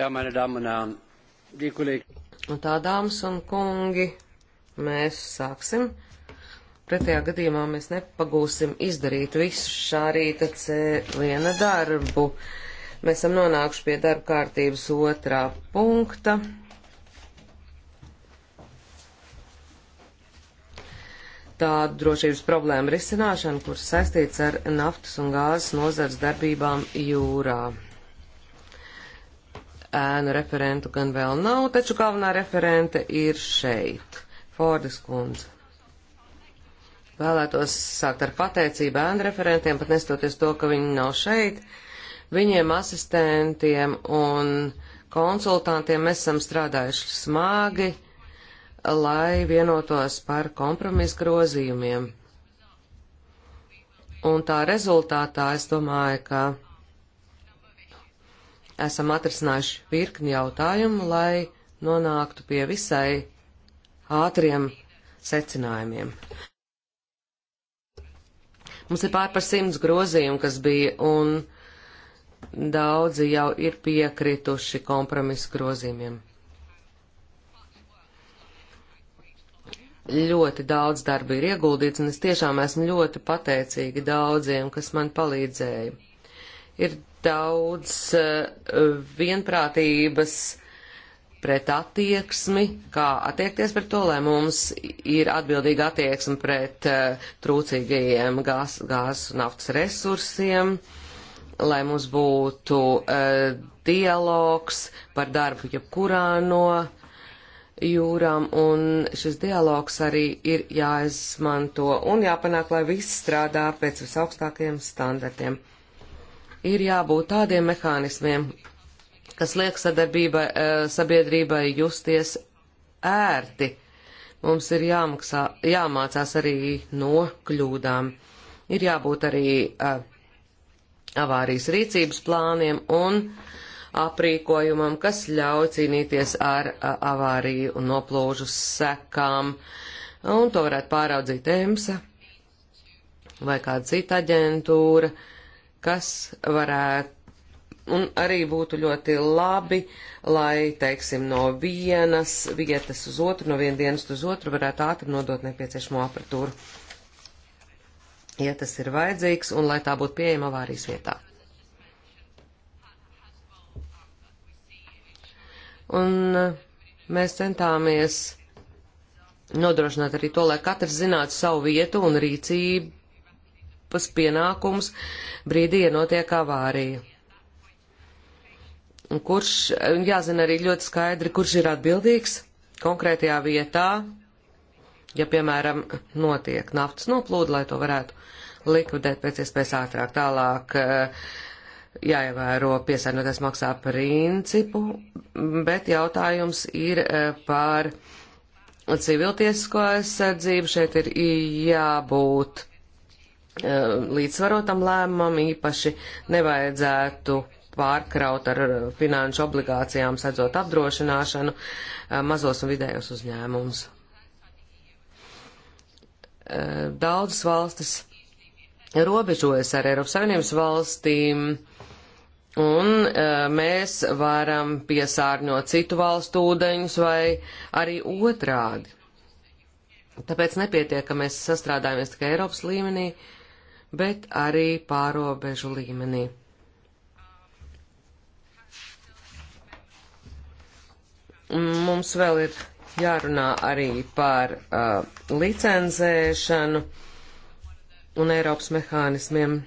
Jā, mani dāmas un dīkulīgi. Un tā, dāmas un kungi, mēs sāksim. Pretējā gadījumā mēs nepagūsim izdarīt visu šā rīta cēliena darbu. Mēs esam nonākuši pie darba kārtības otrā punkta. tādu drošības problēmu risināšanu, kuras saistīts ar naftas un gāzes nozars darbībām jūrā ēnu referentu gan vēl nav, taču galvenā referente ir šeit. Fordas kundze. Vēlētos sākt ar pateicību ēnu referentiem, pat nestoties to, ka viņi nav šeit. Viņiem, asistentiem un konsultantiem mēs esam strādājuši smagi, lai vienotos par kompromisu grozījumiem. Un tā rezultātā es domāju, ka esam atrisinājuši virkni jautājumu, lai nonāktu pie visai ātriem secinājumiem. Mums ir pār par simts grozījumu, kas bija, un daudzi jau ir piekrituši kompromisu grozījumiem. Ļoti daudz darba ir ieguldīts, un es tiešām esmu ļoti pateicīga daudziem, kas man palīdzēja. Ir daudz eh, vienprātības pret attieksmi, kā attiekties pret to, lai mums ir atbildīga attieksme pret eh, trūcīgajiem gāzes gāz un naftas resursiem, lai mums būtu eh, dialogs par darbu jebkurā no jūrām, un šis dialogs arī ir jāizmanto un jāpanāk, lai viss strādā pēc visaugstākajiem standartiem ir jābūt tādiem mehānismiem, kas liek sadarbībai, e, sabiedrībai justies ērti. Mums ir jāmaksā, jāmācās arī no kļūdām. Ir jābūt arī uh, avārijas rīcības plāniem un aprīkojumam, kas ļauj cīnīties ar uh, avāriju un noplūžu sekām. Un to varētu pāraudzīt EMSA vai kāda cita aģentūra. Uh, kas varētu. Un arī būtu ļoti labi, lai, teiksim, no vienas vietas uz otru, no vienas dienas uz otru varētu ātri nodot nepieciešamo apatūru, ja tas ir vajadzīgs, un lai tā būtu pieejama avārijas vietā. Un eh, mēs centāmies nodrošināt arī to, lai katrs zinātu savu vietu un rīcību grupas pienākums brīdī, ja notiek avārija. Kurš, jāzina arī ļoti skaidri, kurš ir atbildīgs konkrētajā vietā, ja, piemēram, notiek naftas noplūda, lai to varētu likvidēt pēc iespējas ātrāk. Tālāk eh, jāievēro piesārņoties maksā principu, bet jautājums ir eh, par civiltiesisko aizsardzību. Šeit ir jābūt Um, līdzsvarotam lēmumam īpaši nevajadzētu pārkraut ar finanšu obligācijām, sedzot apdrošināšanu um, mazos un vidējos uzņēmumus. Um, daudzas valstis robežojas ar Eiropas Savienības valstīm, un mēs varam piesārņot citu valstu ūdeņus vai arī otrādi. Tāpēc nepietiek, ka mēs sastrādājamies tikai Eiropas līmenī, uh, bet arī pārobežu līmenī. Mums vēl ir jārunā arī par uh, licencēšanu un Eiropas mehānismiem.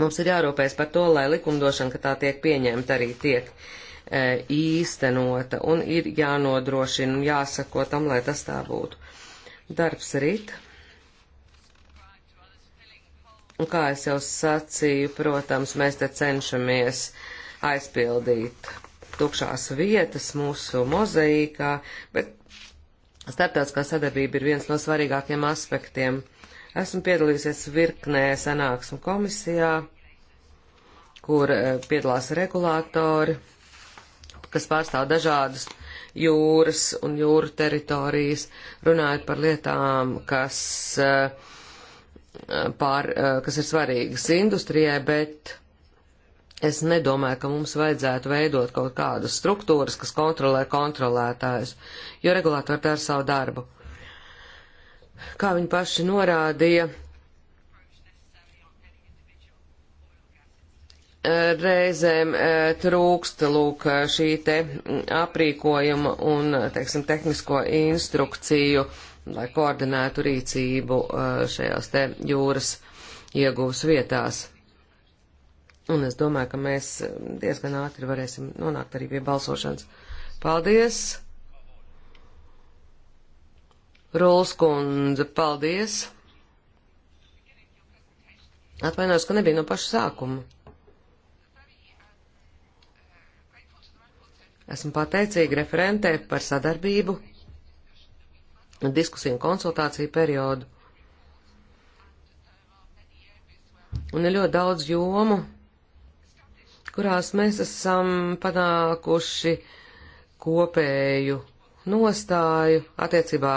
Mums ir jārūpēs par to, lai likumdošana, ka tā tiek pieņemta, arī tiek e, uh, īstenota un ir jānodrošina un jāsako tam, lai tas tā būtu. Darbs rīt. Un kā es jau sacīju, protams, mēs te cenšamies aizpildīt tukšās vietas mūsu mozaīkā, bet starptautiskā sadarbība ir viens no svarīgākiem aspektiem. Esmu piedalījusies virknē sanāksmu komisijā, kur eh, piedalās regulātori, kas pārstāv dažādus jūras un jūru teritorijas, runājot par lietām, kas, eh, pār, eh, kas ir svarīgas industrijai, bet es nedomāju, ka mums vajadzētu veidot kaut kādas struktūras, kas kontrolē kontrolētājus, jo regulātori dara savu darbu. Kā viņi paši norādīja, reizēm e, trūkst lūk šī te aprīkojuma un, teiksim, tehnisko instrukciju, lai koordinētu rīcību e, šajās te jūras iegūs vietās. Un es domāju, ka mēs diezgan ātri varēsim nonākt arī pie balsošanas. Paldies! Rulskundze, paldies! Atvainojos, ka nebija no paša sākuma. Esmu pateicīga referentē par sadarbību, diskusiju un konsultāciju periodu. Un ir ļoti daudz jomu, kurās mēs esam panākuši kopēju nostāju attiecībā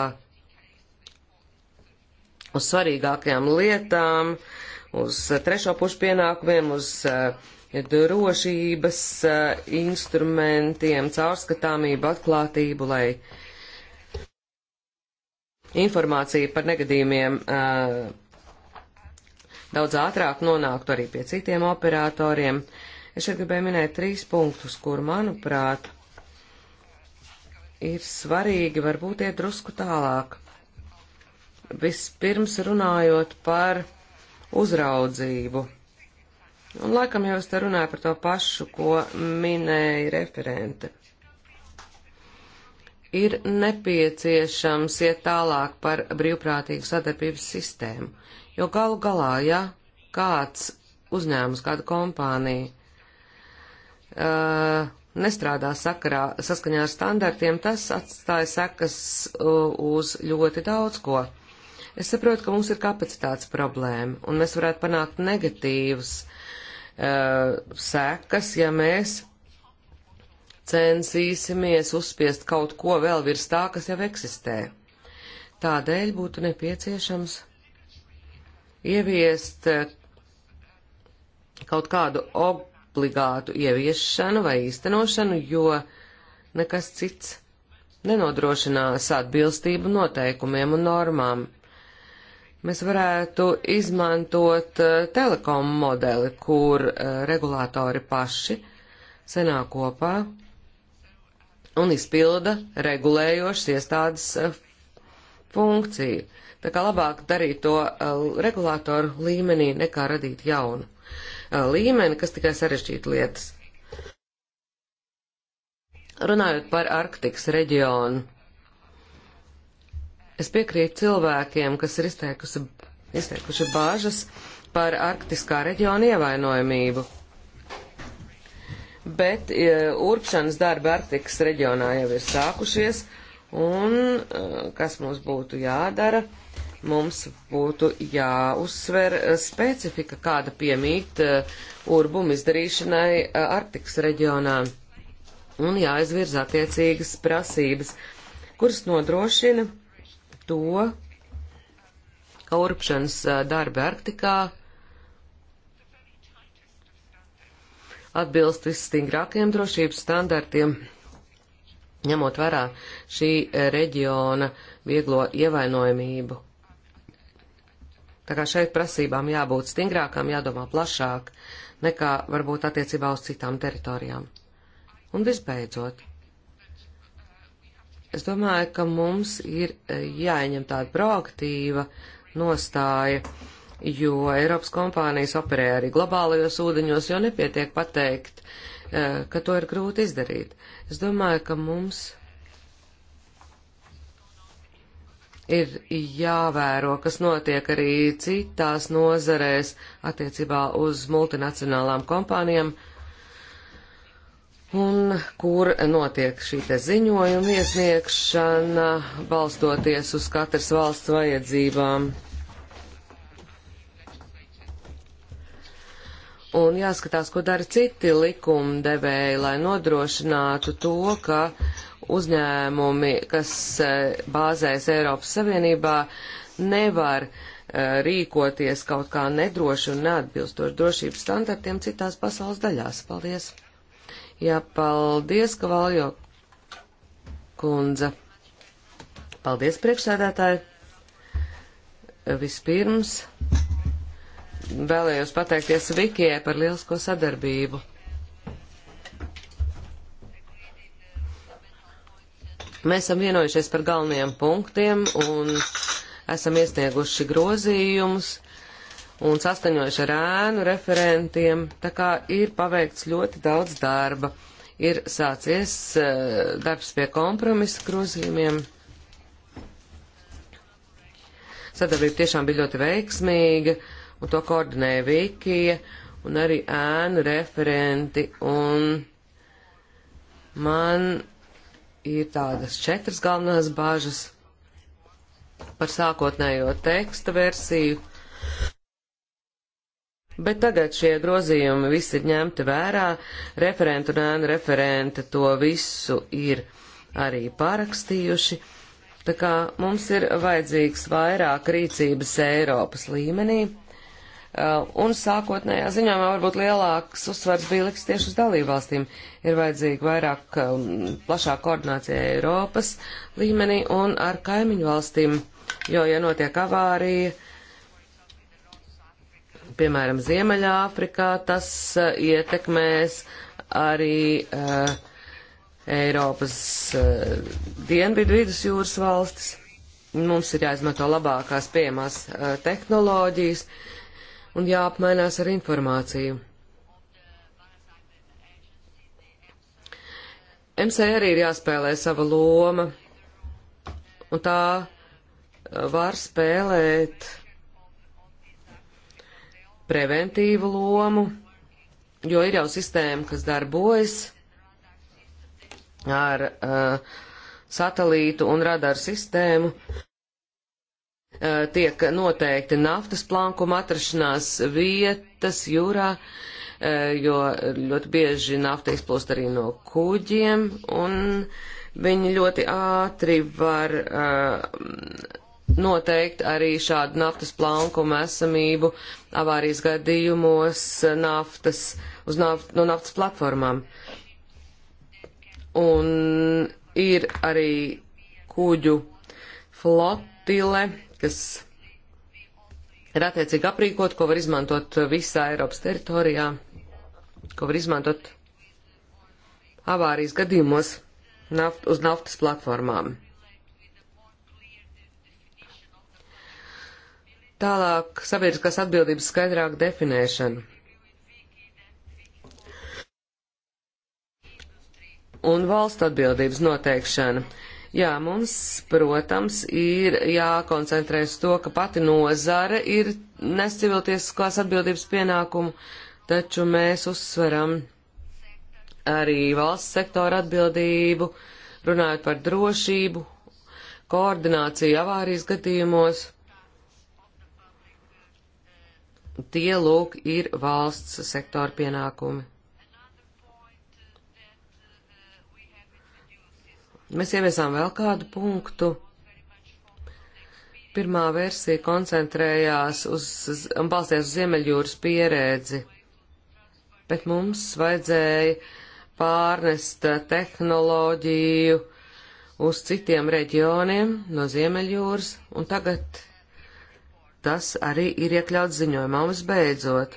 uz svarīgākajām lietām, uz trešo pušu pienākumiem, uz uh, drošības eh, instrumentiem, caurskatāmību, atklātību, lai informācija par negadījumiem eh, daudz ātrāk nonāktu arī pie citiem operatoriem. Es šeit gribēju minēt trīs punktus, kur, manuprāt, ir svarīgi varbūt iet drusku tālāk. Vispirms runājot par uzraudzību Un laikam jau es te runāju par to pašu, ko minēja referente. Ir nepieciešams iet tālāk par brīvprātīgu sadarbības sistēmu, jo galu galā, ja kāds uzņēmums, kāda kompānija uh, nestrādā sakarā, saskaņā ar standartiem, tas atstāja sekas uh, uz ļoti daudz ko. Es saprotu, ka mums ir kapacitātes problēma, un mēs varētu panākt negatīvas Uh, sekas, ja mēs censīsimies uzspiest kaut ko vēl virs tā, kas jau eksistē. Tādēļ būtu nepieciešams ieviest uh, kaut kādu obligātu ieviešanu vai īstenošanu, jo nekas cits nenodrošinās atbilstību noteikumiem un normām mēs varētu izmantot eh, telekomu modeli, kur eh, regulātori paši senā kopā un izpilda regulējošas iestādes eh, funkciju. Tā kā labāk darīt to regulātoru līmenī, nekā radīt jaunu līmeni, kas tikai sarežģītu lietas. Runājot par Arktikas reģionu, Es piekrītu cilvēkiem, kas ir izteikusi, izteikuši bāžas par arktiskā reģiona ievainojamību. Bet ja, e, urpšanas darbi Arktikas reģionā jau ir sākušies, un e, kas mums būtu jādara? Mums būtu jāuzsver e, specifika, kāda piemīt urbumu izdarīšanai Arktikas reģionā, un jāizvirza attiecīgas prasības, kuras nodrošina to, ka urpšanas darbi Arktikā atbilst visstingrākajiem drošības standartiem, ņemot vērā šī reģiona vieglo ievainojamību. Tā kā šeit prasībām jābūt stingrākām, jādomā plašāk nekā varbūt attiecībā uz citām teritorijām. Un visbeidzot, Es domāju, ka mums ir e, jāieņem tāda proaktīva nostāja, jo Eiropas kompānijas operē arī globālajos ūdeņos, jo nepietiek pateikt, e, ka to ir grūti izdarīt. Es domāju, ka mums ir jāvēro, kas notiek arī citās nozarēs attiecībā uz multinacionālām kompānijām un kur notiek šī te ziņojuma iesniegšana, balstoties uz katras valsts vajadzībām. Un jāskatās, ko dara citi likumdevēji, lai nodrošinātu to, ka uzņēmumi, kas e, bāzēs Eiropas Savienībā, nevar e, rīkoties kaut kā nedroši un neatbilstoši drošības standartiem citās pasaules daļās. Paldies! Jā, paldies, Kavaljo kundze. Paldies, priekšsēdētāji. Vispirms vēlējos pateikties Vikijai par lielisko sadarbību. Mēs esam vienojušies par galvenajiem punktiem un esam iesnieguši grozījumus un saskaņojuši ar ēnu referentiem, tā kā ir paveikts ļoti daudz darba. Ir sācies uh, darbs pie kompromisa grozījumiem. Sadarbība tiešām bija ļoti veiksmīga, un to koordinēja Vikija, un arī ēnu referenti, un man ir tādas četras galvenās bāžas par sākotnējo teksta versiju. Bet tagad šie grozījumi visi ir ņemti vērā, referentu un ēnu referente to visu ir arī pārakstījuši. Tā kā mums ir vajadzīgs vairāk rīcības Eiropas līmenī, uh, un sākotnējā ziņojumā varbūt lielāks uzsvars bija liks tieši uz dalībvalstīm. Ir vajadzīga vairāk um, plašāka koordinācija Eiropas līmenī un ar kaimiņu valstīm, jo, ja notiek avārija, piemēram, Ziemeļāfrikā, tas eh, ietekmēs arī uh, Eiropas uh, dienvidu vidusjūras valstis. Mums ir jāizmanto labākās pieejamās uh, tehnoloģijas un jāapmainās ar informāciju. MC arī ir jāspēlē sava loma, un tā var spēlēt preventīvu lomu, jo ir jau sistēma, kas darbojas ar uh, satelītu un radaru sistēmu. Uh, tiek noteikti naftas plankuma atrašanās vietas jūrā, uh, jo ļoti bieži nafta izplūst arī no kuģiem, un viņi ļoti ātri var uh, noteikt arī šādu naftas plankuma esamību avārijas gadījumos naftas, uz naft, no naftas platformām. Un ir arī kuģu flotile, kas ir attiecīgi aprīkot, ko var izmantot visā Eiropas teritorijā, ko var izmantot avārijas gadījumos naft, uz naftas platformām. Tālāk sabiedriskās atbildības skaidrāk definēšana. Un valstu atbildības noteikšana. Jā, mums, protams, ir jākoncentrēs to, ka pati nozare ir nesciviltieskās atbildības pienākumu, taču mēs uzsveram arī valsts sektora atbildību, runājot par drošību, koordināciju avārijas gadījumos tie lūk ir valsts sektora pienākumi. Mēs ieviesām vēl kādu punktu. Pirmā versija koncentrējās uz, un balstījās uz Ziemeļjūras pieredzi, bet mums vajadzēja pārnest tehnoloģiju uz citiem reģioniem no Ziemeļjūras, un tagad Tas arī ir iekļauts ziņojumā visbeidzot.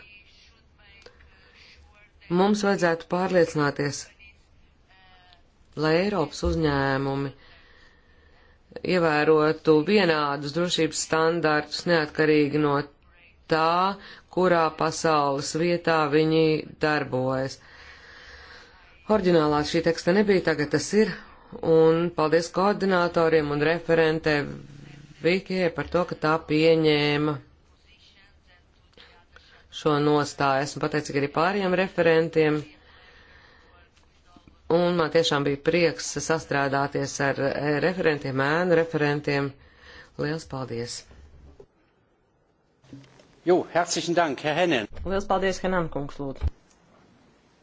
Mums vajadzētu pārliecināties, lai Eiropas uzņēmumi ievērotu vienādus drošības standārtus neatkarīgi no tā, kurā pasaules vietā viņi darbojas. Orģinālā šī teksta nebija, tagad tas ir, un paldies koordinatoriem un referentē Vikijai par to, ka tā pieņēma šo nostāju. Esmu pateicīga arī pāriem referentiem. Un man tiešām bija prieks sastrādāties ar eh, referentiem, ēnu referentiem. Liels paldies! Jo, herzlichen Dank, Herr Hennen. Liels paldies, Hennen kungs, lūdzu.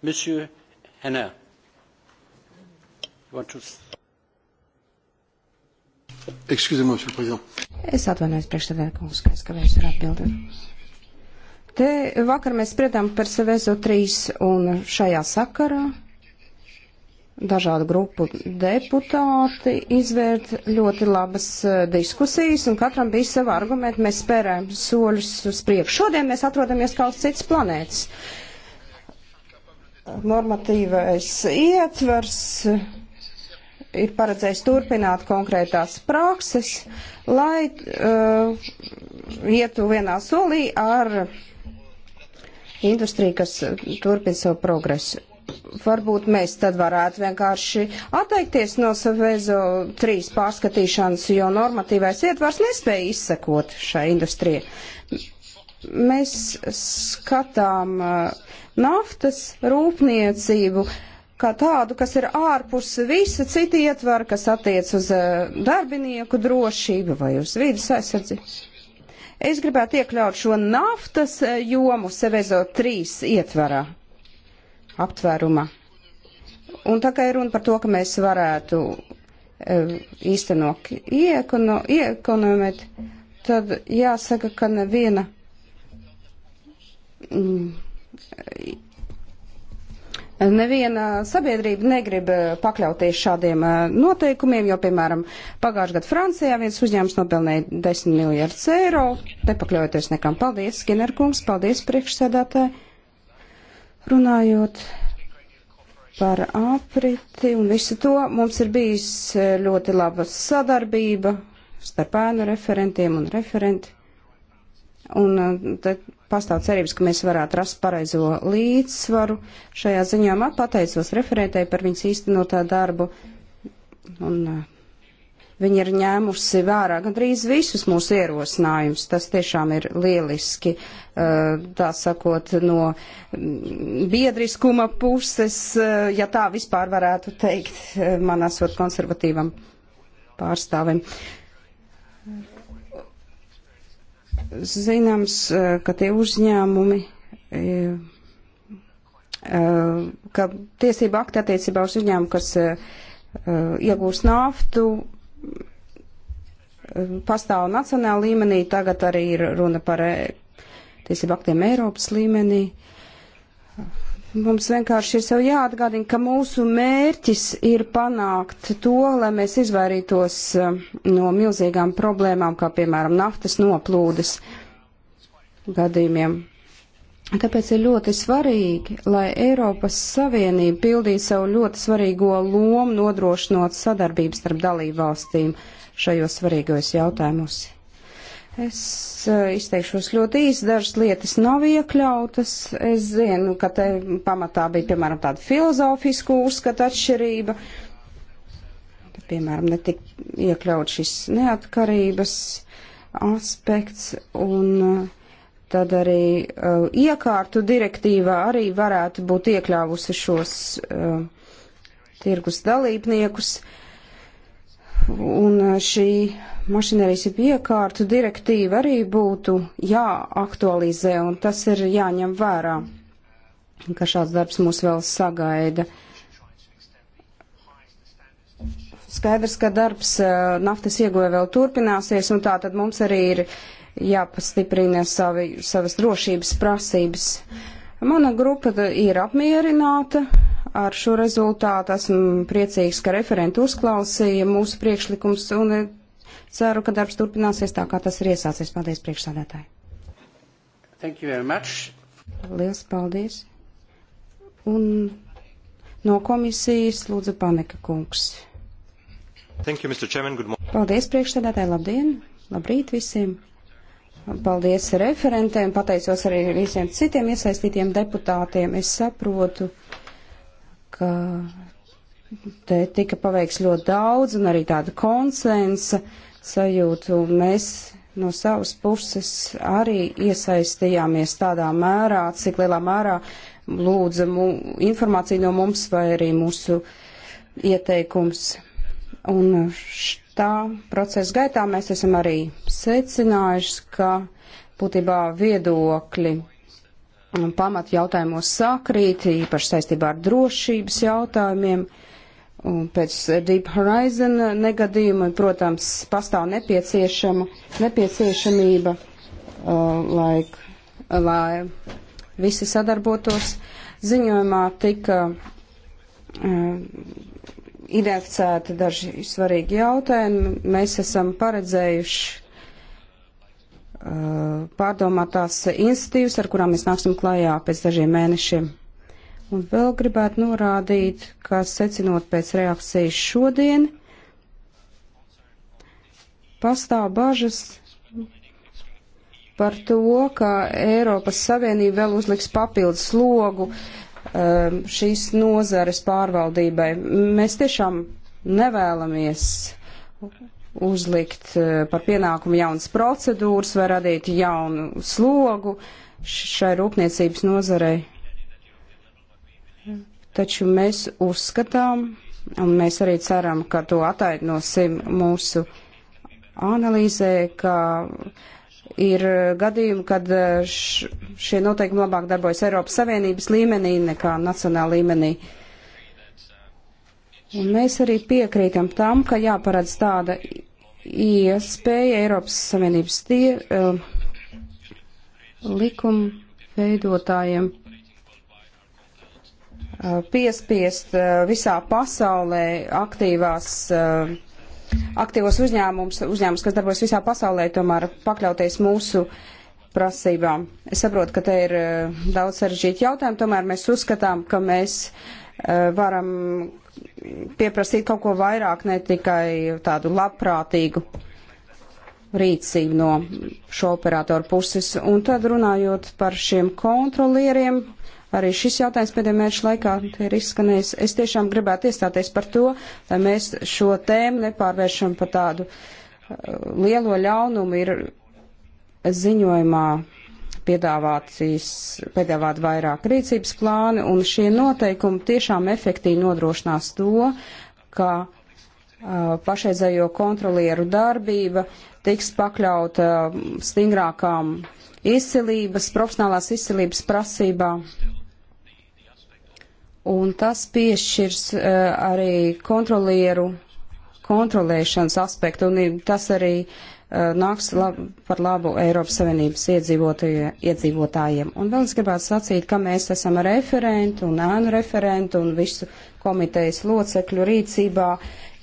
Monsieur Hennen. You want to Es atvainojos priekšstādāt, kungs, ka es kavēšu ar atbildēt. Te vakar mēs spriedām par Sevezo 3 un šajā sakarā dažādu grupu deputāti izvērt ļoti labas eh, diskusijas, un katram bija sava argumenta. Mēs spērējam soļus uz priekšu. Šodien mēs atrodamies kā uz citas planētas. Normatīvais ietvers ir paredzējis turpināt konkrētās prakses, lai uh, ietu vienā solī ar industriju, kas turpina savu progresu. Varbūt mēs tad varētu vienkārši atteikties no Savezo 3 pārskatīšanas, jo normatīvais ietvars nespēja izsekot šai industrijai. Mēs skatām uh, naftas rūpniecību. Uh, kā tādu, kas ir ārpus visa cita ietvara, kas attiec uz eh, darbinieku drošību vai uz vīdas aizsardzību. Es gribētu iekļaut šo naftas eh, jomu Sevezo 3 ietvarā aptvērumā. Un tā kā ir runa par to, ka mēs varētu eh, īstenot iekono, iekonomēt, tad jāsaka, ka neviena mm, Neviena sabiedrība negrib eh, pakļauties šādiem eh, noteikumiem, jo, piemēram, pagājušajā gadā Francijā viens uzņēmums nopelnīja 10 miljardus eiro, nepakļaujoties nekam. Paldies, Skinnerkungs, paldies priekšsēdētāji. Runājot par apriti un visu to, mums ir bijis eh, ļoti laba sadarbība starp ēnu referentiem un referenti. Un tad pastāv cerības, ka mēs varētu rast pareizo līdzsvaru. Šajā ziņā man pateicos referentei par viņas īstenotā darbu. Un, eh, Viņa ir ņēmusi vērā gandrīz visus mūsu ierosinājumus. Tas tiešām ir lieliski, eh, tā sakot, no mm, biedriskuma puses, eh, ja tā vispār varētu teikt, man esot konservatīvam pārstāvim. Uh, Zināms, ka tie uzņēmumi, ka tiesība akti attiecībā uz uzņēmumu, kas iegūst naftu, pastāv nacionāla līmenī, tagad arī ir runa par tiesību aktiem Eiropas līmenī. Uh, Mums vienkārši ir sev jāatgādina, ka mūsu mērķis ir panākt to, lai mēs izvairītos eh, no milzīgām problēmām, kā piemēram naftas noplūdes gadījumiem. Tāpēc ir ļoti svarīgi, lai Eiropas Savienība pildītu savu ļoti svarīgo lomu nodrošinot sadarbības starp dalību valstīm šajos svarīgajos jautājumos. Es eh, izteikšos ļoti īsi, dažas lietas nav iekļautas. Es zinu, ka te pamatā bija, piemēram, tāda filozofisku uzskatu atšķirība. Piemēram, netik iekļaut šis neatkarības aspekts un eh, tad arī uh, iekārtu direktīvā arī varētu būt iekļāvusi šos uh, tirgus dalībniekus. Un šī mašinērijas iekārtu direktīva arī būtu jāaktualizē, un tas ir jāņem vērā, ka šāds darbs mūs vēl sagaida. Skaidrs, ka darbs naftas ieguve vēl turpināsies, un tā tad mums arī ir jāpastiprina savi, savas drošības prasības. Mana grupa ir apmierināta ar šo rezultātu. Esmu priecīgs, ka referenti uzklausīja mūsu priekšlikums un Ceru, ka darbs turpināsies tā, kā tas ir iesācies. Paldies, priekšsādātāji. Thank you very much. Lielas paldies. Un no komisijas lūdzu Paneka kungs. Thank you, Mr. Chairman. Good morning. Paldies, priekšsādātāji. Labdien. Labrīt visiem. Paldies referentēm, pateicos arī visiem citiem iesaistītiem deputātiem. Es saprotu, ka te tika paveiks ļoti daudz un arī tāda konsensa sajūtu. Mēs no savas puses arī iesaistījāmies tādā mērā, cik lielā mērā lūdza mu, informāciju no mums vai arī mūsu ieteikums. Un tā procesa gaitā mēs esam arī secinājuši, ka būtībā viedokļi pamat jautājumos sakrīt, īpaši saistībā ar drošības jautājumiem. Uh, Un pēc Deep Horizon negadījuma, protams, pastāv nepieciešama, nepieciešamība, uh, lai, lai visi sadarbotos. Ziņojumā tika uh, identificēti daži svarīgi jautājumi. Mēs esam paredzējuši uh, pārdomātās institīvas, ar kurām mēs nāksim klajā pēc dažiem mēnešiem. Un vēl gribētu norādīt, ka secinot pēc reakcijas šodien, pastāv bažas par to, ka Eiropas Savienība vēl uzliks papildus slogu um, šīs nozares pārvaldībai. Mēs tiešām nevēlamies uzlikt uh, par pienākumu jaunas procedūras vai radīt jaunu slogu šai rūpniecības nozarei Taču mēs uzskatām, un mēs arī ceram, ka to atainosim mūsu analīzē, ka ir gadījumi, kad š, šie noteikumi labāk darbojas Eiropas Savienības līmenī nekā nacionāla līmenī. Un mēs arī piekrītam tam, ka jāparedz tāda iespēja Eiropas Savienības tie, uh, eh, likuma veidotājiem Eh, piespiest eh, visā pasaulē aktīvās, eh, aktīvos uzņēmums, uzņēmums, kas darbojas visā pasaulē, tomēr pakļauties mūsu prasībām. Es saprotu, ka te ir daudz sarežģīti jautājumi, tomēr mēs uzskatām, ka mēs varam pieprasīt kaut ko vairāk, ne tikai tādu labprātīgu rīcību no šo operatoru puses. Un tad runājot par šiem kontrolieriem, Arī šis jautājums pēdējā mēneša laikā ir izskanējis. Es tiešām gribētu iestāties par to, lai mēs šo tēmu nepārvēršam par tādu uh, lielo ļaunumu. Ir ziņojumā piedāvāt vairāk rīcības plāni, un šie noteikumi tiešām efektīvi nodrošinās to, ka uh, pašreizējo kontrolieru darbība tiks pakļauta uh, stingrākām izcilības, profesionālās izcilības prasībām un tas piešķirs uh, arī kontrolieru kontrolēšanas aspektu, un tas arī uh, nāks lab, par labu Eiropas Savienības iedzīvotājiem. Un vēl es gribētu sacīt, ka mēs esam referentu un ēnu referentu un visu komitejas locekļu rīcībā,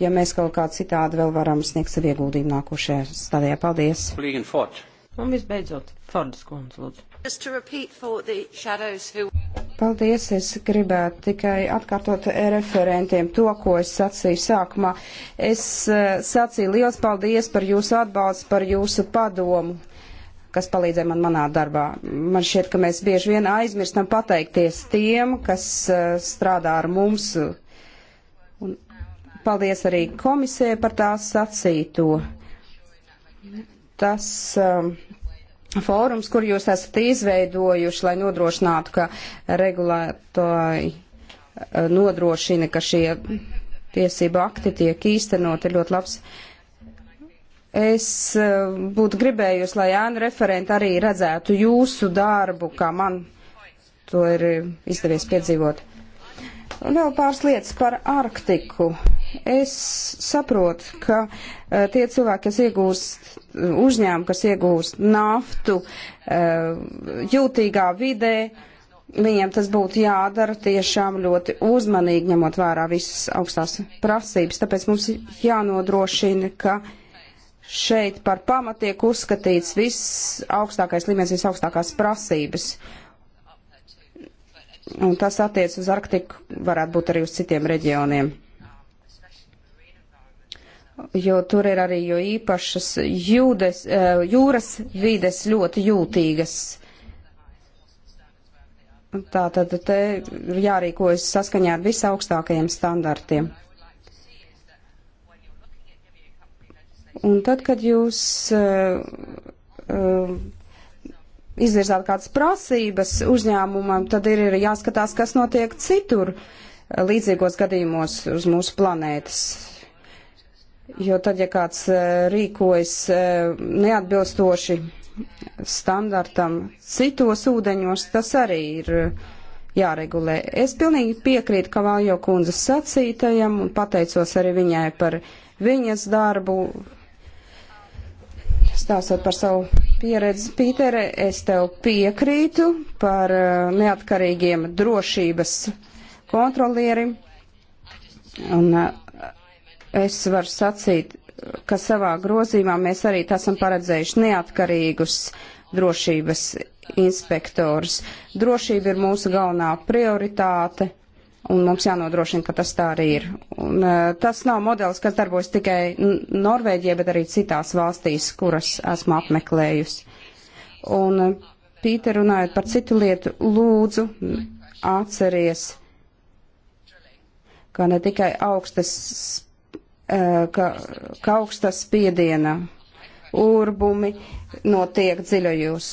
ja mēs kaut kā citādi vēl varam sniegt savu ieguldījumu nākošajā stadijā. Paldies! Un visbeidzot, Fordas kundze, lūdzu. Who... Paldies, es gribētu tikai atkārtot referentiem to, ko es sacīju sākumā. Es eh, sacīju liels paldies par jūsu atbalstu, par jūsu padomu, kas palīdzēja man manā darbā. Man šķiet, ka mēs bieži vien aizmirstam pateikties tiem, kas eh, strādā ar mums. Un paldies arī komisē par tās sacīto. Tas um, fórums, kur jūs esat izveidojuši, lai nodrošinātu, ka regulētāji eh, nodrošina, ka šie tiesību akti tiek īstenoti ļoti labs. Es eh, būtu gribējusi, lai ēnu referenti arī redzētu jūsu darbu, kā man to ir izdevies piedzīvot. Un vēl pāris lietas par Arktiku. Es saprotu, ka uh, tie cilvēki, kas iegūst eh, uzņēmumu, kas iegūst naftu uh, jūtīgā vidē, viņiem tas būtu jādara tiešām ļoti uzmanīgi, ņemot vērā visas augstās prasības. Tāpēc mums jānodrošina, ka šeit par pamatu tiek uzskatīts viss augstākais līmenis, viss augstākās prasības. Un tas attiec uz Arktiku, varētu būt arī uz citiem reģioniem jo tur ir arī jo īpašas jūdes, eh, jūras vides ļoti jūtīgas. Tātad te ir jārīkojas saskaņā ar visaugstākajiem standartiem. Un tad, kad jūs uh, uh, izvirzāt kādas prasības uzņēmumam, tad ir, ir jāskatās, kas notiek citur līdzīgos gadījumos uz mūsu planētas Jo tad, ja kāds e, rīkojas e, neatbilstoši standartam citos ūdeņos, tas arī ir jāregulē. Es pilnīgi piekrītu Kavaljo kundzes sacītajam un pateicos arī viņai par viņas darbu. Stāstot par savu pieredzi, Pītere, es tev piekrītu par e, neatkarīgiem drošības kontrolierim. Un Es varu sacīt, ka savā grozījumā mēs arī esam paredzējuši neatkarīgus drošības inspektors. Drošība ir mūsu galvenā prioritāte, un mums jānodrošina, ka tas tā arī ir. Un, uh, tas nav modelis, kas darbojas tikai Norvēģijā, bet arī citās valstīs, kuras esmu apmeklējusi. Un, uh, Pīter, runājot par citu lietu, lūdzu atceries, ka ne tikai augstas Eh, ka, ka augsta spiediena urbumi notiek dziļajos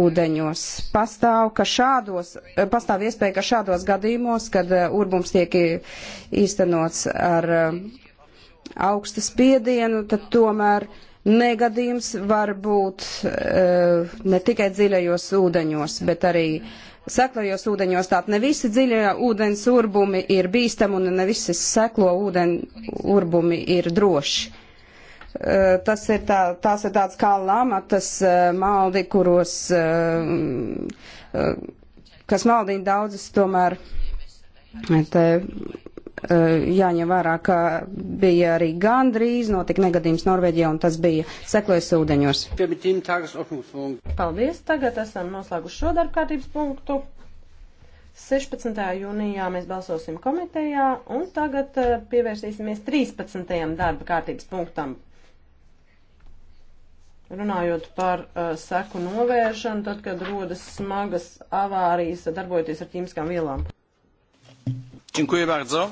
ūdeņos. Pastāv, ka šādos, eh, pastāv iespēja, ka šādos gadījumos, kad eh, urbums tiek īstenots ar augstu spiedienu, tad tomēr negadījums var būt ne tikai dziļajos ūdeņos, bet arī seklajos ūdeņos. Tātad ne visi dziļie ūdens urbumi ir bīstami un ne visi seklo ūdeņu urbumi ir droši. E, tas ir tā, tās ir tāds kā lamatas e, maldi, kuros, e, kas maldina daudzas tomēr te Eh, jāņem vērā, ka bija arī gandrīz notika negadījums Norvēģijā un tas bija sekojas ūdeņos. Paldies, tagad esam noslēguši šo darbkārtības punktu. 16. jūnijā mēs balsosim komitejā un tagad eh, pievērsīsimies 13. darba kārtības punktam. Runājot par uh, seku novēršanu, tad, kad rodas smagas avārijas, darbojoties ar ķīmiskām vielām. Dziękuję bardzo.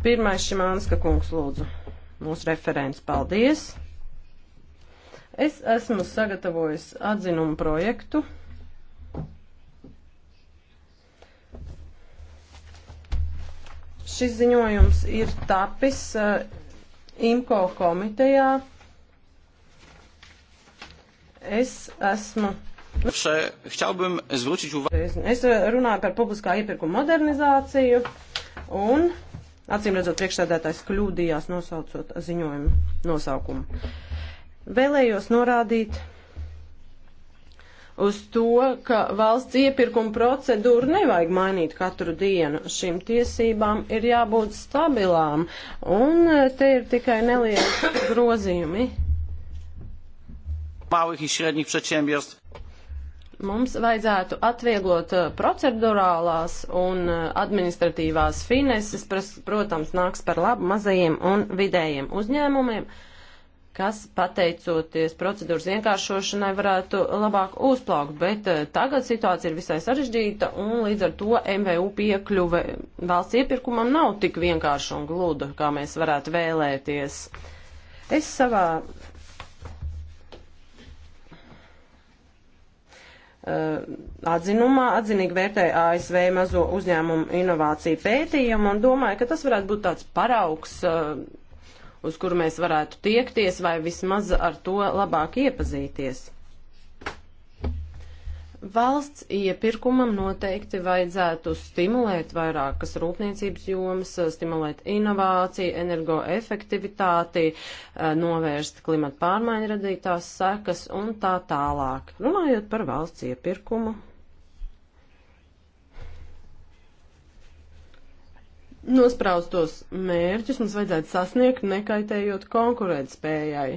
Pirmais Šimanska kungs lūdzu. Mūsu referents, paldies. Es esmu sagatavojis atzinumu projektu. Šis ziņojums ir tapis uh, IMCO komitejā. Es esmu Prze, chciałbym zwrócić uwagę. Es runāju par publiskā iepirkuma modernizāciju un Acīm redzot, priekšsēdētājs kļūdījās nosaucot ziņojumu nosaukumu. Vēlējos norādīt uz to, ka valsts iepirkuma procedūru nevajag mainīt katru dienu. Šīm tiesībām ir jābūt stabilām, un te ir tikai nelieli grozījumi. Małych i średnich przedsiębiorstw. Mums vajadzētu atvieglot eh, procedurālās un eh, administratīvās fineses, protams, nāks par labu mazajiem un vidējiem uzņēmumiem, kas pateicoties procedūras vienkāršošanai varētu labāk uzplaukt, bet eh, tagad situācija ir visai sarežģīta un līdz ar to MVU piekļuve valsts iepirkumam nav tik vienkārša un gluda, kā mēs varētu vēlēties. Es savā Uh, atzinumā atzinīgi vērtēja ASV mazo uzņēmumu inovāciju pētījumu un domāju, ka tas varētu būt tāds paraugs, uh, uz kuru mēs varētu tiekties vai vismaz ar to labāk iepazīties. Valsts iepirkumam noteikti vajadzētu stimulēt vairākas rūpniecības jomas, stimulēt inovāciju, energoefektivitāti, eh, novērst klimata pārmaiņu radītās sekas un tā tālāk. Runājot par valsts iepirkumu, nospraustos mērķus mums vajadzētu sasniegt, nekaitējot konkurētspējai.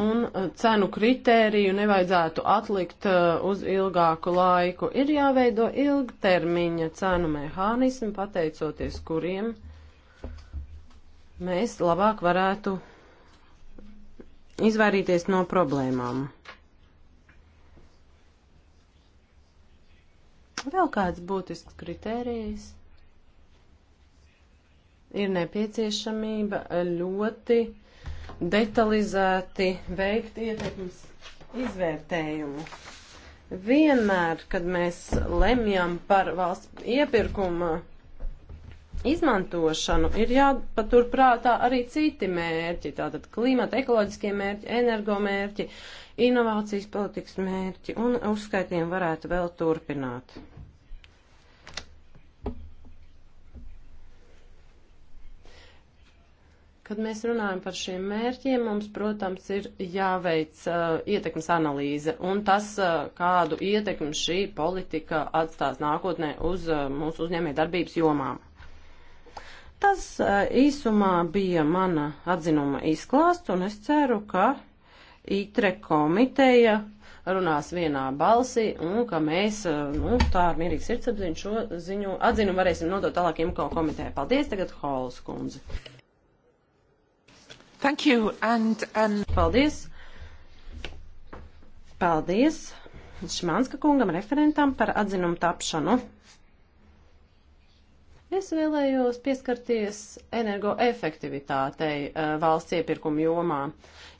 un uh, cenu kritēriju nevajadzētu atlikt uh, uz ilgāku laiku. Ir jāveido ilgtermiņa cenu mehānismi, pateicoties kuriem mēs labāk varētu izvairīties no problēmām. Vēl kāds būtisks kritērijs ir nepieciešamība ļoti uh, detalizēti veikt ietekmes izvērtējumu. Vienmēr, kad mēs lemjam par valsts iepirkuma izmantošanu, ir jāpaturprātā arī citi mērķi, tātad klimata, ekoloģiskie mērķi, energomērķi, inovācijas politikas mērķi, un uzskaitiem varētu vēl turpināt. Kad mēs runājam par šiem mērķiem, mums, protams, ir jāveic uh, ietekmes analīze un tas, uh, kādu ietekmi šī politika atstās nākotnē uz uh, mūsu uzņēmē darbības jomām. Tas uh, īsumā bija mana atzinuma izklāsts, un es ceru, ka ITRE komiteja runās vienā balsī, un ka mēs, uh, nu, tā ar mierīgu sirdsapziņu šo ziņu atzinu varēsim nodot tālāk IMKO komitē. Paldies, tagad Holas kundze. Thank you and, and... Um, Paldies. Paldies Šmanska kungam referentam par atzinumu tapšanu. Es vēlējos pieskarties energoefektivitātei uh, valsts iepirkuma jomā.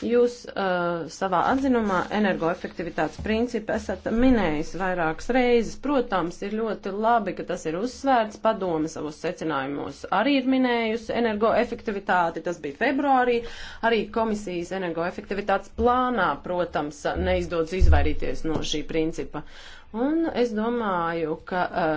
Jūs uh, savā atzinumā energoefektivitātes principu esat minējis vairākas reizes. Protams, ir ļoti labi, ka tas ir uzsvērts. Padome savos secinājumos arī ir minējusi energoefektivitāti. Tas bija februārī. Arī komisijas energoefektivitātes plānā, protams, neizdodas izvairīties no šī principa. Un es domāju, ka uh,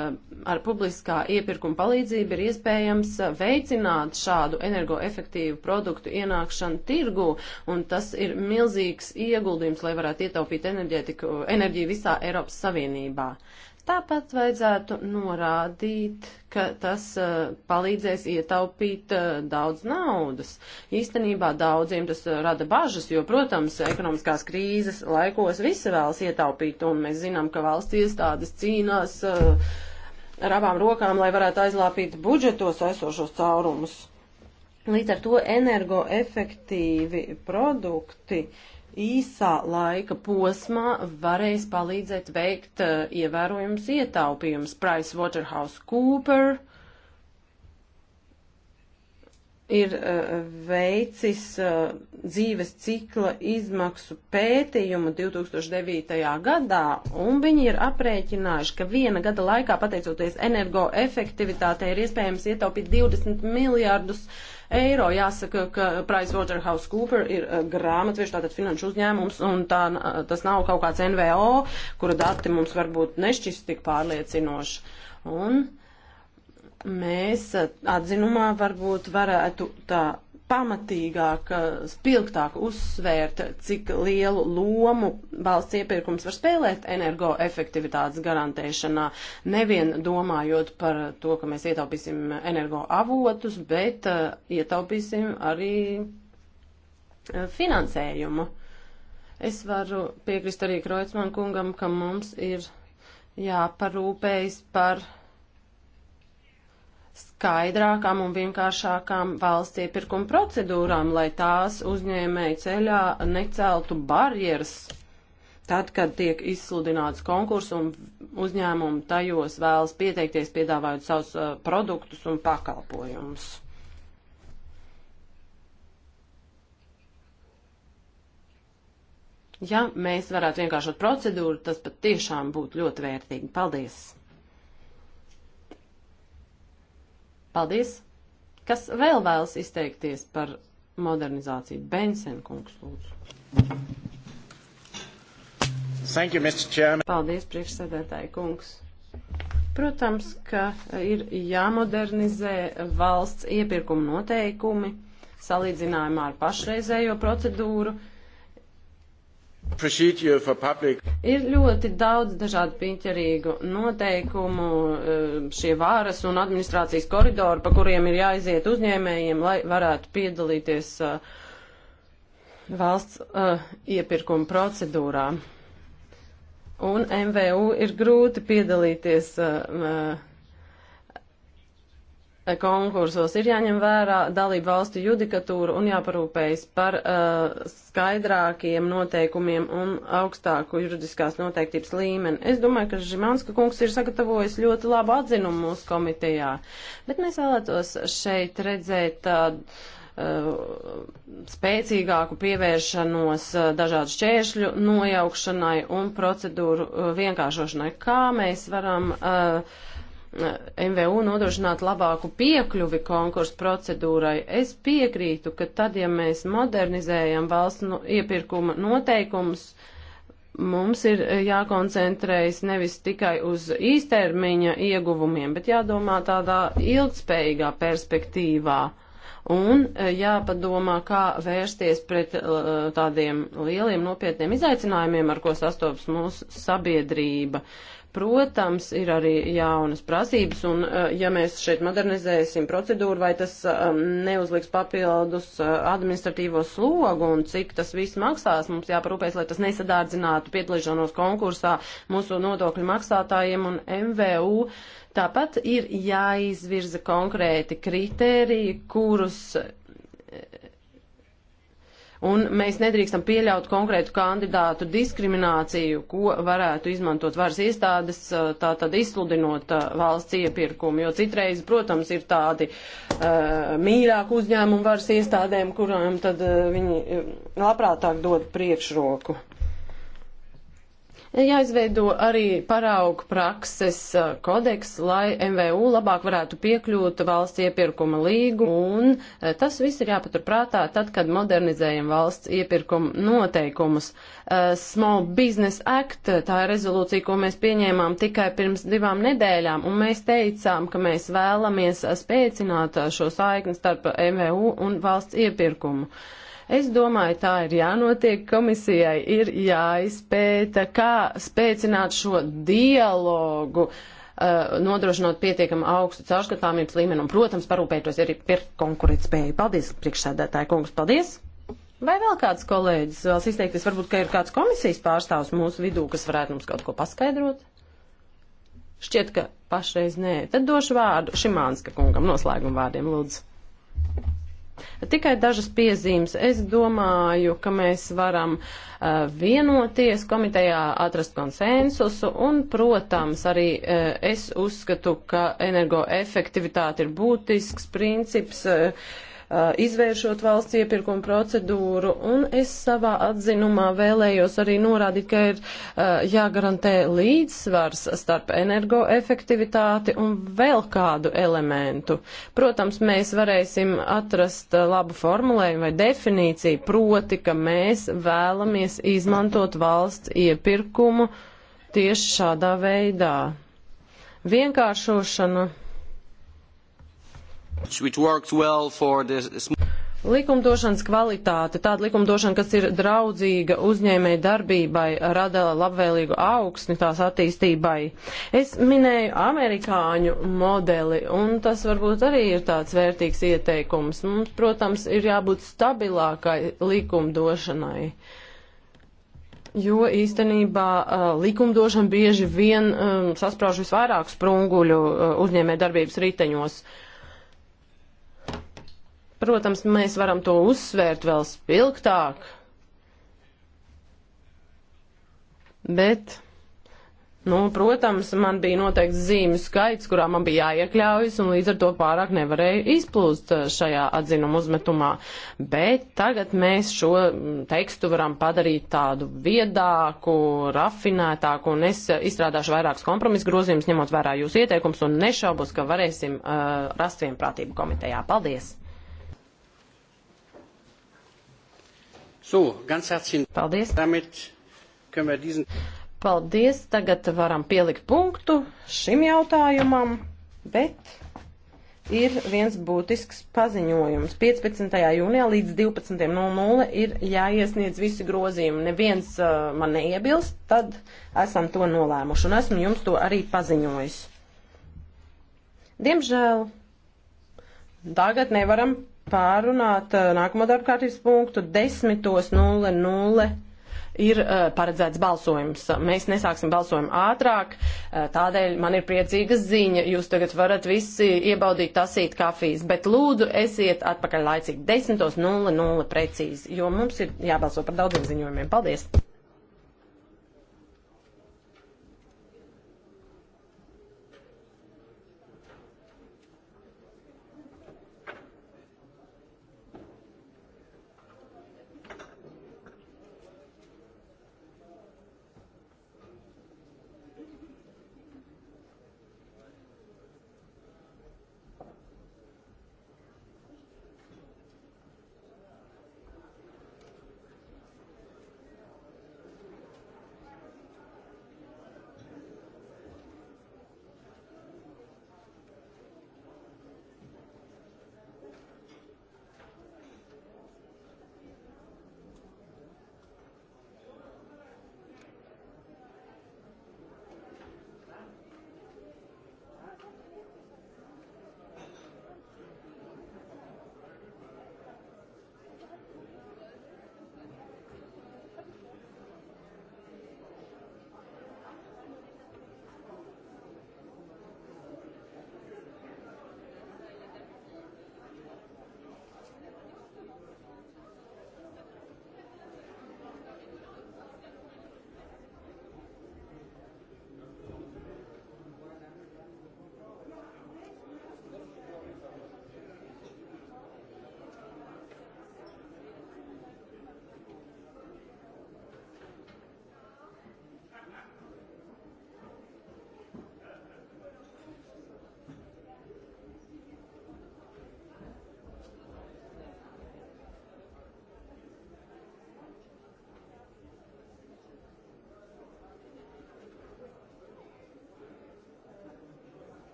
ar publiskā iepirkuma palīdzību ir iespējams eh, veicināt šādu energoefektīvu produktu ienākšanu tirgu, un tas ir milzīgs ieguldījums, lai varētu ietaupīt enerģiju visā Eiropas Savienībā. Uh, Tāpat vajadzētu norādīt, ka tas uh, palīdzēs ietaupīt uh, daudz naudas. Īstenībā daudziem tas uh, rada bažas, jo, protams, ekonomiskās krīzes laikos visi vēlas ietaupīt, un mēs zinām, ka valsts iestādes cīnās ar abām rokām, lai varētu aizlāpīt budžetos esošos caurumus. Līdz ar to energoefektīvi produkti uh, īsā laika posmā varēs palīdzēt veikt uh, ievērojums ietaupījums. Price Waterhouse Cooper ir uh, veicis uh, dzīves cikla izmaksu pētījumu 2009. gadā, un viņi ir aprēķinājuši, ka viena gada laikā, pateicoties energoefektivitātei, ir iespējams ietaupīt 20 miljārdus eiro eiro. Jāsaka, ka PricewaterhouseCooper ir eh, grāmatveža, tātad finanšu uzņēmums, un tā, eh, tas nav kaut kāds NVO, kura dati mums varbūt nešķist tik pārliecinoši. Un mēs eh, atzinumā varbūt varētu tā pamatīgāk, spilgtāk uzsvērt, cik lielu lomu valsts iepirkums var spēlēt energoefektivitātes garantēšanā, nevien domājot par to, ka mēs ietaupīsim energoavotus, bet uh, ietaupīsim arī eh, finansējumu. Es varu piekrist arī Kroicman kungam, ka mums ir jāparūpējas par skaidrākām un vienkāršākām valsts iepirkuma procedūrām, lai tās uzņēmēji ceļā neceltu barjeras tad, kad tiek izsludināts konkurss un uzņēmumi tajos vēlas pieteikties, piedāvājot savus uh, produktus un pakalpojumus. Ja mēs varētu vienkāršot procedūru, tas pat tiešām būtu ļoti vērtīgi. Paldies! Paldies! Kas vēl vēlas izteikties par modernizāciju? Bensen kungs, lūdzu. Thank you, Mr. Chairman. Paldies, priekšsēdētāji kungs. Protams, ka ir jāmodernizē valsts iepirkuma noteikumi salīdzinājumā ar pašreizējo procedūru. Uh, Ir ļoti daudz dažādu piņķerīgu noteikumu, e, šie vāras un administrācijas koridori, pa kuriem ir jāiziet uzņēmējiem, lai varētu piedalīties e, valsts e, iepirkuma procedūrā. Un MVU ir grūti piedalīties uh, Eh, konkursos ir jāņem vērā dalību valstu judikatūra un jāparūpējas par uh, skaidrākiem noteikumiem un augstāku juridiskās noteiktības līmeni. Es domāju, ka Žimanska kungs ir sagatavojis ļoti labu atzinumu mūsu komitejā, bet mēs vēlētos šeit redzēt tādu. Uh, eh, spēcīgāku pievēršanos dažādu šķēršļu nojaukšanai un procedūru vienkāršošanai. Kā mēs varam uh, MVU nodrošināt labāku piekļuvi konkursu procedūrai. Es piekrītu, ka tad, ja mēs modernizējam valsts no, iepirkuma noteikumus, mums ir e, jākoncentrējas nevis tikai uz īstermiņa ieguvumiem, bet jādomā tādā ilgspējīgā perspektīvā. Un e, jāpadomā, kā vērsties pret e, tādiem lieliem nopietniem izaicinājumiem, ar ko sastopas mūsu sabiedrība, Protams, ir arī jaunas prasības, un eh, ja mēs šeit modernizēsim procedūru, vai tas eh, neuzliks papildus eh, administratīvo slogu un cik tas viss maksās, mums jāparūpēs, lai tas nesadārdzinātu piedalīšanos konkursā mūsu nodokļu maksātājiem un MVU. Tāpat ir jāizvirza konkrēti kriteriji, kurus Un mēs nedrīkstam pieļaut konkrētu kandidātu diskrimināciju, ko varētu izmantot varas iestādes, tā tad izsludinot valsts iepirkumu. Jo citreiz, protams, ir tādi uh, mīļāk uzņēmumi varas iestādēm, kurām tad uh, viņi labprātāk dod priekšroku. Jāizveido arī paraugu prakses uh, kodeks, lai MVU labāk varētu piekļūt valsts iepirkuma līgu, un uh, tas viss ir jāpaturprātā tad, kad modernizējam valsts iepirkuma noteikumus. Uh, Small Business Act, tā ir rezolūcija, ko mēs pieņēmām tikai pirms divām nedēļām, un mēs teicām, ka mēs vēlamies spēcināt šo saikni starp MVU un valsts iepirkumu. Uh, Es domāju, tā ir jānotiek. Komisijai ir jāizpēta, kā spēcināt šo dialogu, uh, nodrošinot pietiekam augstu caurskatāmības līmeni un, protams, parūpētos arī par konkurētspēju. Paldies, priekšsēdētāji kungs, paldies! Vai vēl kāds kolēģis vēlas izteikties? Varbūt, ka ir kāds komisijas pārstāvs mūsu vidū, kas varētu mums kaut ko paskaidrot? Šķiet, ka pašreiz nē. Tad došu vārdu Šimānska kungam noslēguma vārdiem, lūdzu. Tikai dažas piezīmes. Es domāju, ka mēs varam uh, vienoties komitejā, atrast konsensusu un, protams, arī uh, es uzskatu, ka energoefektivitāte ir būtisks princips. Uh, Uh, izvēršot valsts iepirkuma procedūru, un es savā atzinumā vēlējos arī norādīt, ka ir uh, jāgarantē līdzsvars starp energoefektivitāti un vēl kādu elementu. Protams, mēs varēsim atrast uh, labu formulējumu vai definīciju, proti, ka mēs vēlamies izmantot valsts iepirkumu tieši šādā veidā. Vienkāršošana Likumdošanas kvalitāte, tāda likumdošana, kas ir draudzīga uzņēmēji darbībai, rada labvēlīgu augsni tās attīstībai. Es minēju amerikāņu modeli, un tas varbūt arī ir tāds vērtīgs ieteikums. Mums, protams, ir jābūt stabilākai likumdošanai. Jo īstenībā uh, likumdošana bieži vien um, sasprāž visvairāk sprunguļu uh, uzņēmē darbības riteņos. Uh, Protams, mēs varam to uzsvērt vēl spilgtāk, bet, nu, protams, man bija noteikts zīmju skaits, kurā man bija jāiekļaujas, un līdz ar to pārāk nevarēju izplūst eh, šajā atzinuma uzmetumā. Bet tagad mēs šo mm, tekstu varam padarīt tādu viedāku, rafinētāku, un es eh, izstrādāšu vairākus kompromisu grozījumus, ņemot vērā jūsu ieteikums, un nešaubos, ka varēsim uh, rast vienprātību komitejā. Paldies! So, ganz herzlichen Paldies. Damit können wir diesen. Paldies. Tagad varam pielikt punktu šim jautājumam, bet ir viens būtisks paziņojums. 15. jūnijā līdz 12.00 ir jāiesniedz visi grozījumi. Neviens uh, man neiebilst, tad esam to nolēmuši un esmu jums to arī paziņojis. Diemžēl tagad nevaram pārunāt nākamo darba kārtības punktu 10.00 ir uh, paredzēts balsojums. Mēs nesāksim balsojumu ātrāk, uh, tādēļ man ir priecīga ziņa. Jūs tagad varat visi iebaudīt tasīt kafijas, bet lūdzu esiet atpakaļ laicīgi 10.00 precīzi, jo mums ir jābalso par daudziem ziņojumiem. Paldies!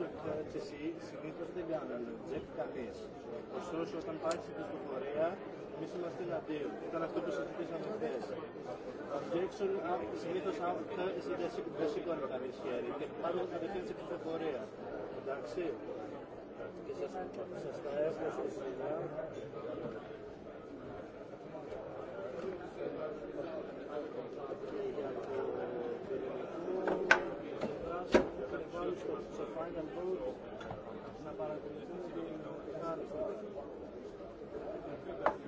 κρατησή συνήθω δεν κάνουμε τζεκ κανεί. Ωστόσο, όταν υπάρχει στην πληροφορία, εμεί είμαστε εναντίον. Ήταν αυτό που συζητήσαμε χθε. Objection συνήθω δεν σηκώνει κανεί χέρι και πάμε κατευθείαν στην πληροφορία. Εντάξει. Και σα τα έχω στο σημείο. Thank you.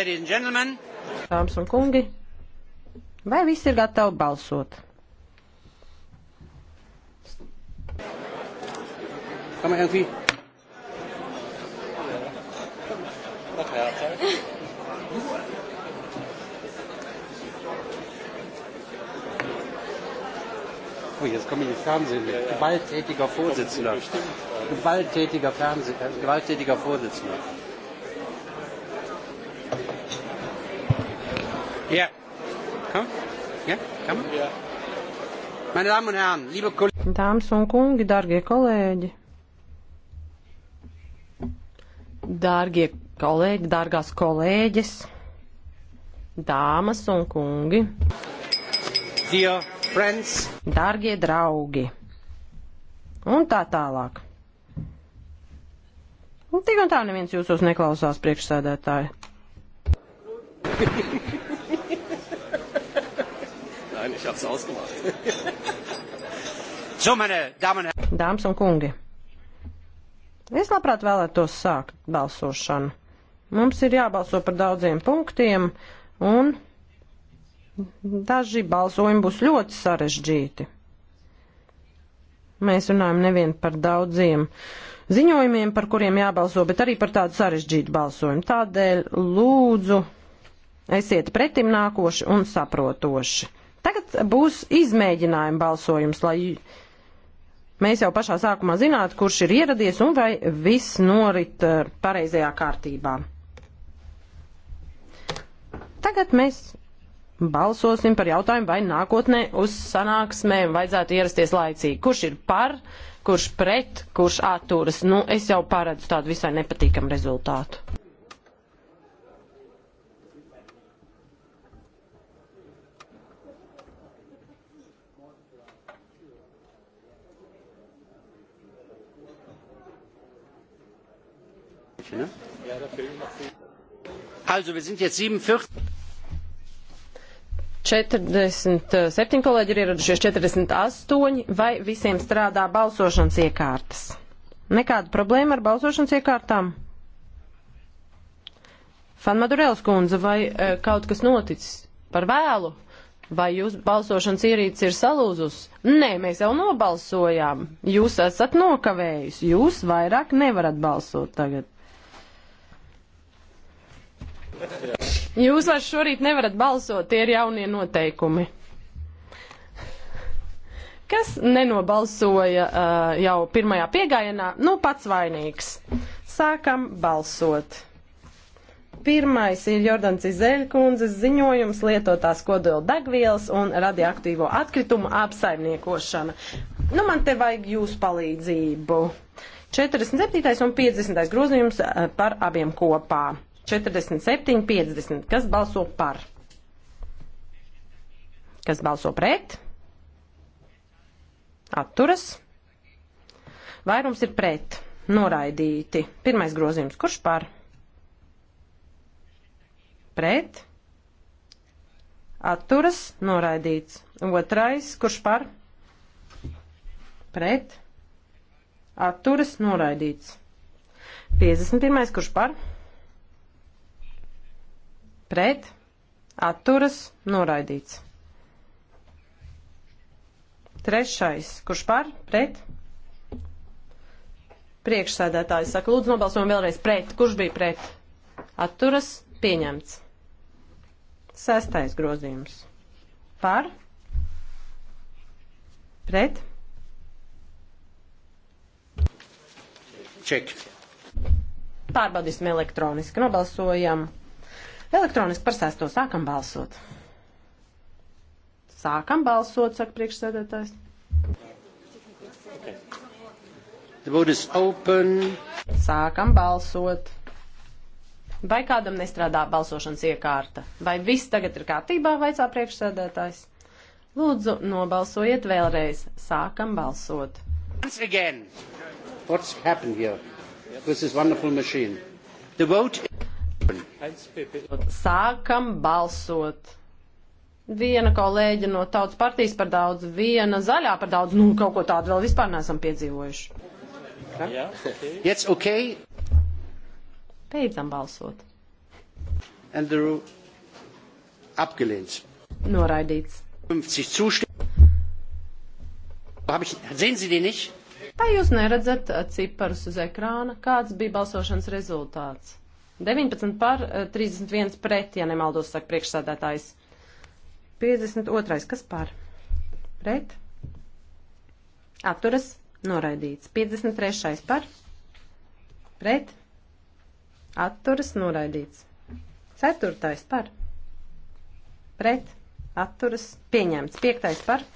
Dāmas un kungi, vai viss ir gatavi balsot? Kann man irgendwie. Oh, jetzt komme ich ins Fernsehen mit. Ja, ja. Gewalttätiger Vorsitzender. Gewalttätiger, Fernseh, äh, gewalttätiger Vorsitzender. Ja. Komm. Ja, kann man? Ja. Meine Damen und Herren, liebe Kollegen. Dāmas un kungi, dārgie kolēģi. Dārgie kolēģi, dārgās kolēģis. Dāmas un kungi. Dear friends. Dārgie draugi. Un tā tālāk. Un tik un tā neviens jūsos neklausās priekšsēdētāji. Ich hab's ausgemacht. so, meine Damen und Herren. Dāmas un kungi, es labprāt vēlētos sākt balsošanu. Mums ir jābalso par daudziem punktiem, un daži balsojumi būs ļoti sarežģīti. Mēs runājam nevien par daudziem ziņojumiem, par kuriem jābalso, bet arī par tādu sarežģītu balsojumu. Tādēļ lūdzu esiet pretim nākoši un saprotoši. Tagad būs izmēģinājuma balsojums, lai mēs jau pašā sākumā zinātu, kurš ir ieradies un vai viss norit eh, pareizajā kārtībā. Tagad mēs balsosim par jautājumu, vai nākotnē uz sanāksmēm vajadzētu ierasties laicīgi. Kurš ir par, kurš pret, kurš atturas? Nu, es jau paredzu tādu visai nepatīkamu rezultātu. welche, ne? Ja, da fehlen noch viele. Also, wir sind jetzt 47. 47 eh, kolēģi ir ieradušies, 48, vai visiem strādā balsošanas iekārtas? Nekāda problēma ar balsošanas iekārtām? Fanmadurēls kundze, vai e, kaut kas noticis par vēlu? Vai jūs balsošanas ierīces ir salūzus? Nē, mēs jau nobalsojām. Jūs esat nokavējusi. Jūs vairāk nevarat balsot tagad. Jūs vairs šorīt nevarat balsot, tie ir jaunie noteikumi. Kas nenobalsoja uh, jau pirmajā piegājienā, nu pats vainīgs. Sākam balsot. Pirmais ir Jordans Izeļkundzes ziņojums lietotās kodola degvielas un radioaktīvo atkritumu apsaimniekošana. Nu, man te vajag jūsu palīdzību. 47. un 50. grozījums uh, par abiem kopā. 47, 50. Kas balso par? Kas balso pret? Atturas. Vairums ir pret. Noraidīti. Pirmais grozījums. Kurš par? Pret. Atturas. Noraidīts. Otrais. Kurš par? Pret. Atturas. Noraidīts. 51. Kurš par? Pret pret, atturas, noraidīts. Trešais, kurš par, pret, priekšsēdētājs saka, lūdzu nobalsojam vēlreiz pret, kurš bija pret, atturas, pieņemts. Sestais grozījums. Par, pret, Ček. Pārbaudīsim elektroniski. Nobalsojam Elektroniski par sesto sākam balsot. Sākam balsot, saka priekšsēdētājs. Okay. The vote is open. Sākam balsot. Vai kādam nestrādā balsošanas iekārta? Vai viss tagad ir kārtībā, vaicā priekšsēdētājs? Lūdzu, nobalsojiet vēlreiz. Sākam balsot. Once again, what's happened here? This is wonderful machine. The vote Sākam balsot. Viena kolēģa no tautas partijas par daudz, viena zaļā par daudz, nu kaut ko tādu vēl vispār neesam piedzīvojuši. Yeah, okay. Yes, okay. Beidzam balsot. Andrew abgelehnt. Noraidīts. 50 zustimmen. Sehen Sie die nicht? Vai jūs neredzat ciparus uz ekrāna? Kāds bija balsošanas rezultāts? 19 par, 31 eh, pret, ja nemaldos, saka priekšsādātājs. 52. Kas par? Pret? Atturas? Noraidīts. 53. par? Pret? Atturas? Noraidīts. 4. par? Pret? Atturas? Pieņemts. 5. par?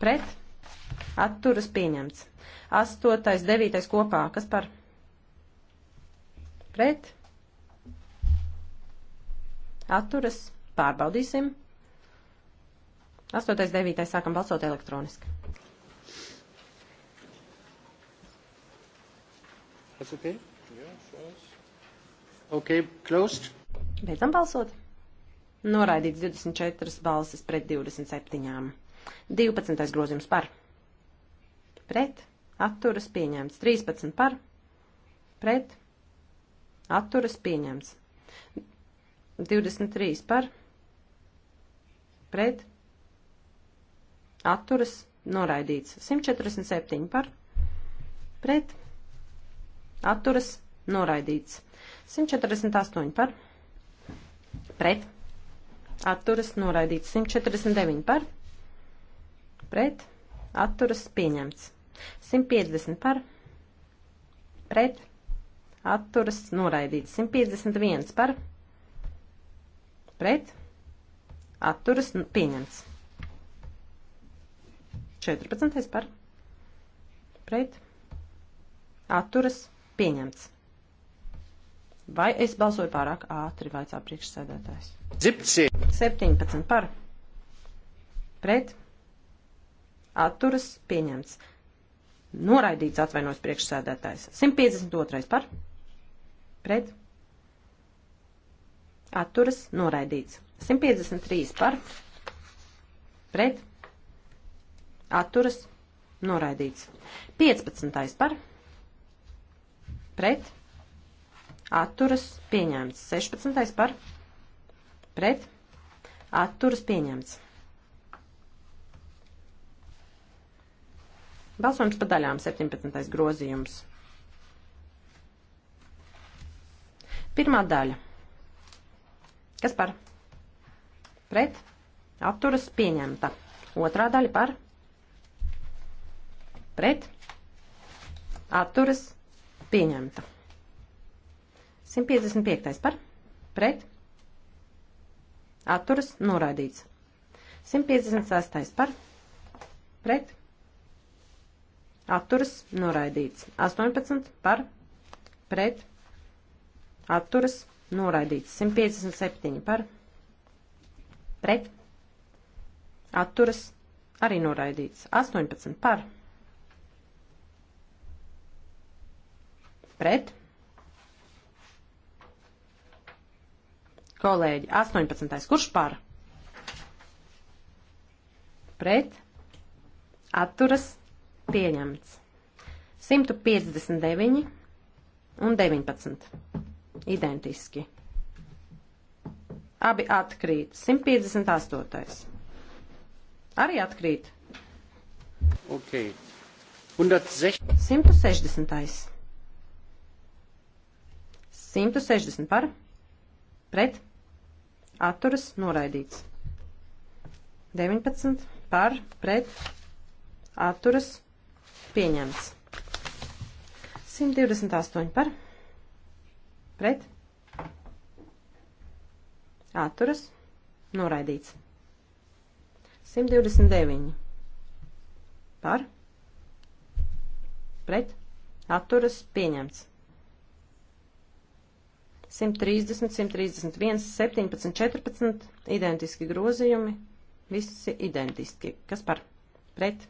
Pret? Atturas? Pieņemts. 8. 9. kopā. Kas par? pret, atturas, pārbaudīsim. 8.9. sākam balsot elektroniski. That's okay? Yeah, false. Okay, closed. Beidzam balsot. Noraidīts 24 balsis pret 27. 12. grozījums par. Pret. Atturas pieņemts. 13 par. Pret. Atturas pieņemts. 23 par. Pret. Atturas noraidīts. 147 par. Pret. Atturas noraidīts. 148 par. Pret. Atturas noraidīts. 149 par. Pret. Atturas pieņemts. 150 par. Pret atturas noraidīts. 151 par pret atturas pieņemts. 14 par pret atturas pieņemts. Vai es balsoju pārāk ātri, vaicā priekšsēdētājs? 17 par pret atturas pieņemts. Noraidīts atvainojas priekšsēdētājs. 152 par pret pret atturas noraidīts. 153 par pret atturas noraidīts. 15 par pret atturas pieņemts. 16 par pret atturas pieņemts. Balsojums pa daļām 17. grozījums. Pirmā daļa. Kas par? Pret. Atturas pieņemta. Otrā daļa par? Pret. Atturas pieņemta. 155. par? Pret. Atturas noraidīts. 156. par? Pret. Atturas noraidīts. 18 par? Pret atturas noraidīts. 157 par pret atturas arī noraidīts. 18 par pret. Kolēģi, 18. kurš par? Pret. Atturas pieņemts. 159 un 19 identiski. Abi atkrīt. 158. Arī atkrīt. Ok. 160. 160 par, pret, atturas, noraidīts. 19 par, pret, atturas, pieņemts. 128 par, pret, atturas, noraidīts. 129 par, pret, atturas, pieņemts. 130, 131, 17, 14 identiski grozījumi, visi identiski. Kas par pret?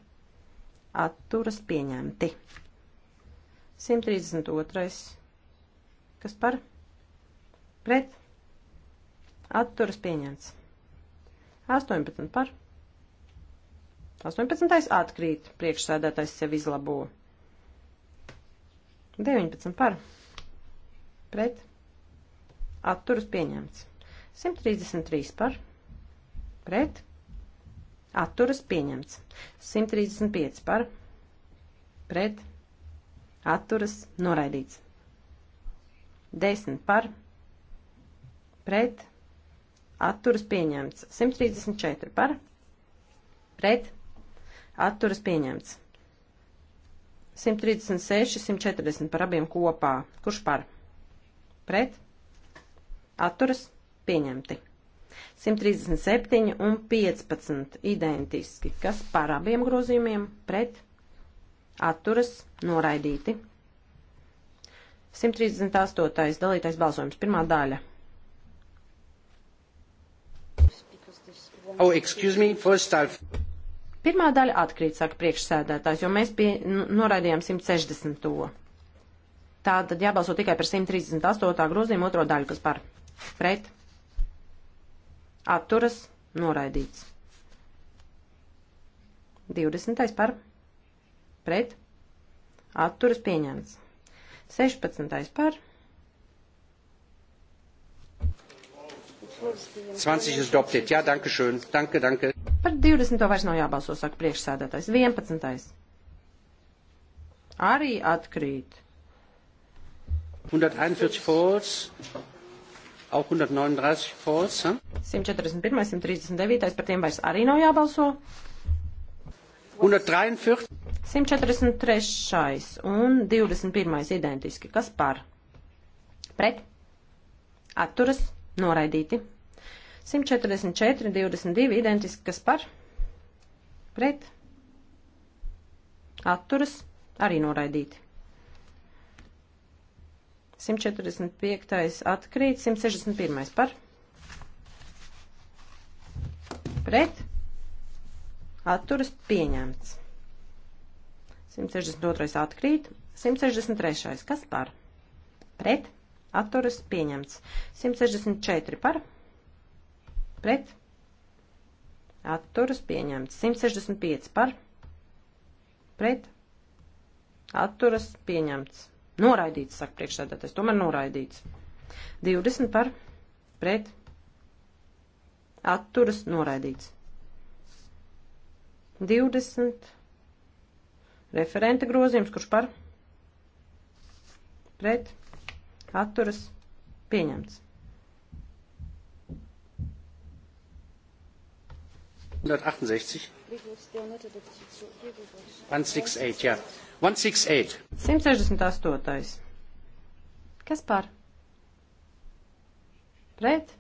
Atturas pieņemti. 132. Kas par? Pret. Atturas pieņemts. 18 par. 18. atkrīt. Priekšsēdētājs sev izlabo. 19 par. Pret. Atturas pieņemts. 133 par. Pret. Atturas pieņemts. 135 par. Pret. Atturas noraidīts. 10 par pret atturas pieņemts. 134 par pret atturas pieņemts. 136, 140 par abiem kopā. Kurš par? Pret atturas pieņemti. 137 un 15 identiski, kas par abiem grozījumiem pret atturas noraidīti. 138. dalītais balsojums, pirmā daļa. Oh, excuse me, first half. Pirmā daļa atkrīt, saka priekšsēdētājs, jo mēs pie, nu, noraidījām 160. To. Tātad jābalso tikai par 138. grozījumu otro daļu, kas par pret atturas noraidīts. 20. par pret atturas pieņemts. 16. par. 20 is adopted. Jā, danke schön. Danke, danke. Par 20. vairs nav jābalso, saka priekšsēdētājs. 11. Arī atkrīt. 141 falls, auch 139 falls. Hm? 141, 139, par tiem vairs arī nav jābalso. 143. 143. un 21. identiski. Kas par? Pret? Atturas? Noraidīti. 144, 22 identiski. Kas par? Pret? Atturas? Arī noraidīti. 145. atkrīt, 161. par? Pret? Atturas pieņemts. 162. atkrīt. 163. Kas par? Pret. Atturas pieņemts. 164 par. Pret. Atturas pieņemts. 165 par. Pret. Atturas pieņemts. Noraidīts, saka priekšsēdētājs. Tomēr noraidīts. 20 par. Pret. Atturas noraidīts. 20 Referenta grozījums, kurš par? Pret. Atturas. Pieņemts. 168. 168, jā. 168. 168. Kas par? Pret?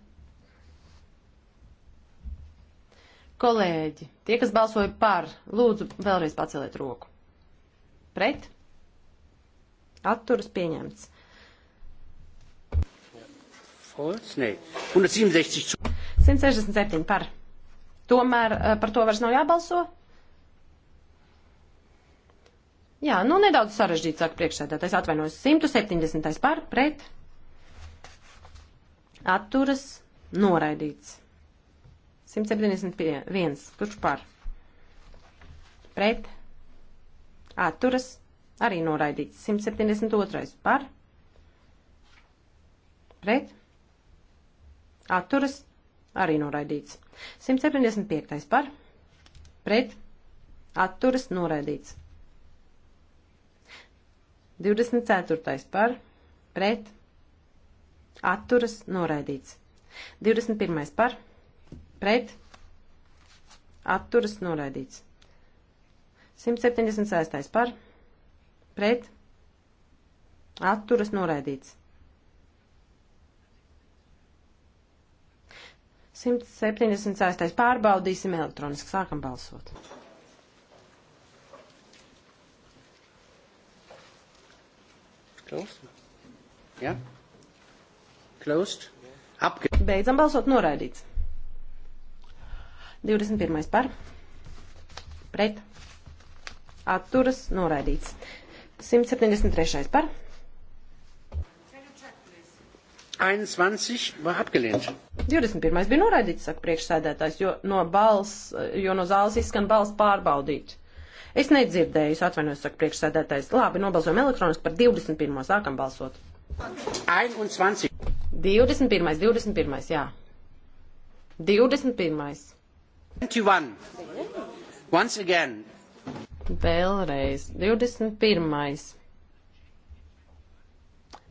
Kolēģi, tie, kas balsoja par, lūdzu vēlreiz paceliet roku pret, atturas pieņemts. False? Nē. 167. 167 par. Tomēr eh, par to vairs nav jābalso? Jā, nu nedaudz sarežģīts, saka priekšsēdētājs, atvainojos. 170. par, pret, atturas, noraidīts. 171. Kurš par? Pret, atturas arī noraidīts. 172. par pret atturas arī noraidīts. 175. par pret atturas noraidīts. 24. par pret atturas noraidīts. 21. par pret atturas noraidīts. 176. par pret atturas noraidīts. 176. pārbaudīsim elektroniski. Sākam balsot. Closed. Yeah. Closed. Apge Beidzam balsot noraidīts. 21. par. Pret atturas noraidīts. 173. par. 21 war abgelehnt. 21. bija noraidīts, saka priekšsēdētājs, jo no, balss, jo no zāles izskan balss pārbaudīt. Es nedzirdēju, es atvainojos, saka priekšsēdētājs. Labi, nobalsojam elektroniski par 21. sākam balsot. 21. 21. 21. jā. 21. 21. Once again, vēlreiz. 21.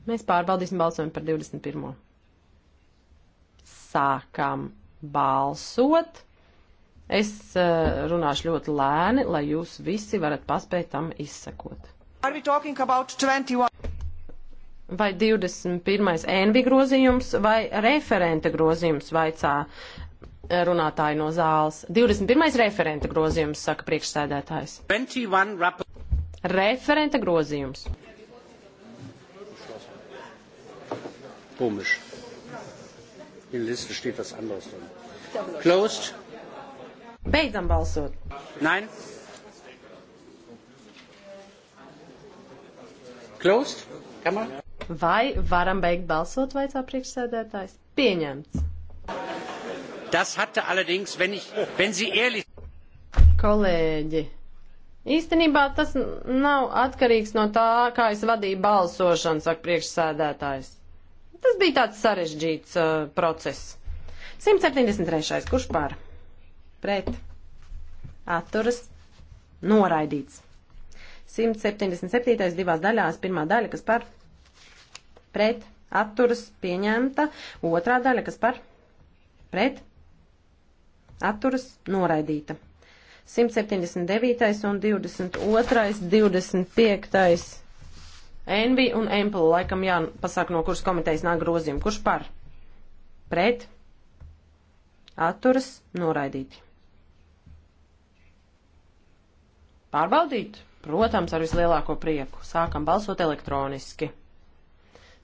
Mēs pārbaudīsim balsojumu par 21. Sākam balsot. Es uh, runāšu ļoti lēni, lai jūs visi varat paspēt tam izsekot. Vai 21. envi grozījums vai referenta grozījums vaicā runātāji no zāles. 21. referenta grozījums, saka priekšsēdētājs. 21. Referenta grozījums. Komisch. In Liste steht was anderes drin. Closed. Beidzam balsot. Nein. Closed. Kann man? Vai varam beigt balsot, vaicā priekšsēdētājs? Pieņemts. Das hatte allerdings, wenn, ich, wenn Sie ehrlich. Kolēģi, īstenībā tas nav atkarīgs no tā, kā es vadīju balsošanu, saka priekšsēdētājs. Tas bija tāds sarežģīts uh, process. 173. Kurš pār? Pret. Atturas. Noraidīts. 177. divās daļās. Pirmā daļa, kas par? Pret. Atturas. Pieņemta. Otrā daļa, kas par? Pret atturas noraidīta. 179. un 22. 25. Envi un Empel laikam jāpasaka, no kuras komitejas nāk grozījumi. Kurš par? Pret? Atturas noraidīti. Pārbaudīt? Protams, ar vislielāko prieku. Sākam balsot elektroniski.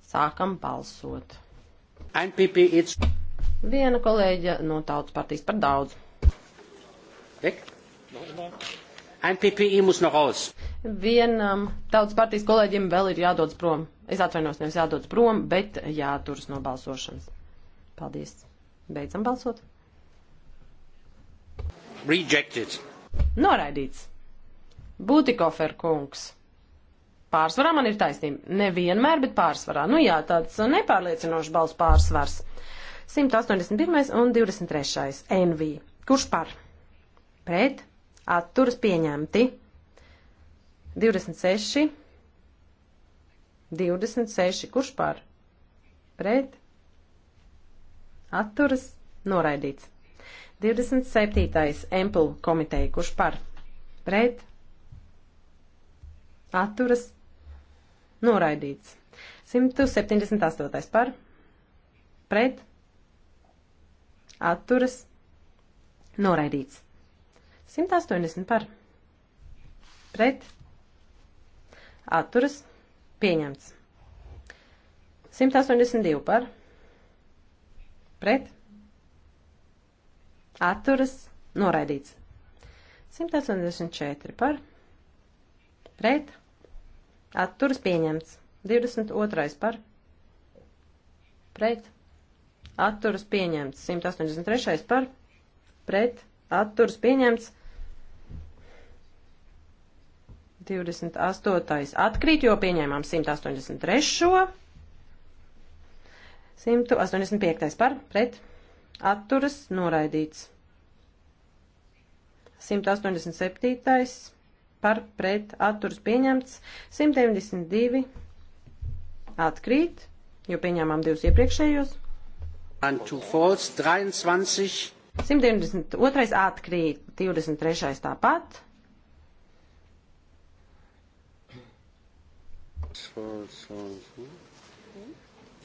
Sākam balsot. NPP it's... Viena kolēģa no tautas partijas par daudz. Tik? Ein PPI muss noch raus. Vienam tautas partijas kolēģim vēl ir jādodas prom. Es atvainos, nevis jādodas prom, bet jāturas no balsošanas. Paldies. Beidzam balsot. Rejected. Noraidīts. Būtikofer kungs. Pārsvarā man ir taisnība. Nevienmēr, bet pārsvarā. Nu jā, tāds nepārliecinošs balss pārsvars. 181. un 23. NV. Kurš par? Pret. Atturas pieņemti. 26. 26. Kurš par? Pret. Atturas noraidīts. 27. Emplu komiteja. Kurš par? Pret. Atturas noraidīts. 178. par? Pret atturas noraidīts. 180 par pret atturas pieņemts. 182 par pret atturas noraidīts. 184 par pret atturas pieņemts. 22 par pret atturas pieņemts. 183. par pret atturas pieņemts. 28. atkrīt, jo pieņēmām 183. 185. par pret atturas noraidīts. 187. par pret atturas pieņemts. 192. atkrīt, jo pieņēmām divus iepriekšējos. 192. atkrīt, 23. tāpat.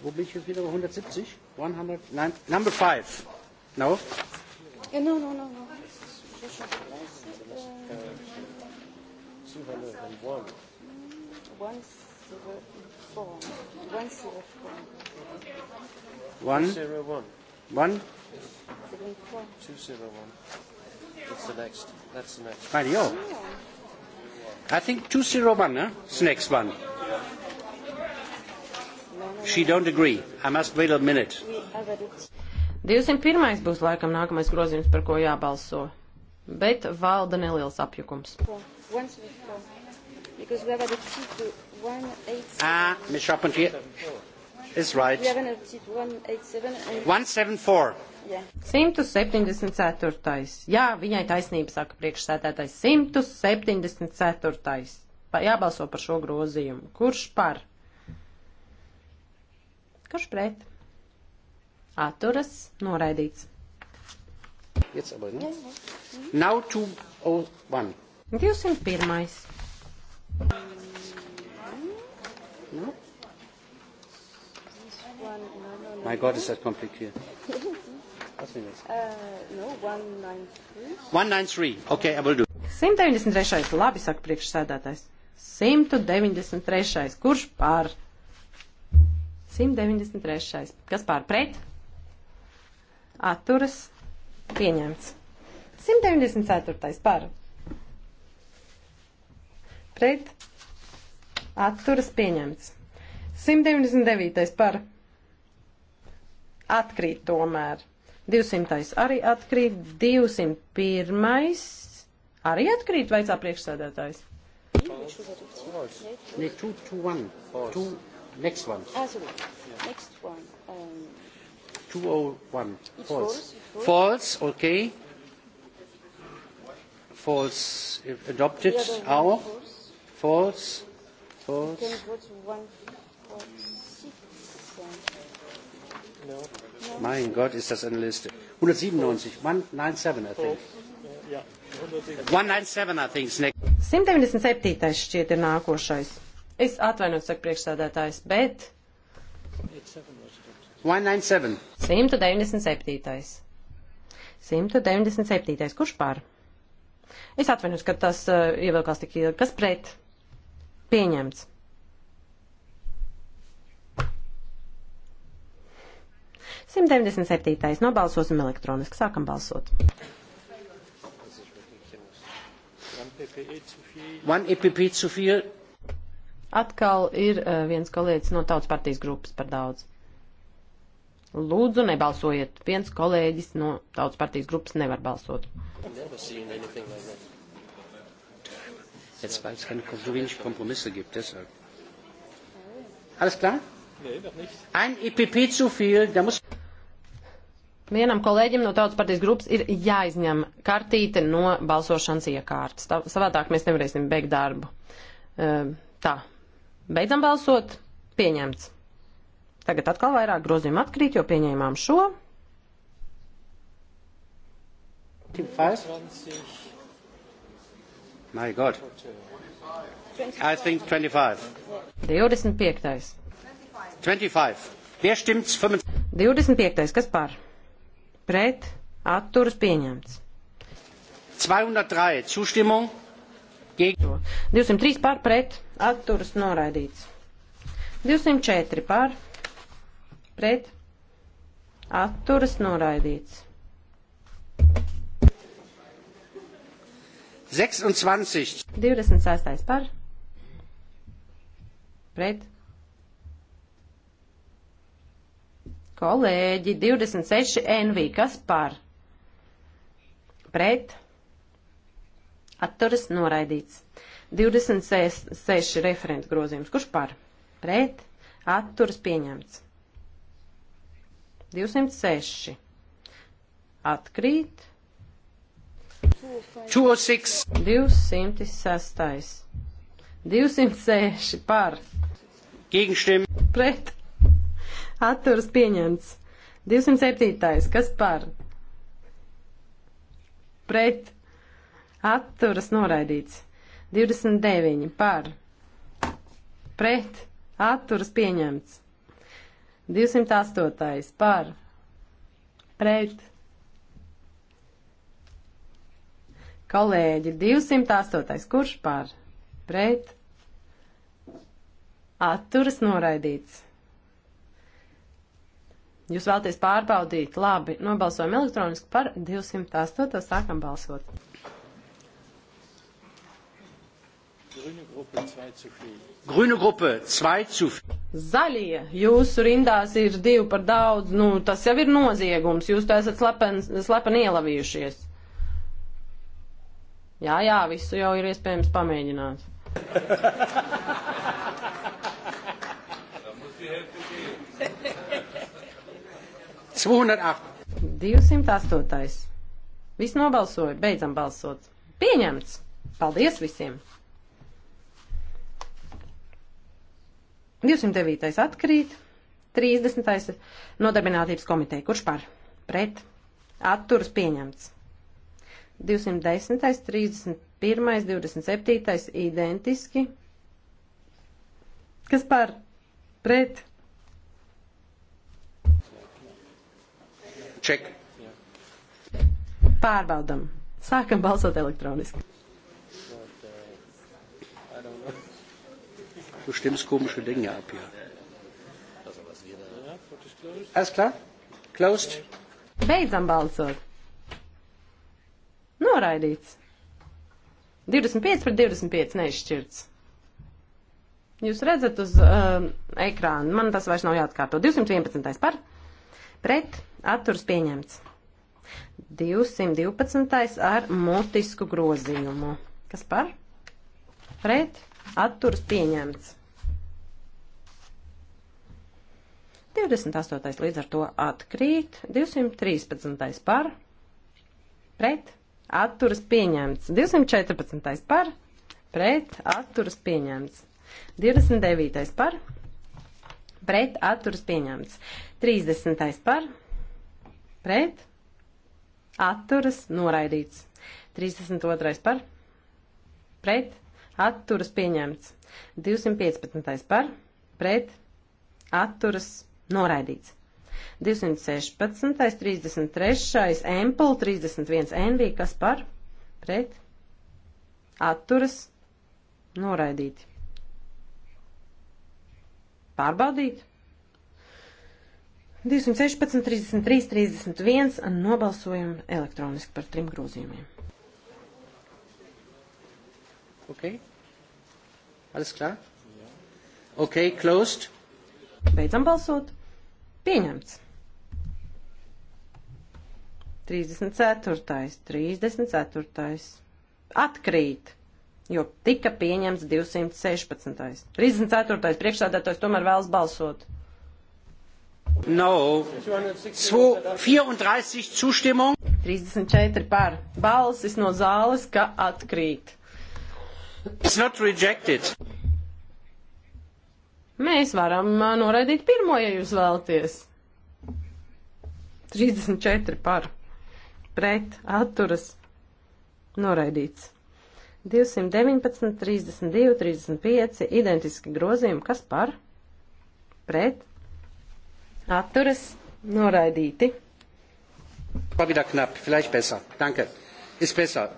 Wo bin ich jetzt wieder bei 170? 100, nein, number 5. No? Yeah, no, no, no, no. Uh, 201. One, four. One zero four. One zero one. One. Two zero one. It's the next. That's the next. Mario. I think two zero one. Huh? It's the next one. She don't agree. I must wait a minute. 201. būs laikam nākamais grozījums, par ko jābalso. Bet valda neliels apjukums. Four. One, three, four. Because we have adopted the Ah, Ms. Charpentier is right. 174. 174. Jā, viņai taisnība saka priekšsēdētājs. 174. Pa, jābalso par šo grozījumu. Kurš par? Kurš pret? Atturas noraidīts. Nav 201. 201. No? One, no, no, no. My God, is that complicated? What's in this? Uh, no, 193. 193. Okay, I will do. 193. Labi, saka priekšsēdētājs. 193. Kurš pār? 193. Kas pār pret? Atturas. Pieņemts. 194. par. Pret atturas pieņemts. 199. par atkrīt tomēr. 200. arī atkrīt, 201. arī atkrīt, vaicā priekšsēdētājs. Ne, two, two, one. Two, next one. Ah, sorry. Next one. Um, 201. False. False, okay. False adopted. Our. False false. You can go to 146. No. Mein Gott, ist das eine Liste. 197, 197, I think. Yeah. 197, I think, is next. 197. šķiet ir nākošais. Es atvainojos, saka priekšsēdētājs, bet. 197. 197. 197. Kurš pār? Es atvainojos, ka tas uh, ievilkās tik ilgi. Kas pret? Pieņemts. Simt deviņdesmit septītais. Nobalsosim elektroniski. Sākam balsot. E Atkal ir eh, viens kolēģis no tautas partijas grupas par daudz. Lūdzu, nebalsojiet. Viens kolēģis no tautas partijas grupas nevar balsot. Never seen anything like that. Jetzt, weil es keine, so wenig Kompromisse gibt, deshalb. Alles klar? Nee, noch nicht. Ein EPP zu viel, da muss. Vienam kolēģim no tautas partijas grupas ir jāizņem kartīte no balsošanas iekārtas. Tā, savādāk mēs nevarēsim beigt darbu. Ehm, tā, beidzam balsot, pieņemts. Tagad atkal vairāk grozījumu atkrīt, jo pieņēmām šo. 20. My God. I think 25. 25. 25. Wer stimmts 25. Kas par? Pret. Atturas pieņemts. 203. Zustimmung. Gegen. 203 par pret. Atturas noraidīts. 204 par pret. Atturas noraidīts. 26. 26. par. Pret. Kolēģi, 26 NV, kas par? Pret. Atturas noraidīts. 26 referenta grozījums. Kurš par? Pret. Atturas pieņemts. 206. Atkrīt. 206. 206. 206 par. Gegenstim. Pret. Atturs pieņemts. 207. Kas par? Pret. Atturas noraidīts. 29. Par. Pret. Atturas pieņemts. 208. Par. Pret Kolēģi, 208. kurš par pret atturas noraidīts. Jūs vēlaties pārbaudīt, labi, nobalsojam elektroniski par 208. sākam balsot. Grüne grupe 2 zu Zaļie, jūsu rindās ir divi par daudz, nu tas jau ir noziegums, jūs to esat slepeni slepen ielavījušies. Jā, jā, visu jau ir iespējams pamēģināt. Divsimt astotais. Viss nobalsoja, beidzam balsot. Pieņemts. Paldies visiem. 209. atkrīt, 30. nodarbinātības komiteja, kurš par, pret, atturas pieņemts. 210, 31, 27 identiski. Kas par pret? Ček. Pārbaudam. Sākam balsot elektroniski. Du stimmst komische Dinge ab hier. Er Alles klar? Closed? Beidzam balsot. Noraidīts. 25 pret 25 neizšķirts. Jūs redzat uz uh, ekrāna, man tas vairs nav jāatkārto. 211. par, pret, atturs pieņemts. 212. ar mutisku grozījumu. Kas par? Pret, atturs pieņemts. 28. līdz ar to atkrīt, 213. par, pret, atturas pieņemts. 214. par, pret, atturas pieņemts. 29. par, pret, atturas pieņemts. 30. par, pret, atturas noraidīts. 32. par, pret, atturas pieņemts. 215. par, pret, atturas noraidīts. 216, 33, Empel, 31, NV, kas par, pret, atturas, noraidīti. Pārbaudīt. 216, 33, 31 nobalsojam elektroniski par trim grozījumiem. Okay. Alles klar? Okay, closed. Beidzam balsot. Pieņemts. 34. 34. Atkrīt, jo tika pieņemts 216. 34. priekšsādātājs tomēr vēlas balsot. No. 34 zustimmung. 34 par. Balsis no zāles, ka atkrīt. It's not rejected. Mēs varam noraidīt pirmo, ja jūs vēlaties. 34 par pret atturas noraidīts. 219, 32, 35 identiski grozījumi, kas par pret atturas noraidīti. War wieder knapp, vielleicht besser. Danke. Ist besser.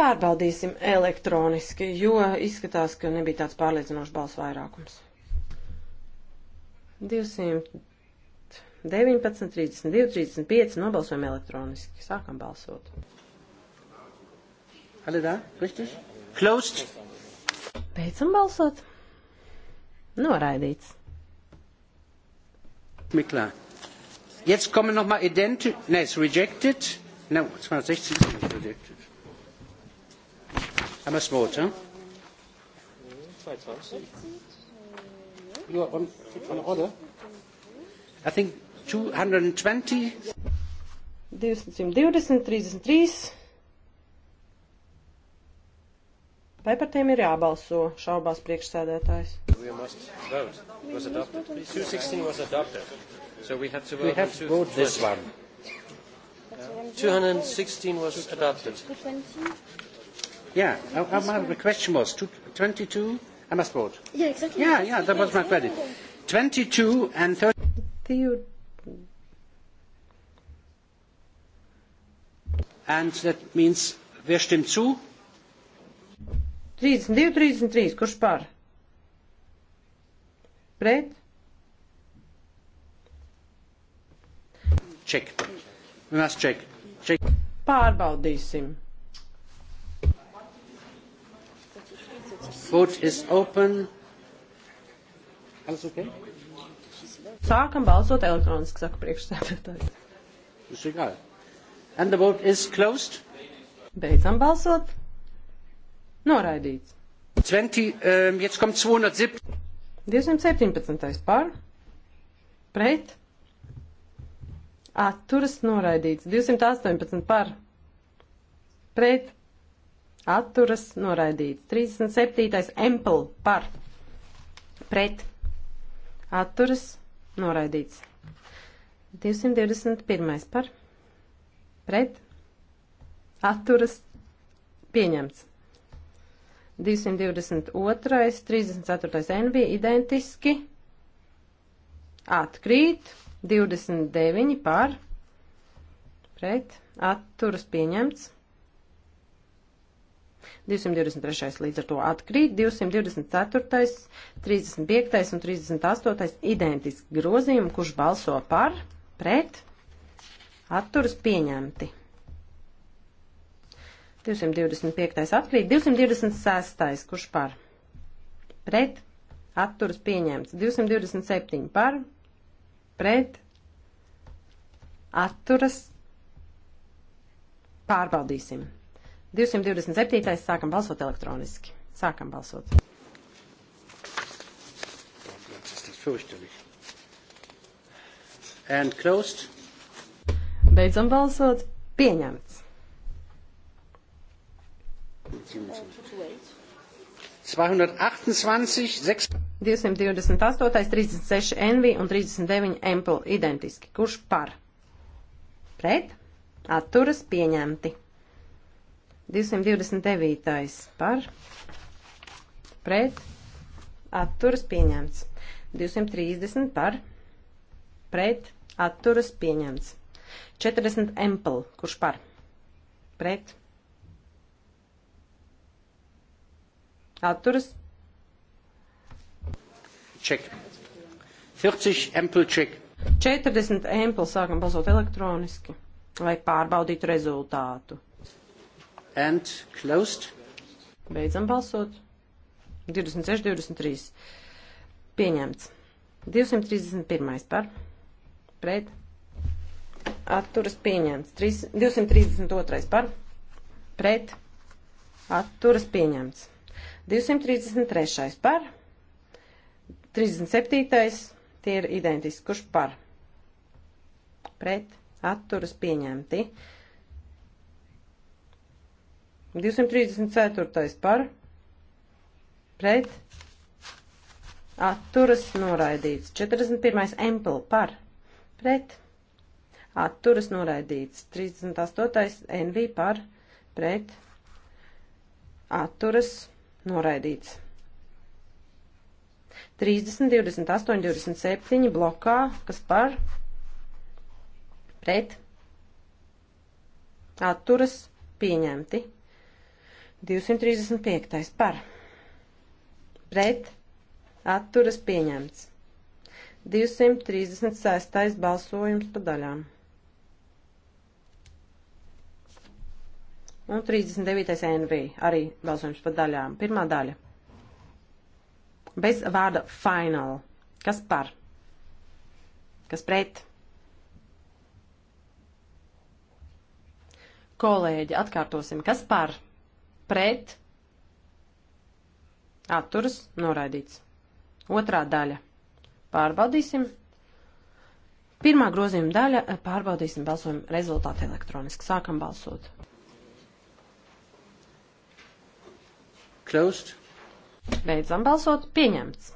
Pārbaudīsim elektroniski, jo izskatās, ka nebija tāds pārliecinošs balss vairākums. 219, 32, 35 nobalsojam elektroniski. Sākam balsot. Alle da? Richtig? Closed. Beidzam balsot. Noraidīts. Mir klar. Jetzt kommen nochmal identisch. Ne, it's rejected. No, 216 is rejected. How much more, John? You are on, on order? I think 220. 220, 33. Vai par tiem ir jābalso, šaubās priekšsēdētājs? So we have to vote, we have to vote this one. 216 was adopted. 220. Yeah, uh, uh, my, the question was two, 22, I must vote. Yeah, exactly. Yeah, yeah, that was my credit. 22 and 30. And that means, wer stimmt zu? 32, 33, kurš par? Pret? Check. We must check. check. Pārbaudīsim. Vote is open. Alles okay? Sākam balsot elektroniski, saka priekšsēdētājs. Tas ir gāja. And the vote is closed. Beidzam balsot. Noraidīts. 20, um, jetzt kommt 207. 217. par. Pret. Atturas noraidīts. 218 par. Pret atturas noraidīts. 37. empl par pret atturas noraidīts. 221. par pret atturas pieņemts. 222. 34. NV identiski atkrīt. 29 par pret atturas pieņemts. 223. līdz ar to atkrīt, 224., 35. un 38. identiski grozījumi, kurš balso par, pret, atturas pieņemti. 225. atkrīt, 226. kurš par, pret, atturas pieņemts, 227. par, pret, atturas pārbaudīsim. 227. sākam balsot elektroniski. Sākam balsot. And closed. Beidzam balsot. Pieņemts. 228, 36 NV un 39 MPL identiski. Kurš par? Pret? Atturas pieņemti. 229. par pret atturas pieņemts. 230 par pret atturas pieņemts. 40 empl, kurš par pret atturas. Check. 40 empl check. 40 empl sākam balsot elektroniski, lai pārbaudītu rezultātu and closed. Beidzam balsot. 26, 23. Pieņemts. 231. par. Pret. Atturas pieņemts. 3, 232. par. Pret. Atturas pieņemts. 233. par. 37. Tie ir identiski. Kurš par? Pret. Atturas pieņemti. 234. par pret atturas noraidīts. 41. empl par pret atturas noraidīts. 38. nv par pret atturas noraidīts. 30, 28, 27 blokā, kas par pret atturas pieņemti. 235. par pret atturas pieņemts. 236. balsojums pa daļām. Un 39. NV arī balsojums pa daļām. Pirmā daļa. Bez vārda final. Kas par? Kas pret? Kolēģi, atkārtosim. Kas par? pret, atturas, noraidīts. Otrā daļa. Pārbaudīsim. Pirmā grozījuma daļa pārbaudīsim balsojumu rezultātu elektroniski. Sākam balsot. Closed. Beidzam balsot. Pieņemts.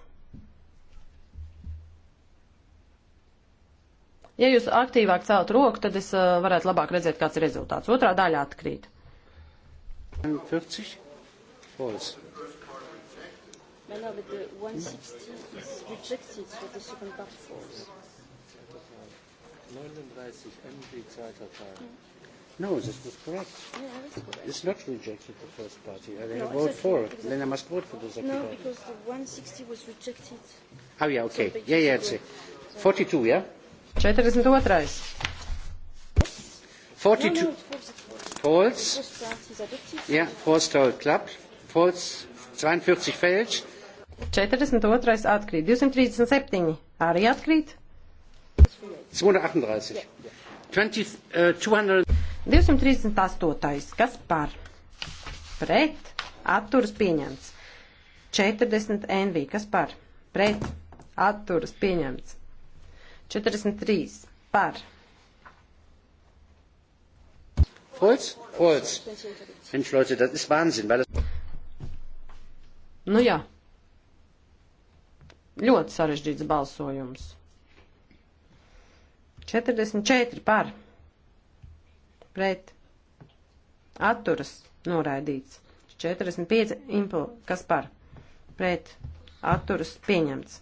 Ja jūs aktīvāk celt roku, tad es uh, varētu labāk redzēt, kāds ir rezultāts. Otrā daļa atkrīt. 40? False. No, no, but the 160 is rejected, so the second part falls. No, this was correct. Yeah, that is correct. It's not rejected, the first party. I mean, no, I vote exactly, for it. Exactly. Then I must vote for the second no, party. No, because the 160 was rejected. Oh, yeah, okay. So yeah, yeah, it's it. 42, yeah? 42. 42. No, no, false. Ja, false told klappt. False 42 fälsch. 42. atkrīt. 237. Arī atkrīt. 238. 20, uh, 200. 238. Kas par? Pret. Atturas pieņemts. 40 NV. Kas par? Pret. Atturas pieņemts. 43. Par Holz? Holz. Mensch, Leute, das ist Wahnsinn, weil das. Nu jā. Ļoti sarežģīts balsojums. 44 par. Pret. Atturas noraidīts. 45 impul. Kas par? Pret. Atturas pieņemts.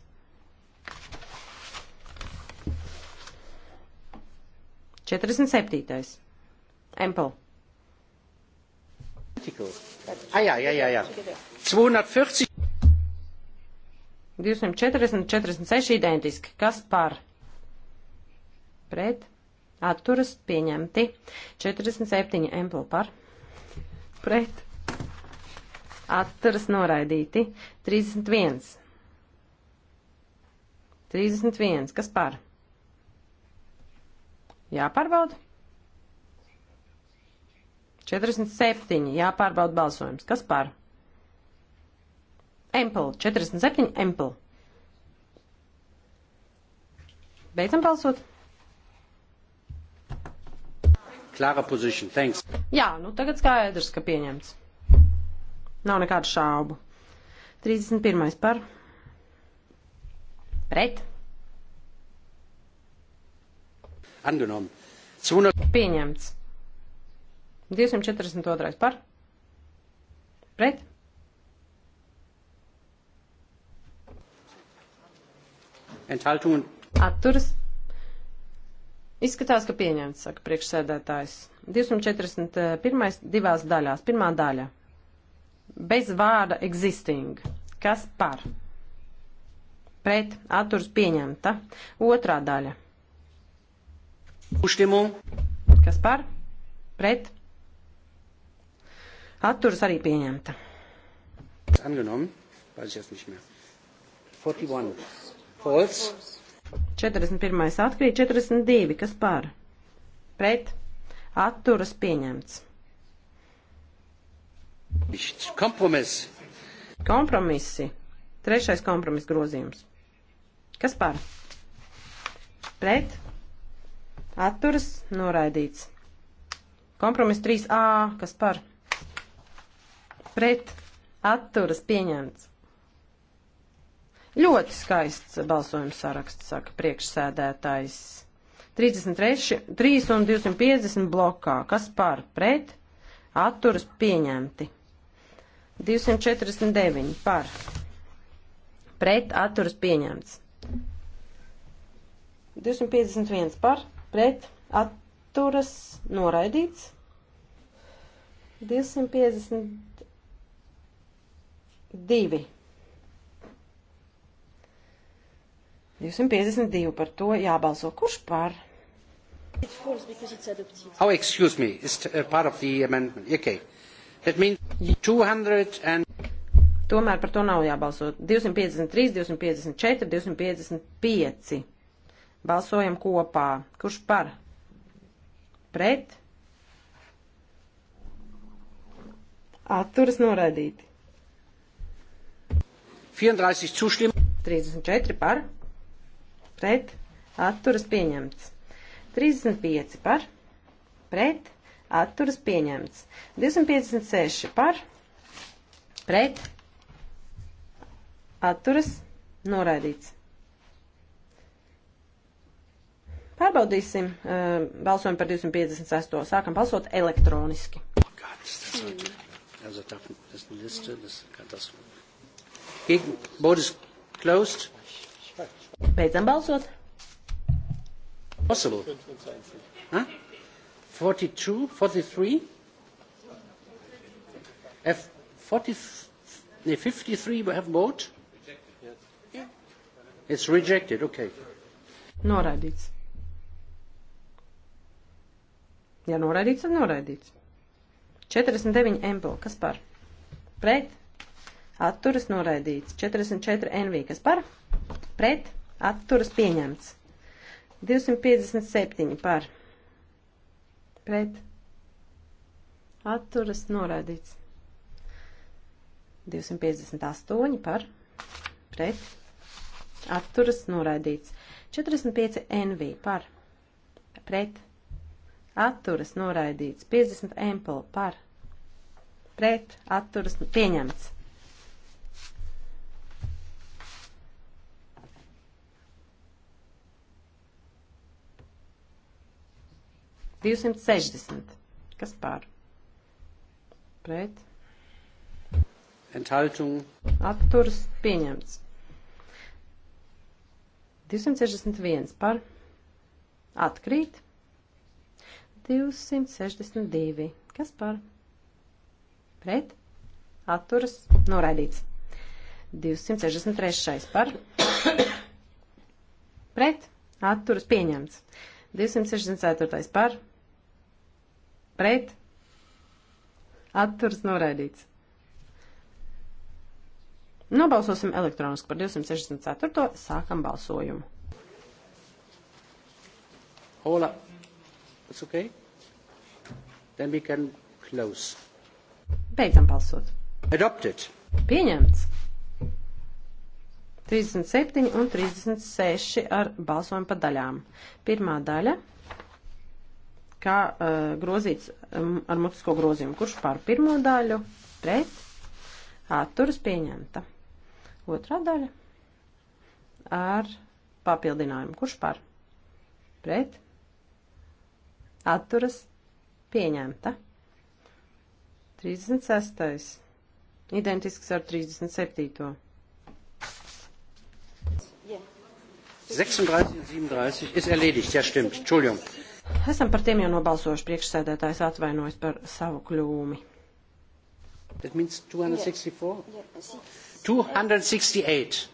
Četrdesmit septītais. Empel. Ah, jā, jā, jā, jā. 240. 240, 46 identiski. Kas par? Pret. Atturas pieņemti. 47 emplu par. Pret. Atturas noraidīti. 31. 31. Kas par? Jāpārbauda. 47. Jāpārbauda balsojums. Kas par? Ample. 47. Ample. Beidzam balsot. Klāra pozīcija. Thanks. Jā, nu tagad skaidrs, ka pieņemts. Nav nekādu šaubu. 31. par. Pret. Angenommen. Pieņemts. 242. par pret. Enthaltungen. Atturas. Izskatās, ka pieņemts, saka priekšsēdētājs. 241. divās daļās. Pirmā daļa. Bez vārda existing. Kas par? Pret. Atturas pieņemta. Otrā daļa. Uštimu. Kas par? Pret. Atturas arī pieņemta. Angenommen, weiß ich jetzt nicht mehr. 41. False. 41. atkrīt, 42. Kas par? Pret. Atturas pieņemts. Kompromiss. Kompromisi. Trešais kompromiss grozījums. Kas par? Pret. Atturas noraidīts. Kompromiss 3A. Kas par? pret atturas pieņemts. Ļoti skaists balsojums saraksts, saka priekšsēdētājs. 33, 3 un 250 blokā, kas par pret atturas pieņemti. 249 par pret atturas pieņemts. 251 par, pret, atturas, noraidīts. 250 252. 252 par to jābalso. Kurš par? Oh, excuse me, it's uh, part of the amendment. Okay. That means 200 and... Tomēr par to nav jābalso. 253, 254, 255. Balsojam kopā. Kurš par? Pret? Atturas noraidīti. 34 zustimmen. 34 par, pret, atturas pieņemts. 35 par, pret, atturas pieņemts. 256 par, pret, atturas noraidīts. Pārbaudīsim, uh, eh, balsojam par 258. Sākam balsot elektroniski. Oh, God, Vote is closed. Beidzam balsot. Possible. Huh? 42, 43? F 40, nee, 53 we have vote? Yeah. It's rejected, okay. Noraidīts. Ja noraidīts, tad noraidīts. 49 empl. Kas par? Pret? atturas noraidīts. 44 NV, kas par, pret, atturas pieņemts. 257 par, pret, atturas noraidīts. 258 par, pret, atturas noraidīts. 45 NV par, pret, atturas noraidīts. 50 MPL par, pret, atturas pieņemts. 260. Kas pār? Pret. Enthaltung. Atturs pieņemts. 261 par. Atkrīt. 262. Kas par? Pret. Atturas noraidīts. 263 par. Pret. Atturas pieņemts. 264 par pret, atturs noraidīts. Nobalsosim elektroniski par 264. Sākam balsojumu. Hola. It's okay? Then we can close. Beidzam balsot. Adopted. Pieņemts. 37 un 36 ar balsojumu pa daļām. Pirmā daļa kā uh, grozīts um, ar mutisko grozījumu. Kurš pār pirmo daļu? Pret. Atturas pieņemta. Otrā daļa ar papildinājumu. Kurš par? Pret. Atturas pieņemta. 36. Identisks ar 37. 36 und 37 ist erledigt, ja stimmt. Entschuldigung. Esam par tiem jau nobalsojuši priekšsēdētājs atvainojas par savu kļūmi. That means 264? Yes. 268.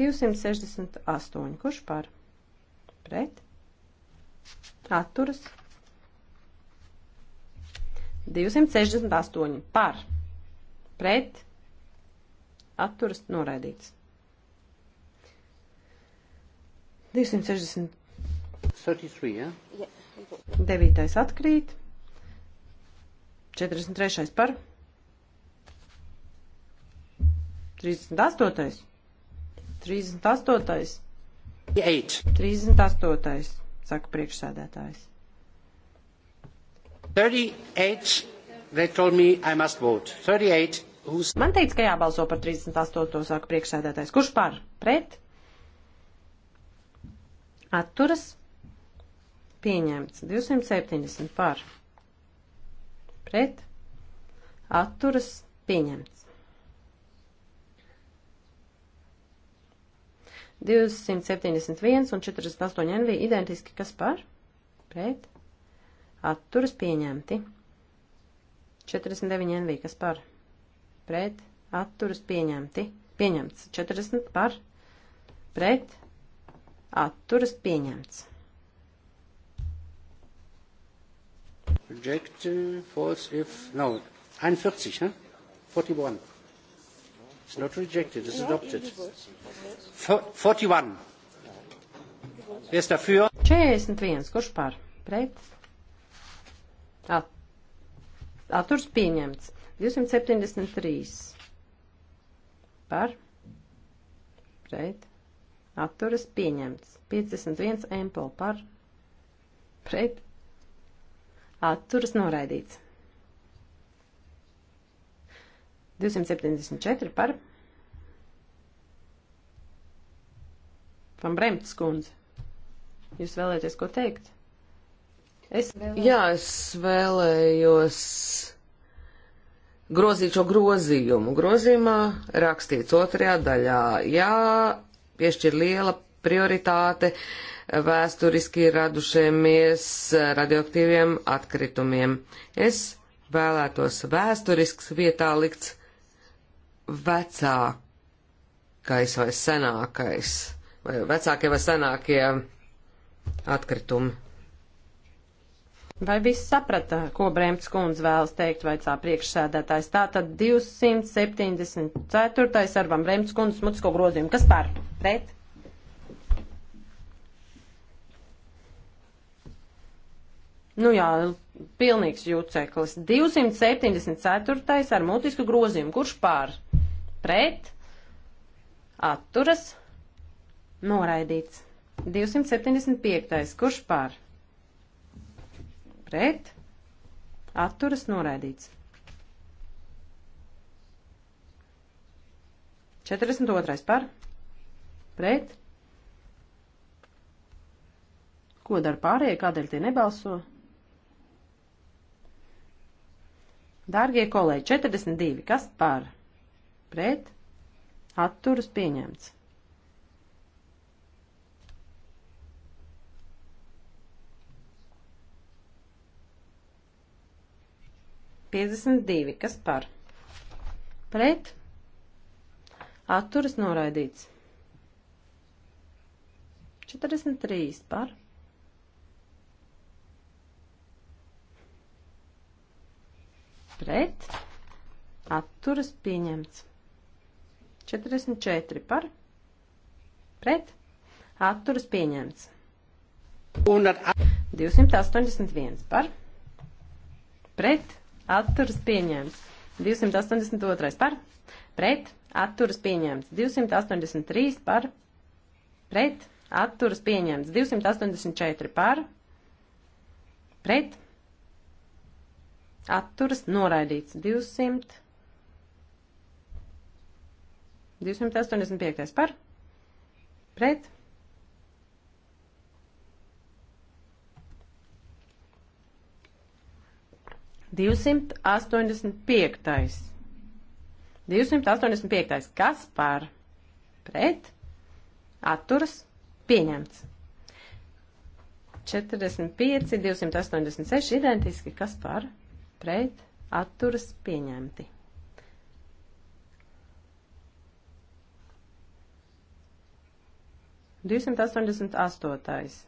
268. Kurš par? Pret? Atturas? 268. Par? Pret? Atturas? Noraidīts. 260. 33, jā? Ja? Devītais atkrīt. 43. par. 38. 38. 8. 38. saka priekšsēdētājs. 38. They told me I must vote. 38. Who's... Man teica, ka jābalso par 38. saka priekšsēdētājs. Kurš par? Pret? Atturas? pieņemts. 270 par pret atturas pieņemts. 271 un 48 NV identiski kas par pret atturas pieņemti. 49 NV kas par pret atturas pieņemti. Pieņemts 40 par pret atturas pieņemts. Reject uh, false if no. 41, ne? 41. It's not rejected, it's adopted. 41. Wer ist dafür? 41. Kurš par? Pret? At, atturs pieņemts. 273. Par? Pret? Atturas pieņemts. 51 empel par? Pret? atturas noraidīts. 274 par Van Bremtas kundze. Jūs vēlēties ko teikt? Es vēlējos. Jā, es vēlējos grozīt šo grozījumu. Grozījumā rakstīts otrajā daļā. Jā, piešķir liela prioritāte uh, vēsturiski radušiemies radioaktīviem atkritumiem. Es vēlētos vēsturisks vietā likts vecākais vai senākais, vai vecākie vai senākie atkritumi. Vai viss saprata, ko Bremts kundze vēlas teikt, vaicā priekšsēdētājs? Tātad 274. ar Bremts kundzes mutisko grozījumu. Kas par? Pret? Nu jā, pilnīgs jūceklis. 274. ar mutisku grozījumu. Kurš pār? Pret? Atturas? Noraidīts. 275. Kurš pār? Pret? Atturas noraidīts. 42. par? Pret? Ko dara pārējie? Kādēļ tie nebalso? Dārgie kolēģi, 42. Kas par? Pret? Atturas pieņemts. Piecdesmit divi. Kas par? Pret? Atturas noraidīts. Četrdesmit trīs par? pret, atturas pieņemts. 44 par, pret, atturas pieņemts. 281 par, pret, atturas pieņemts. 282 par, pret, atturas pieņemts. 283 par, pret, atturas pieņemts. 284 par, pret, atturas noraidīts 200. 285. par pret. Divsimt astoņdesmit piektais. Divsimt astoņdesmit piektais. Kas par pret? Atturas pieņemts. 45, 286 identiski. Kas par pret? pret, atturas pieņemti. Divsimt astoņdesmit astotais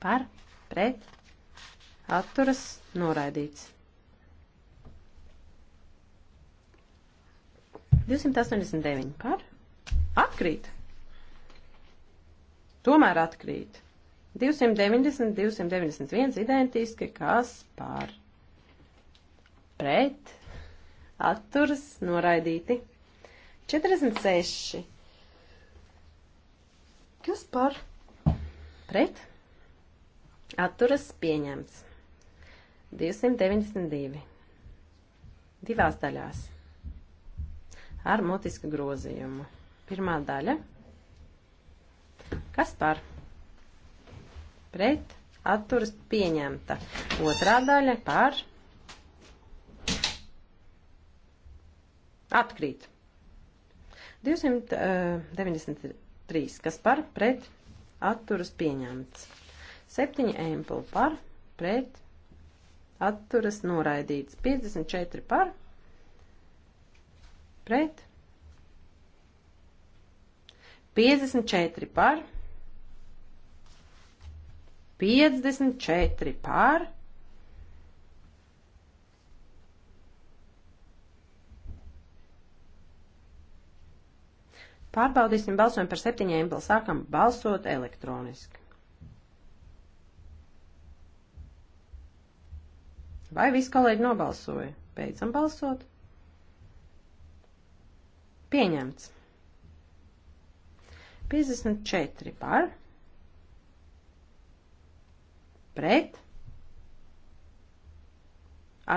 par, pret, atturas noraidīts. 289 par, atkrīt. Tomēr atkrīt. 290, 291 identiski, kas par pret, atturas, noraidīti. 46. Kas par? Pret, atturas, pieņemts. 292. Divās daļās. Ar mutisku grozījumu. Pirmā daļa. Kas par? Pret, atturas, pieņemta. Otrā daļa par? Atkrīt. 293, eh, kas par pret atturas pieņemts. 7 empli par pret atturas noraidīts. 54 par pret. 54 par. 54 par Pārbaudīsim balsojumu par septiņiem, vēl sākam balsot elektroniski. Vai visi kolēģi nobalsoja? Beidzam balsot. Pieņemts. 54 par. Pret.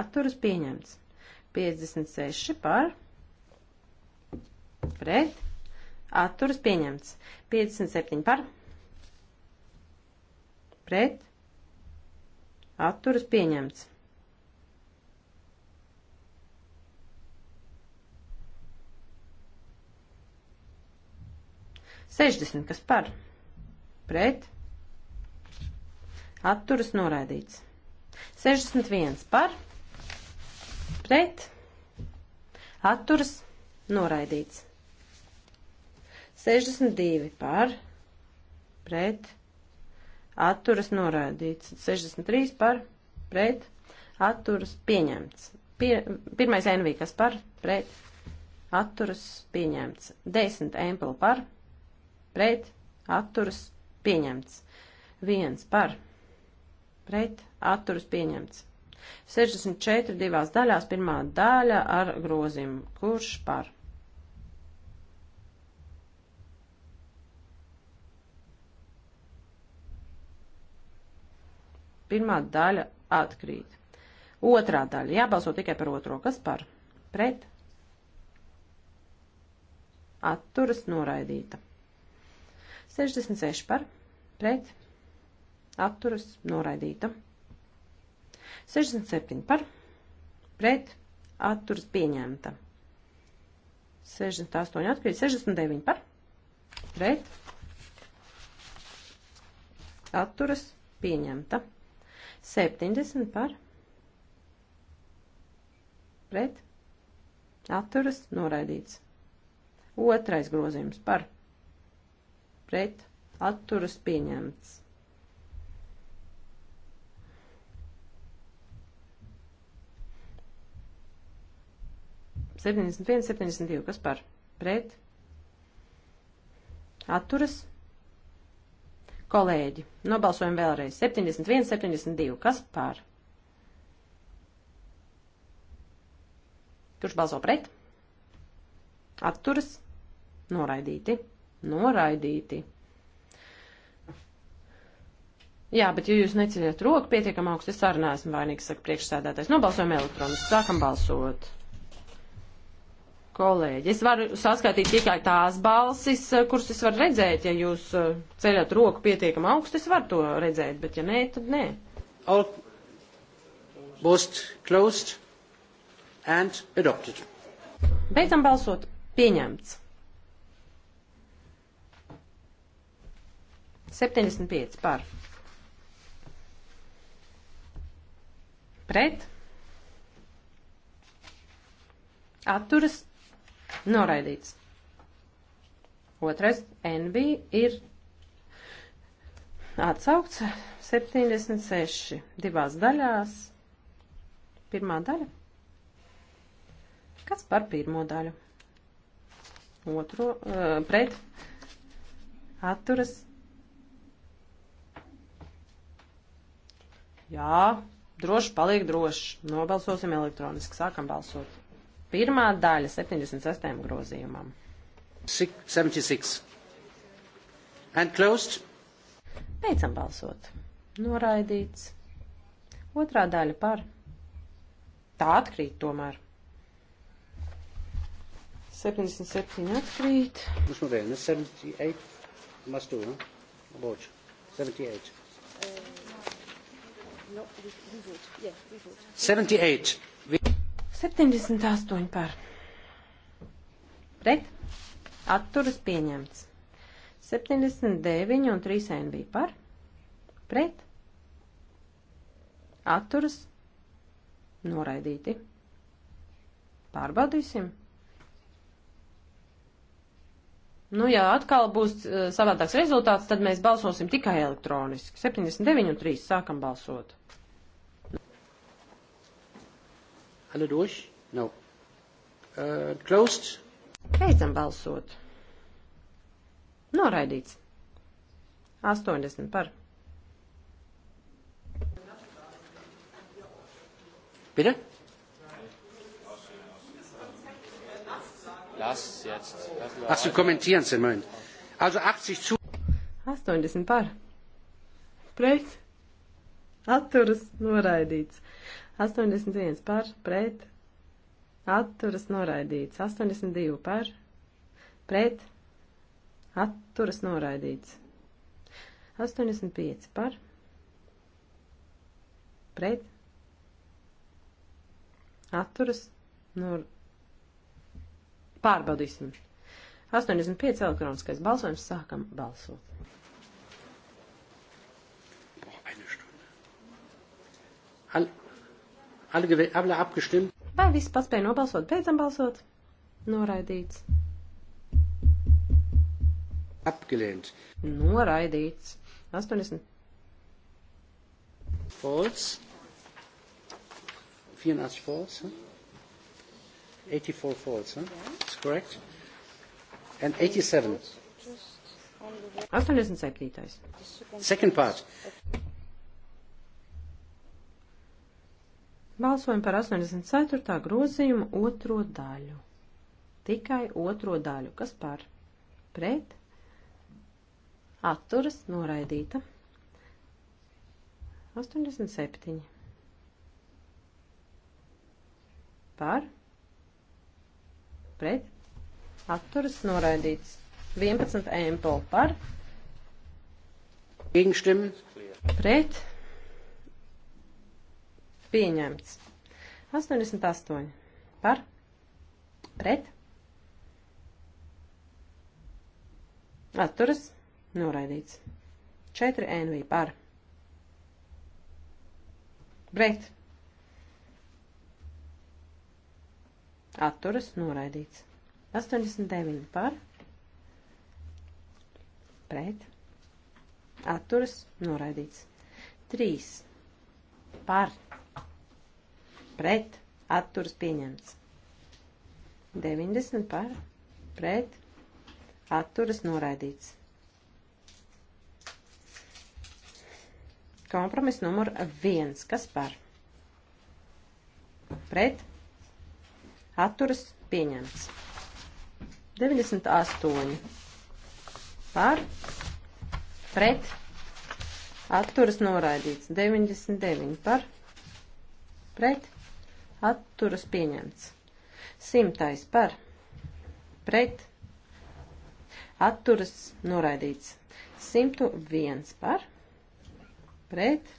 Atturas pieņemts. 56 par. Pret Atturas pieņemts. 57 par. Pret. Atturas pieņemts. Sešdesmit, kas par? Pret. Atturas noraidīts. Sešdesmit viens par. Pret. Atturas noraidīts. 62 par pret atturas norādīts. 63 par pret atturas pieņemts. Pie, pirmais NV, kas par pret atturas pieņemts. 10 Ample par pret atturas pieņemts. 1 par pret atturas pieņemts. 64 divās daļās, pirmā daļa ar grozījumu, kurš par Pirmā daļa atkrīt. Otrā daļa. Jābalso tikai par otro. Kas par? Pret. Atturas noraidīta. 66 par. Pret. Atturas noraidīta. 67 par. Pret. Atturas pieņemta. 68 atkrīt. 69 par. Pret. Atturas pieņemta. 70 par pret atturas noraidīts. Otrais grozījums par pret atturas pieņemts. Septiņdesmit viens, septiņdesmit divi, kas par pret atturas Kolēģi, nobalsojam vēlreiz. 71, 72. Kas par? Kurš balso pret? Atturas? Noraidīti. Noraidīti. Jā, bet ja jūs neceļat roku pietiekam augstu, es arī neesmu vainīgs, saka priekšsēdētājs. Nobalsojam elektroniski. Sākam balsot kolēģi. Es varu saskaitīt tikai tās balsis, eh, kuras es varu redzēt. Ja jūs eh, ceļat roku pietiekam augstu, es varu to redzēt, bet ja nē, tad nē. All most closed and adopted. Beidzam balsot. Pieņemts. 75 par. Pret. Atturas Noraidīts. Otrais NB ir atsaukts 76 divās daļās. Pirmā daļa. Kas par pirmo daļu? Otro, uh, pret, atturas. Jā, droši paliek droši. Nobalsosim elektroniski, sākam balsot. Pirmā daļa 76. grozījumam. 76. And closed. Beidzam balsot. Noraidīts. Otrā daļa par. Tā atkrīt tomēr. 77 atkrīt. Mums nu vēl, ne 78. Must do, ne? Boč. 78. Uh, no, we, we would. Yeah, we would. 78. We... 78 par. Pret. Atturas pieņemts. 79 un 3 n bija par. Pret. Atturas noraidīti. Pārbaudīsim. Nu, ja atkal būs eh, savādāks rezultāts, tad mēs balsosim tikai elektroniski. 79 un 3 sākam balsot. Alle durch? No. Uh, closed. Beidzam balsot. Noraidīts. 80 par. Bitte? Lass jetzt. Ach, Sie kommentieren Sie, mein. Also 80 zu. 80 par. Pret. Atturas noraidīts. 81 par, pret, atturas noraidīts. 82 par, pret, atturas noraidīts. 85 par, pret, atturas nor... Pārbaudīsim. 85 elektroniskais balsojums sākam balsot. Hal Alle abgestimmt. Vai visi paspēja nobalsot? Beidzam balsot. Noraidīts. Abgelehnt. Noraidīts. 80. False. 84 false. Huh? 84 false. Huh? Yeah. That's correct. And 87. 87. Second part. Balsojam par 84. grozījumu otro daļu. Tikai otro daļu. Kas par? Pret? Atturas noraidīta. 87. Par? Pret? Atturas noraidīts. 11. empel par? Gegenstimmen? Pret? pieņemts. 88 par, pret, atturas, noraidīts. 4 NV par, pret, atturas, noraidīts. 89 par, pret, atturas, noraidīts. 3 par, pret pret, atturas pieņemts. 90 par, pret, atturas noraidīts. Kompromis numur 1, kas par? Pret, atturas pieņemts. 98 par, pret, atturas noraidīts. 99 par, pret, atturas noraidīts atturas pieņemts. Simtais par pret atturas noraidīts. 101 par pret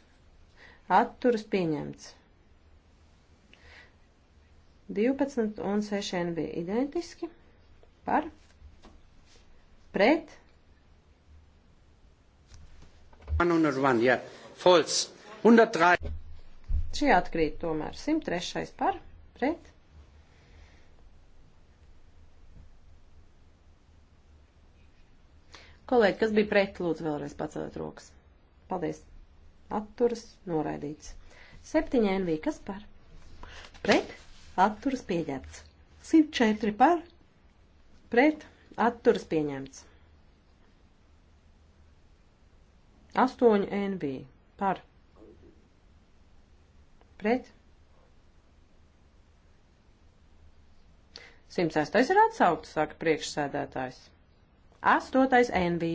atturas pieņemts. 12 un 6 NV identiski par pret. One on one, yeah. False. 103. Šī atkrīt tomēr. 103. par pret. Kolēģi, kas bija pret, lūdzu vēlreiz paceliet rokas. Paldies. Atturas noraidīts. 7 NV, kas par? Pret, atturas pieņemts. 104 par, pret, atturas pieņemts. 8 NV, par, pret pret. 106. ir atsaukts, saka priekšsēdētājs. 8. NV.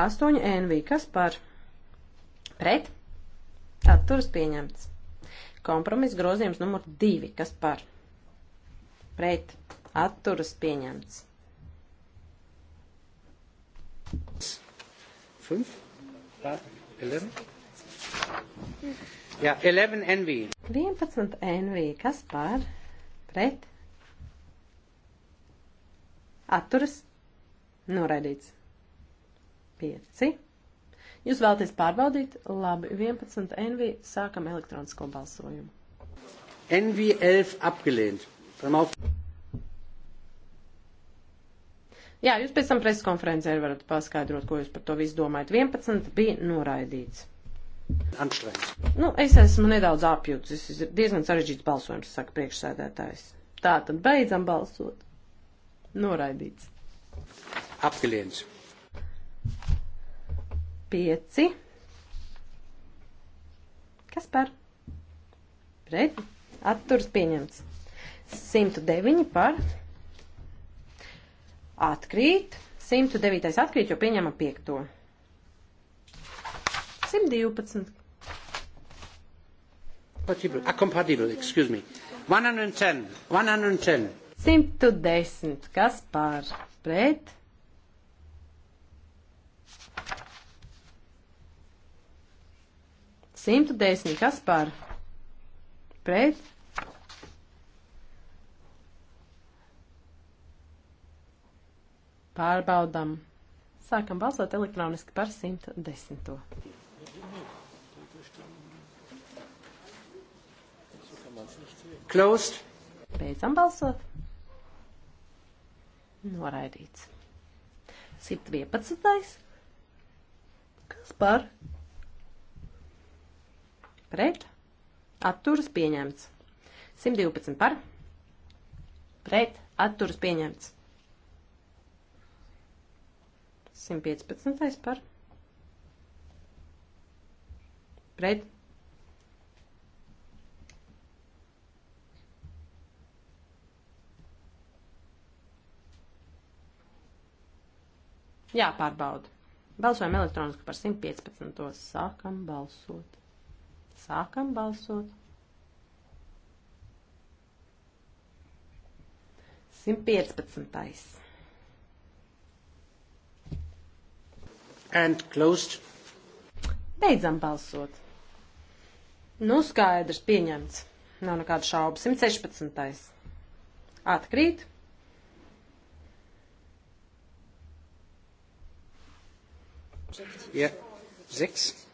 8 NV. Kas par? Pret. Atturas pieņemts. Kompromiss grozījums numur 2. Kas par? Pret. Atturas pieņemts. 5. 11. Jā, 11 NV. 11 NV. Kas par? Pret? Atturas? Noraidīts. 5. Jūs vēlaties pārbaudīt? Labi, 11 NV. Sākam elektronisko balsojumu. NV 11 apgelehnt. Jā, jūs pēc tam preskonferencē varat paskaidrot, ko jūs par to visu domājat. 11 bija noraidīts. Anstrengend. Nu, es esmu nedaudz apjūts. Tas ir diezgan sarežģīts balsojums, saka priekšsēdētājs. Tā tad beidzam balsot. Noraidīts. Apgaliens. Pieci. Kas par? Pret. Atturs pieņemts. 109 par. Atkrīt. 109 atkrīt, jo pieņēma piekto. 112. Compatible, ah, compatible, excuse me. 110, 110. 110. Kas par pret? Simtu desmit, kas par pret? Pārbaudam. Sākam balsot elektroniski par 110. Closed. Beidzam balsot. Noraidīts. 111. Kas par? Pret. Atturas pieņemts. 112 par. Pret. Atturas pieņemts. 115. par. Pret. Jāpārbauda. Balsojam elektroniski par 115. Sākam balsot. Sākam balsot. 115. And closed. Beidzam balsot. Nu, skaidrs, pieņemts. Nav nekādu šaubu. 116. Atkrīt. Yeah. Six.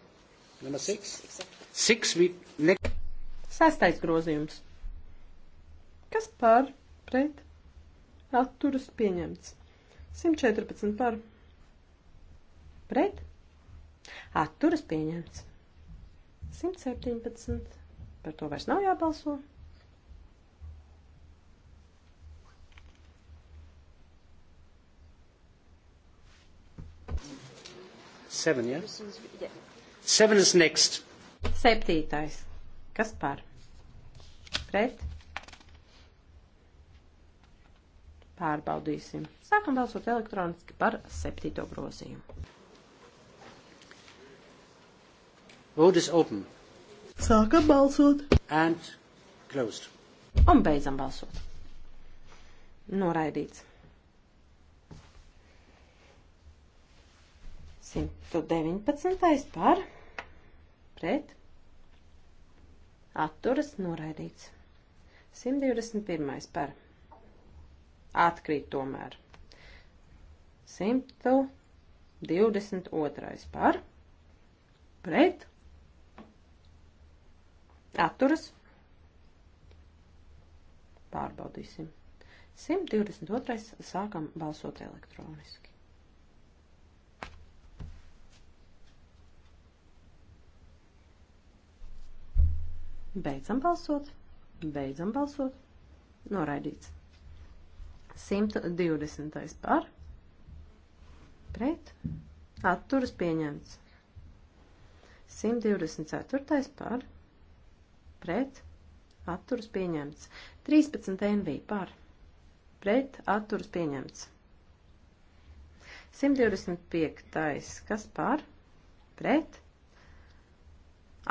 Number six. Six we... Ne... Sestais grozījums. Kas par pret atturas pieņemts? 114 par pret atturas pieņemts. 117. Par to vairs nav jābalso. Seven, yeah? Yeah. Seven is next. Septītais. Kas par? Pret? Pārbaudīsim. Sākam balsot elektroniski par septīto grozījumu. Vote is open. Sākam balsot. And closed. Un beidzam balsot. Noraidīts. 119. par pret atturas noraidīts. 121. par atkrīt tomēr. 122. par pret atturas pārbaudīsim. 122. sākam balsot elektroniski. Beidzam balsot. Beidzam balsot. Noraidīts. 120. par. Pret. Atturas pieņemts. 124. par. Pret. Atturas pieņemts. 13. NV par. Pret. Atturas pieņemts. 125. kas par. Pret.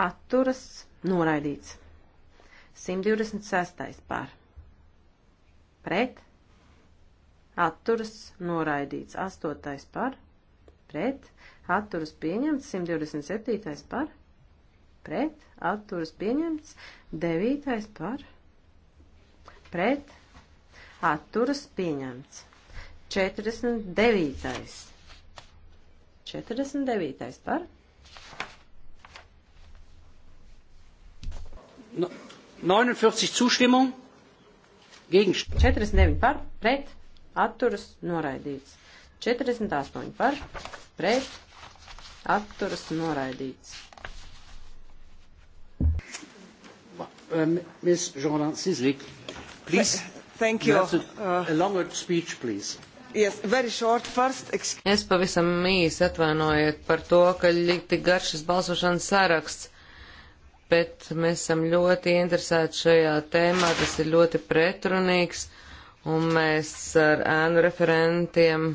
Atturas pieņemts Noraidīts. 126. par. Pret. Atturas noraidīts. 8. par. Pret. Atturas pieņemts. 127. par. Pret. Atturas pieņemts. 9. par. Pret. Atturas pieņemts. 49. 49. par. 49 zustimmung, gegen 49 par, pret, atturas, noraidīts. 48 par, pret, atturas, noraidīts. Um, eh, Ms. Jordan Sislik, please. Thank you. you a, uh, a longer speech, please. Yes, First, es pavisam īsi atvainojiet par to, ka ļoti garšas balsošanas saraksts bet mēs esam ļoti interesēti šajā tēmā, tas ir ļoti pretrunīgs, un mēs ar ēnu referentiem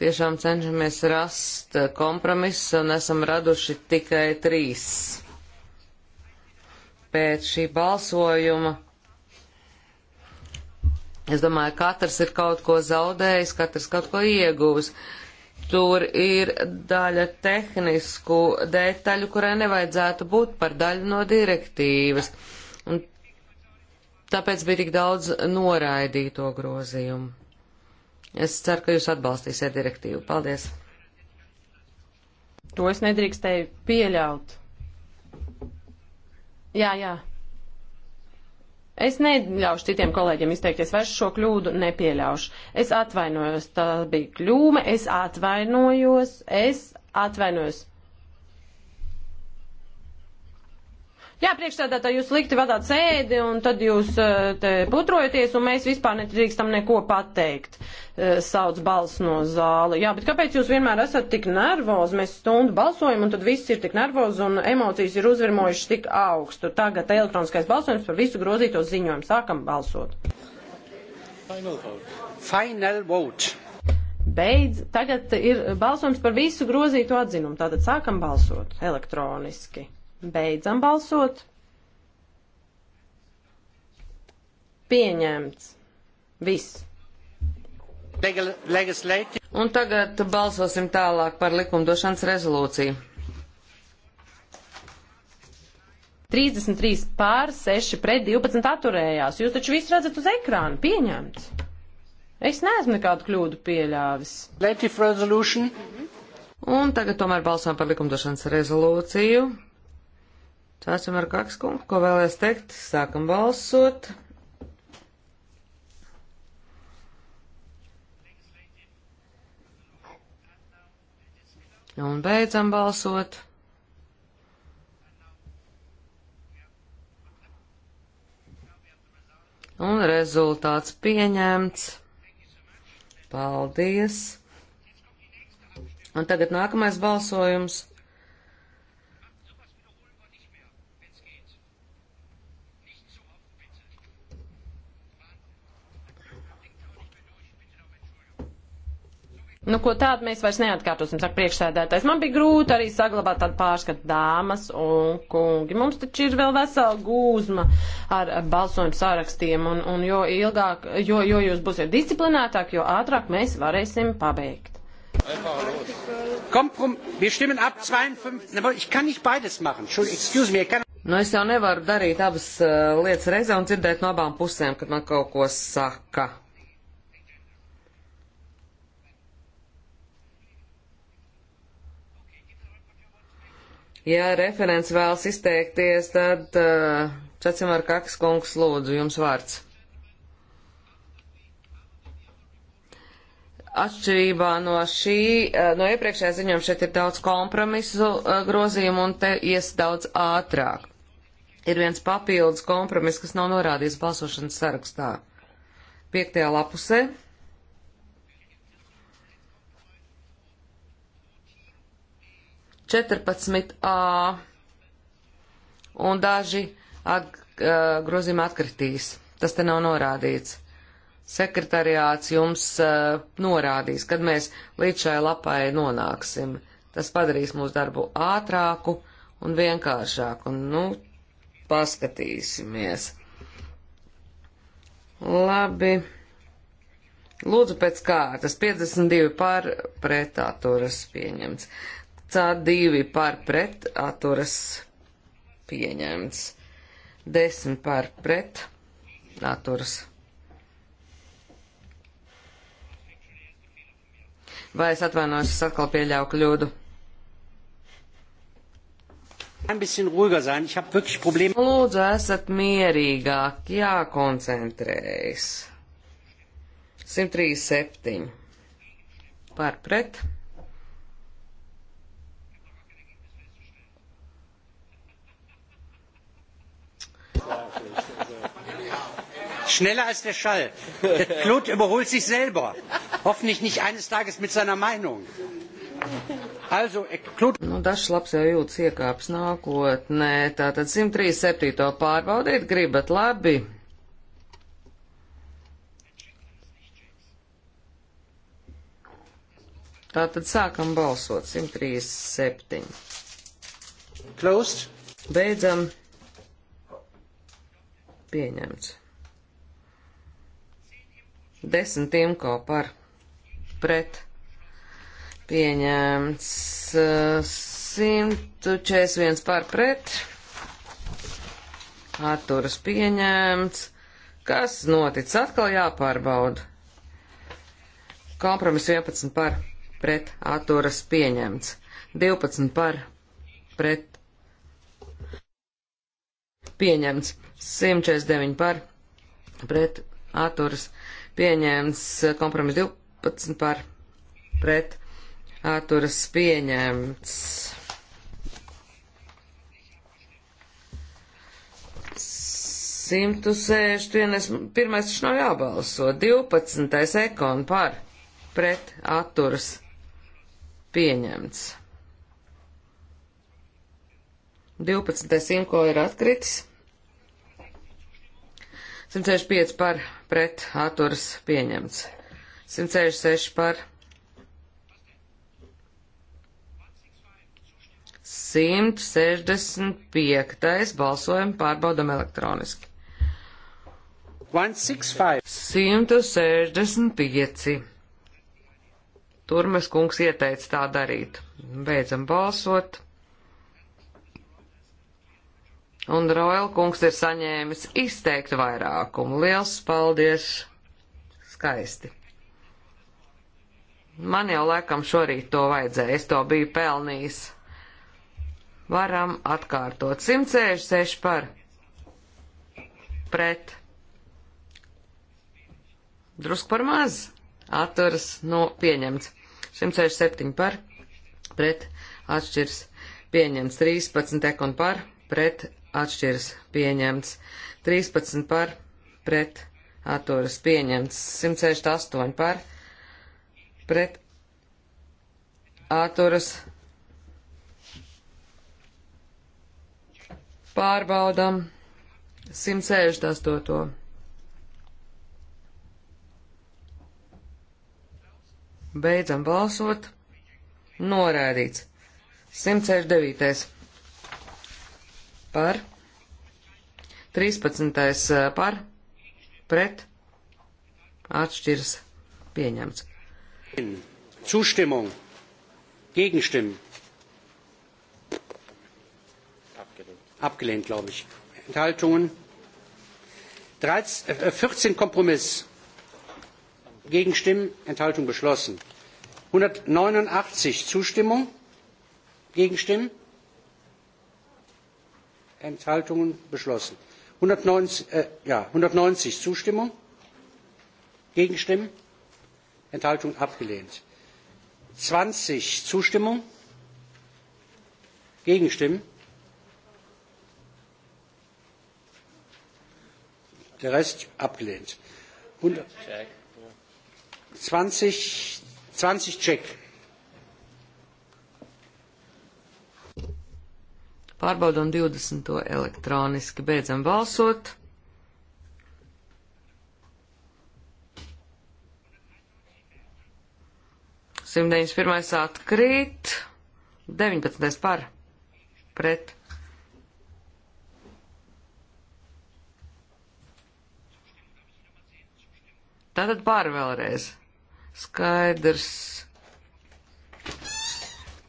tiešām cenšamies rast kompromisu, un esam raduši tikai trīs. Pēc šī balsojuma, es domāju, katrs ir kaut ko zaudējis, katrs kaut ko ieguvis. Tur ir daļa tehnisku detaļu, kurai nevajadzētu būt par daļu no direktīvas. Un tāpēc bija tik daudz noraidīto grozījumu. Es ceru, ka jūs atbalstīsiet direktīvu. Paldies! To es nedrīkstēju pieļaut. Jā, jā. Es neļaušu citiem kolēģiem izteikties, vairs šo kļūdu nepieļaušu. Es atvainojos, tā bija kļūme, es atvainojos, es atvainojos Jā, priekšstādātāji, jūs slikti vadāt sēdi un tad jūs eh, te putrojaties un mēs vispār nedrīkstam neko pateikt, eh, sauc balss no zāli. Jā, bet kāpēc jūs vienmēr esat tik nervozi? Mēs stundu balsojam un tad viss ir tik nervozi un emocijas ir uzvirmojušas tik augstu. Tagad elektroniskais balsojums par visu grozīto ziņojumu. Sākam balsot. Final vote. Final vote beidz. Tagad ir balsojums par visu grozīto atzinumu. Tātad sākam balsot elektroniski. Beidzam balsot. Pieņemts. Viss. Un tagad balsosim tālāk par likumdošanas rezolūciju. 33 pār 6 pret 12 atturējās. Jūs taču visu redzat uz ekrāna. Pieņemts. Es neesmu nekādu kļūdu pieļāvis. Un tagad tomēr balsojam par likumdošanas rezolūciju. Tāsim ar kakskungu, ko vēlēs teikt. Sākam balsot. Un beidzam balsot. Un rezultāts pieņemts. Paldies. Un tagad nākamais balsojums. Nu, ko tādu mēs vairs neatkārtosim, saka priekšsēdētājs. Man bija grūti arī saglabāt tādu pārskatu dāmas un kungi. Mums taču ir vēl vesela gūzma ar balsojumu sārakstiem, un, un jo ilgāk, jo, jo jūs būsiet disciplinētāk, jo ātrāk mēs varēsim pabeigt. Komprom, wir stimmen ab 52, aber ich kann nicht beides machen. Excuse me, ich kann... Nu, es jau nevaru darīt abas uh, lietas reizē un dzirdēt no abām pusēm, kad man kaut ko saka. Ja referents vēlas izteikties, tad uh, Čacimār Kakas kungs lūdzu jums vārds. Atšķirībā no šī, uh, no iepriekšējā ziņojuma šeit ir daudz kompromisu uh, grozījumu un te ies daudz ātrāk. Ir viens papildus kompromiss, kas nav norādīts balsošanas sarakstā. Piektajā lapusē. 14a un daži at, uh, grozījumi atkritīs. Tas te nav norādīts. Sekretariāts jums uh, norādīs, kad mēs līdz šai lapai nonāksim. Tas padarīs mūsu darbu ātrāku un vienkāršāku. Un, nu, paskatīsimies. Labi. Lūdzu pēc kārtas 52 par pretāturas pieņemts. C2 par pret atturas pieņemts. 10 par pret atturas. Vai es atvainojos, es atkal pieļauju kļūdu? Lūdzu, esat mierīgāk, jākoncentrējas. 137 par pret Schneller als der Schall. Der Claude überholt sich selber. Hoffentlich nicht eines Tages mit seiner Meinung. Also, äh, Claude. Nu, dažs labs jau jūtas iekāps nākotnē. Tātad 137. pārbaudīt gribat labi. Tātad sākam balsot 137. Closed. Beidzam pieņemts. Desmit imko par pret pieņemts. 141 par pret. Atturas pieņemts. Kas notic? Atkal jāpārbauda. Kompromiss 11 par pret atturas pieņemts. 12 par pret pieņemts. 149 par, pret atturas pieņēmts eh, kompromis 12 par, pret atturas pieņēmts. 161. taču nav jābalso. 12. ekon par pret atturas pieņemts. 12. simko ir atkritis. 165 par pret atturas pieņemts. 166 par 165. Balsojam pārbaudam elektroniski. 165. 165. Turmes kungs ieteica tā darīt. Beidzam balsot. Un Royal kungs ir saņēmis izteiktu vairākumu. Liels paldies! Skaisti! Man jau laikam šorīt to vajadzēja, es to biju pelnījis. Varam atkārtot. 166 par. Pret. Drusk par maz. Atturas no pieņemts. 167 par. Pret. Atšķirs. Pieņemts 13 ekon par. Pret atšķiras pieņemts, 13 par pret atturas pieņemts, 168 par pret atturas pārbaudam 168. Beidzam balsot. Norādīts. 169 par, 13. Eh, par, pret, atšķiras pieņemts. Zustimmung, gegenstimmen. Abgelehnt, glaube ich. Enthaltungen. 13, 14 äh, Kompromiss. Gegenstimmen, Enthaltung beschlossen. 189 Zustimmung, Gegenstimmen Enthaltungen beschlossen. 190, äh, ja, 190 Zustimmung, Gegenstimmen, Enthaltung abgelehnt. 20 Zustimmung, Gegenstimmen. Der Rest abgelehnt. 100, 20, 20 Check. Pārbaudam 20. elektroniski. Beidzam balsot. Simtdeviņas pirmais atkrīt, 19. par, pret. Tātad par vēlreiz. Skaidrs.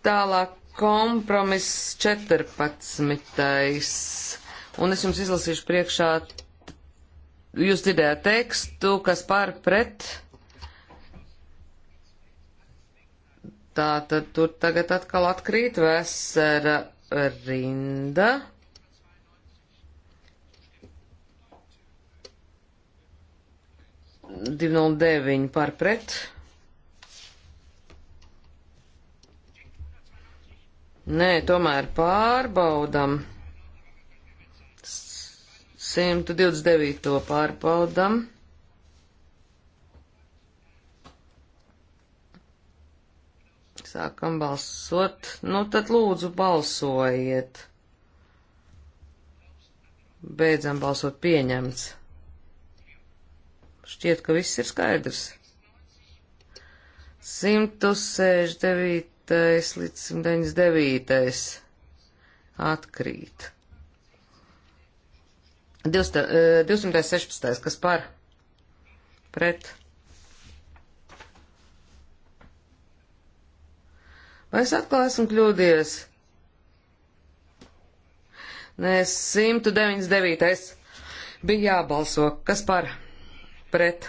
Tālāk Kompromiss 14. Un es jums izlasīšu priekšā, jūs dzirdējāt tekstu, kas pār pret. Tā tad tur tagad atkal atkrīt vesera rinda. Divi nulle deviņi par pret. Nē, tomēr pārbaudam. 129. pārbaudam. Sākam balsot. Nu tad lūdzu balsojiet. Beidzam balsot pieņemts. Šķiet, ka viss ir skaidrs. 169 līdz 199. atkrīt. 216. E, kas par pret. Vai es atkal esmu kļūdies? Nē, 199. bija jābalso. Kas par pret?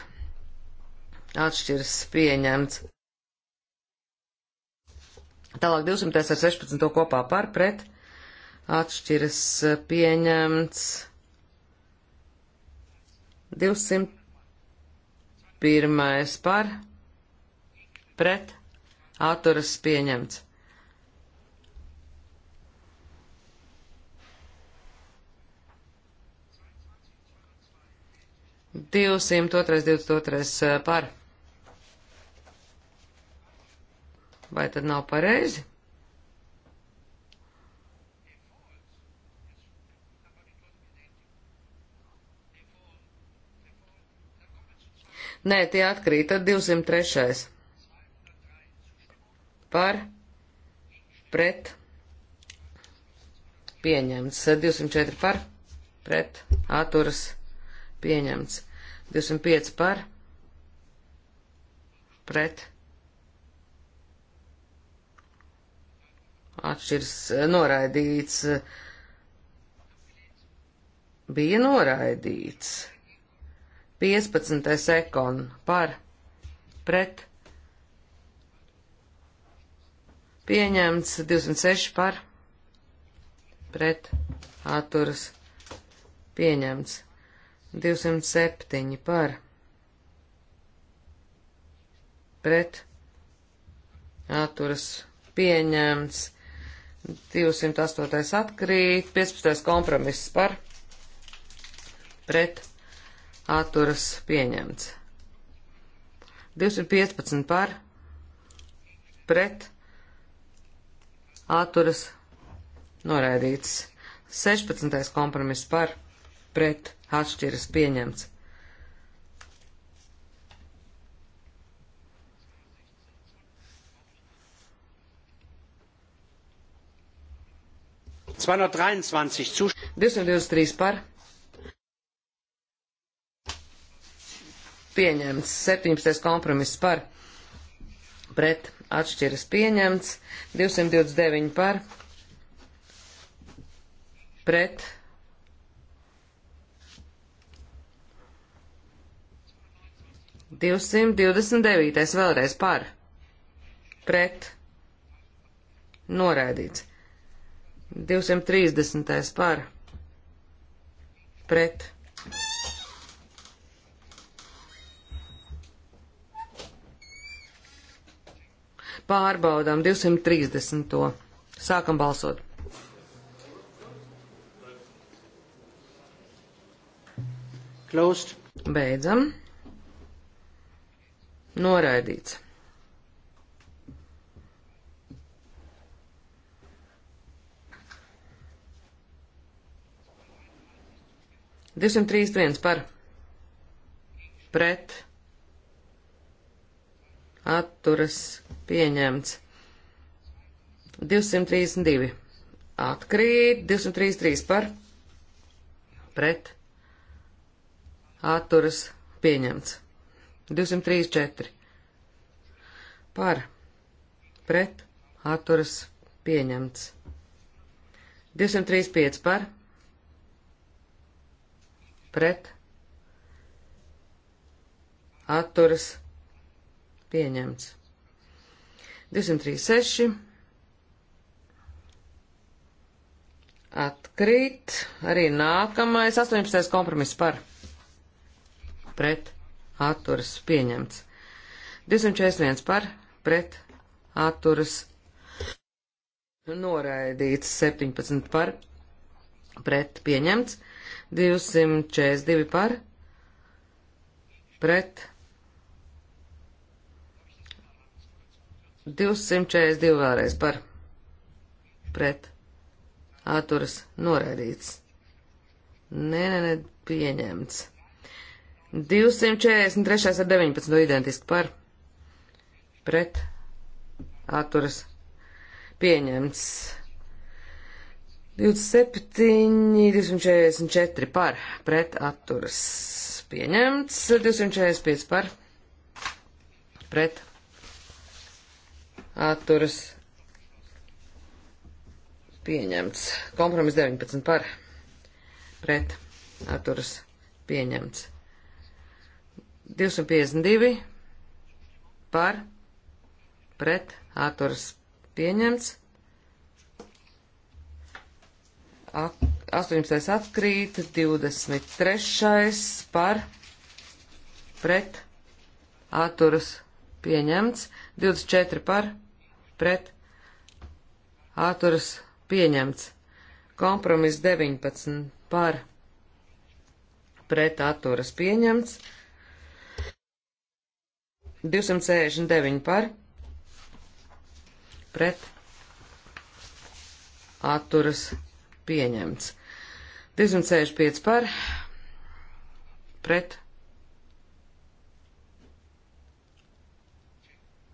Atšķirs pieņemts. Tālāk 200. ar 16. kopā par pret atšķiras eh, pieņemts 201. par pret atturas pieņemts. Divsimt otrais, divsimt otrais eh, par Vai tad nav pareizi? Nē, tie atkrīt, tad 203. Par, pret, pieņemts. 204 par, pret, atturas, pieņemts. 205 par, pret, pieņemts atšķirs eh, noraidīts, eh, bija noraidīts. 15. ekon par pret pieņemts 206 par pret atturas pieņemts 207 par pret atturas pieņemts 208. atkrīt, 15. kompromiss par pret atturas pieņemts. 215 par pret atturas noraidīts. 16. kompromiss par pret atšķiras pieņemts. 223 zu. 223 par. Pieņemts. 17. kompromiss par. Pret. Atšķiras pieņemts. 229 par. Pret. Divsimt divdesmit devītais vēlreiz par, pret, noraidīts. 230. par pret. Pārbaudām 230. To. Sākam balsot. Closed. Beidzam. Noraidīts. 231 par pret atturas pieņemts. 232 atkrīt, 233 par pret atturas pieņemts. 234 par pret atturas pieņemts. 235 par pret pret, atturas, pieņemts. 236 atkrīt, arī nākamais 18. kompromiss par, pret, atturas, pieņemts. 241 par, pret, atturas, noraidīts 17 par, pret, pieņemts. 242 par, pret 242 vēlreiz par, pret atturas noraidīts. Nē, nē, nē, pieņemts. 243 ar 19 identiski par, pret atturas pieņemts. 27, 244 par, pret atturas pieņemts, 245 par, pret atturas pieņemts, kompromis 19 par, pret atturas pieņemts, 252 par, pret atturas pieņemts, 18. atkrīt, 23. par pret atturas pieņemts, 24 par pret atturas pieņemts, kompromis 19 par pret atturas pieņemts, 269 par pret atturas pieņemts pieņemts. 265 par, pret.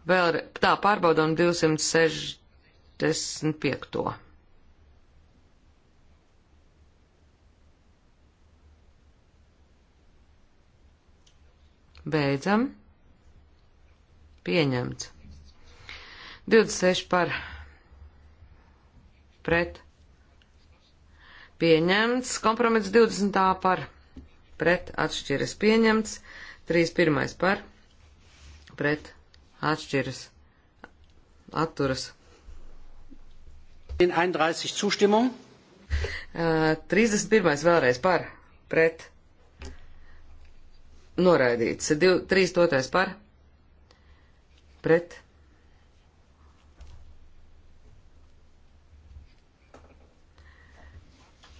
Vēl tā pārbaudām 265. To. Beidzam. Pieņemts. 26 par pret pieņemts, kompromiss 20. par, pret atšķiras pieņemts, 31. par, pret atšķiras atturas. 31 zustimmung. Uh, 31. vēlreiz par, pret noraidīts, 32. par, pret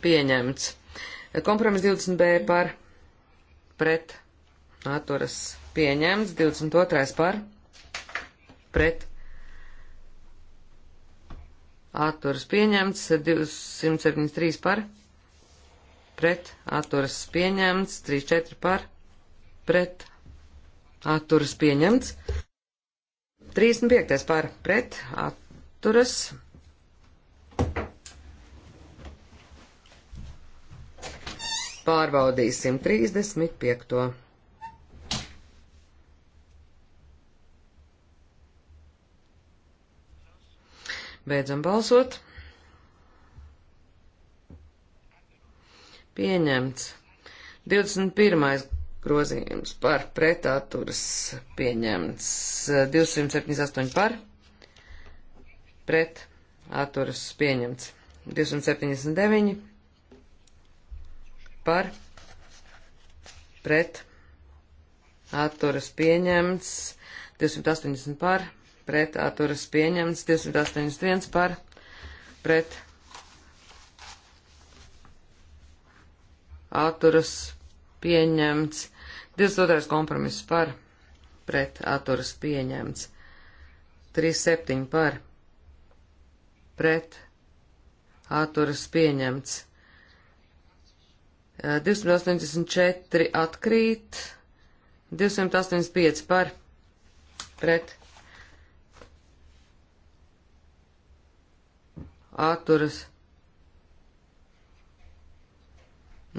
pieņemts. Kompromis 20b par pret atturas pieņemts, 22 par pret atturas pieņemts, 273 par pret atturas pieņemts, 34 par pret atturas pieņemts, 35 par pret atturas pieņemts pārbaudīsim 35. Beidzam balsot. Pieņemts. 21. grozījums par pretāturas pieņemts. 278 par pretāturas pieņemts. 279 par pret atturas pieņemts 280 par pret atturas pieņemts 281 par pret atturas pieņemts 22. kompromiss par pret atturas pieņemts 37 par pret atturas pieņemts 284 atkrīt, 285 par pret atturas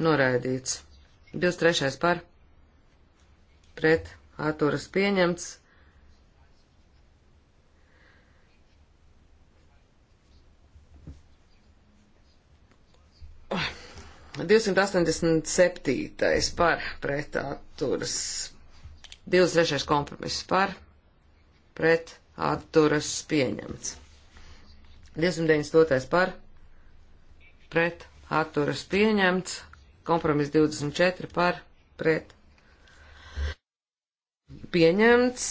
noraidīts, 23 par pret atturas pieņemts, 287. par pretāturas. 23. kompromiss par pretāturas pieņemts. 292. par pretāturas pieņemts. Kompromiss 24 par pret. Pieņemts.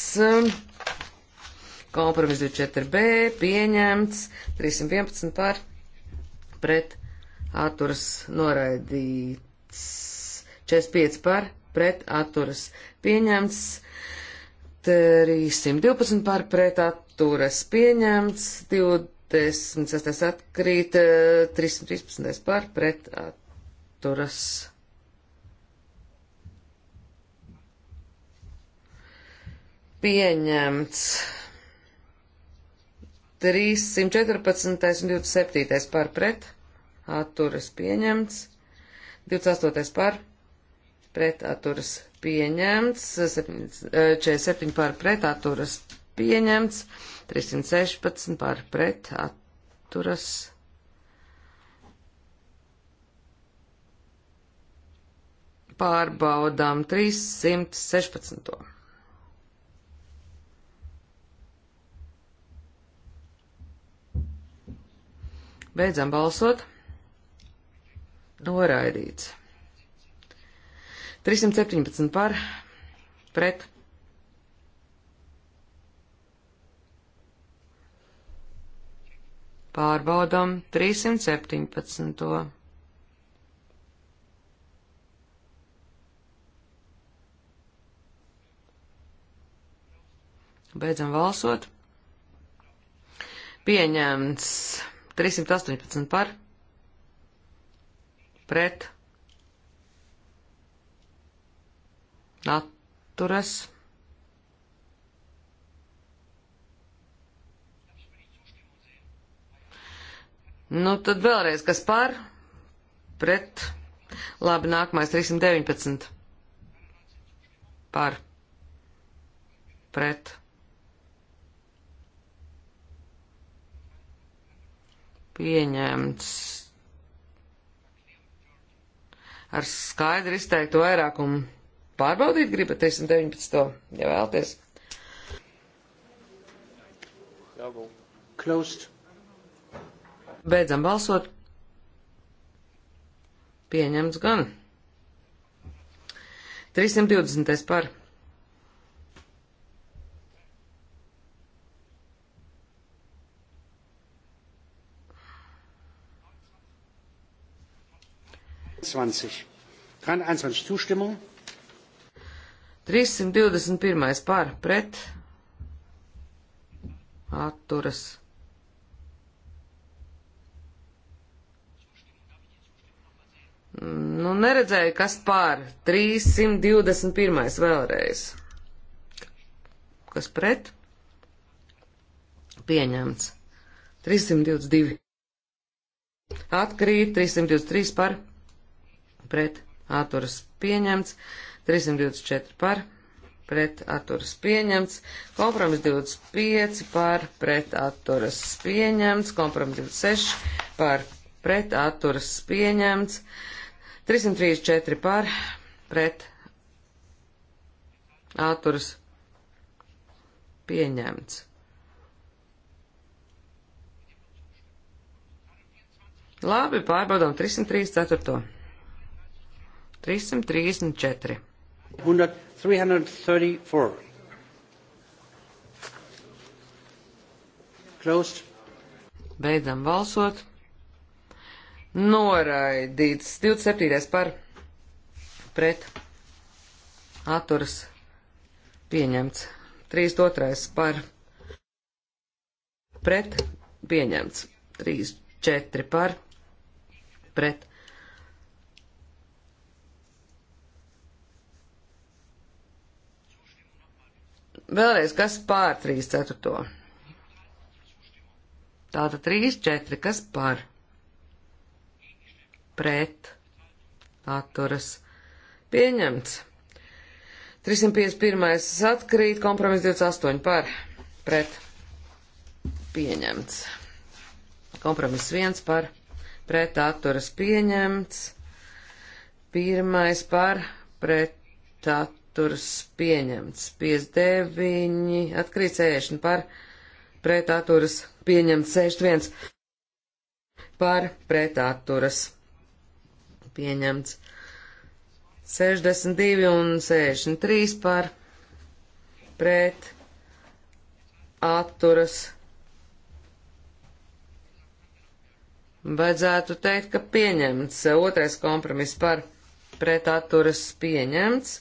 Kompromiss 24b pieņemts. 311 par pret atturas noraidīts. 45 par pret atturas pieņemts. 312 par pret atturas pieņemts. 26 atkrīt. 313 par pret atturas. Pieņemts. 314. un 27. par pret atturas pieņemts, 28. par pret atturas pieņemts, 47 eh, par pret atturas pieņemts, 316 par pret atturas pieņemts. pārbaudām 316. Beidzam balsot. Noraidīts. 317 par pret. Pārbaudam 317. Beidzam valsot. Pieņemts 318 par pret atturas. Nu, tad vēlreiz, kas par, pret, labi, nākamais 319. Par, pret. Pieņemts ar skaidri izteiktu vairākumu. Pārbaudīt gribat 319. ja vēlties. Closed. Beidzam balsot. Pieņemts gan. 320. par. 321. Tran 21 Zustimmung. 321 par pret atturas. Nu, neredzēju, kas pār 321 vēlreiz. Kas pret? Pieņemts. 322. Atkrīt 323 par pret atturas pieņemts, 324 par, pret atturas pieņemts, kompromis 25 par, pret atturas pieņemts, kompromis 26 par, pret atturas pieņemts, 334 par, pret atturas pieņemts. Labi, pārbaudām 334. 334. 334. Closed. Beidzam balsot. Noraidīts 27. par pret atturas pieņemts. 32. par pret pieņemts. 3, 4 par pret Vēlreiz, kas pār 3 ceturto? Tātad 3, 4, kas par? Pret. Atturas. Pieņemts. 351. atkrīt, kompromis 28 par. Pret. Pieņemts. Kompromis 1 par. Pret. Atturas. Pieņemts. Pirmais par. Pret. Atturas atturas pieņemts. 59 atkrīt 60 par pret atturas pieņemts. 61 par pret atturas pieņemts. 62 un 63 par pret atturas. Vajadzētu teikt, ka pieņemts otrais kompromiss par pret atturas pieņemts.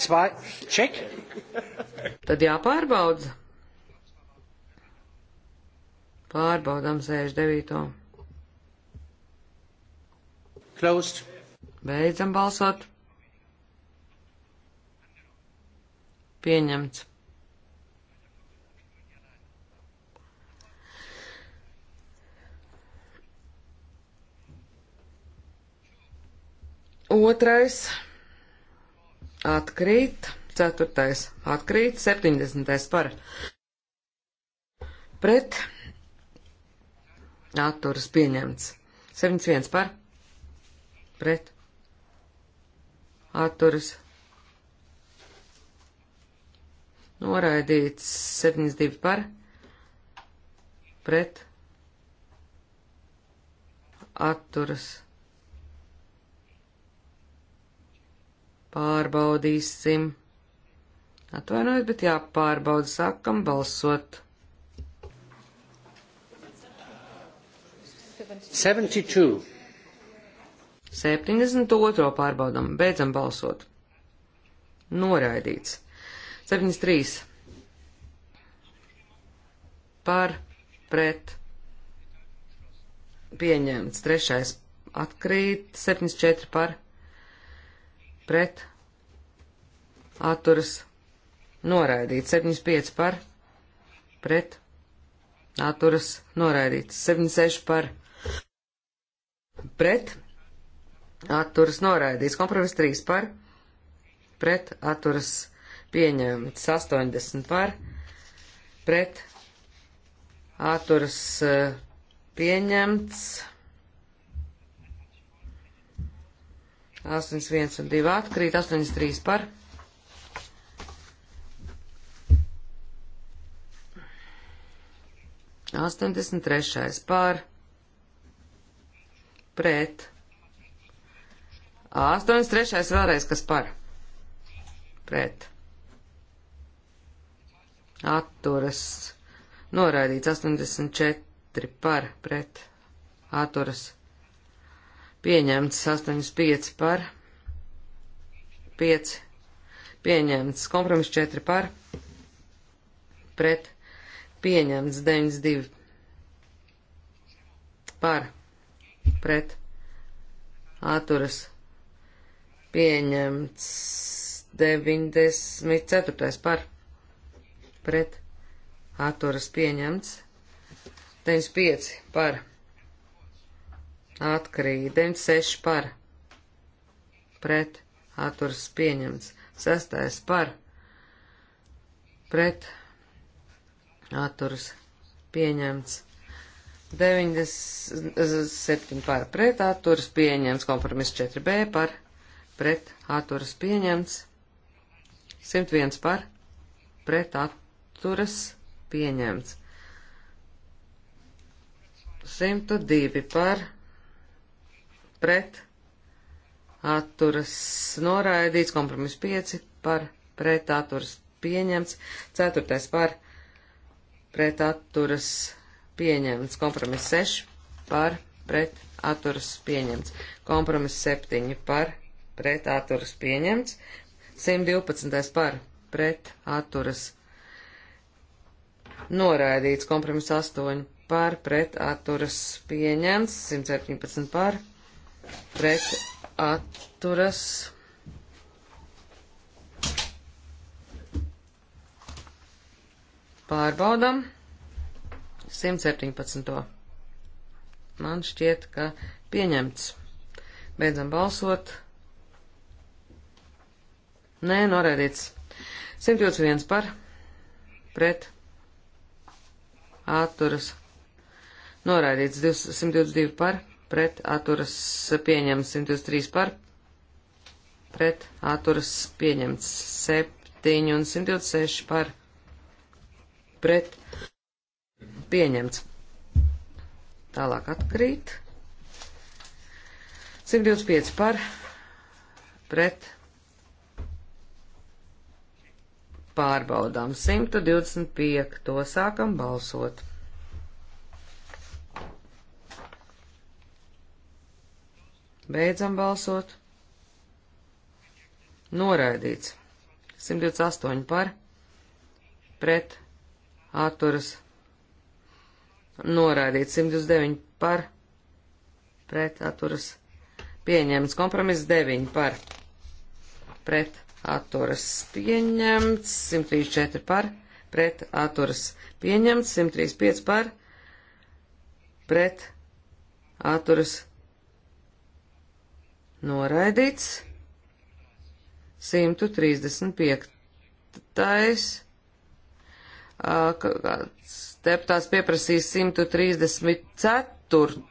Zwei, check. Tad jāpārbauda. Pārbaudām 69. Closed. Beidzam balsot. Pieņemts. Otrais atkrīt, 4. atkrīt, 70. par pret atturas pieņemts, 71 par pret atturas noraidīts, 72 par pret atturas pieņemts atturas Pārbaudīsim. Atvainojiet, bet jāpārbauda, sākam balsot. 72. 72. pārbaudam, beidzam balsot. Noraidīts. 73. Par, pret, pieņemts. Trešais atkrīt. 74 par, pret pret, atturas, noraidīts, 75 par, pret, atturas, noraidīts, 76 par, pret, atturas, noraidīts, kompromiss 3 par, pret, atturas, pieņemts, 80 par, pret, atturas, eh, pieņemts, 81 un 2 atkrīt, 83 par. Astoņdesmit trešais pār pret. Astoņdesmit trešais vēlreiz, kas par pret. Atturas noraidīts astoņdesmit četri par pret. Atturas noraidīts pieņemts 85 par, 5 pieņemts kompromiss 4 par, pret pieņemts 92 par, pret atturas pieņemts 94 par, pret atturas pieņemts 95 par atkrīt, 96 par, pret, atturas pieņemts, 6 par, pret, atturas pieņemts, 97 par, pret, atturas pieņemts, kompromiss 4b par, pret, atturas pieņemts, 101 par, pret, atturas pieņemts, 102 par, pret atturas noraidīts, kompromiss 5 par pret atturas pieņemts, 4 par pret atturas pieņemts, kompromiss 6 par pret atturas pieņemts, kompromiss 7 par pret atturas pieņemts, 112 par pret atturas noraidīts, kompromiss 8 par pret atturas pieņemts, 117 par pret pret atturas. Pārbaudam 117. Man šķiet, ka pieņemts. Beidzam balsot. Nē, norēdīts. 121 par pret atturas. Noraidīts 222 par pret atturas pieņemts 123 par, pret atturas pieņemts 7 un 126 par, pret pieņemts. Tālāk atkrīt. 125 par, pret pārbaudām 125, to sākam balsot. Beidzam balsot. Noraidīts. 128 par, pret, atturas. Noraidīts. 129 par, pret, atturas. Pieņemts. Kompromiss 9 par, pret, atturas. Pieņemts. 134 par, pret, atturas. Pieņemts. 135 par, pret, atturas noraidīts. 135. Tais, kāds deputāts pieprasīs 134.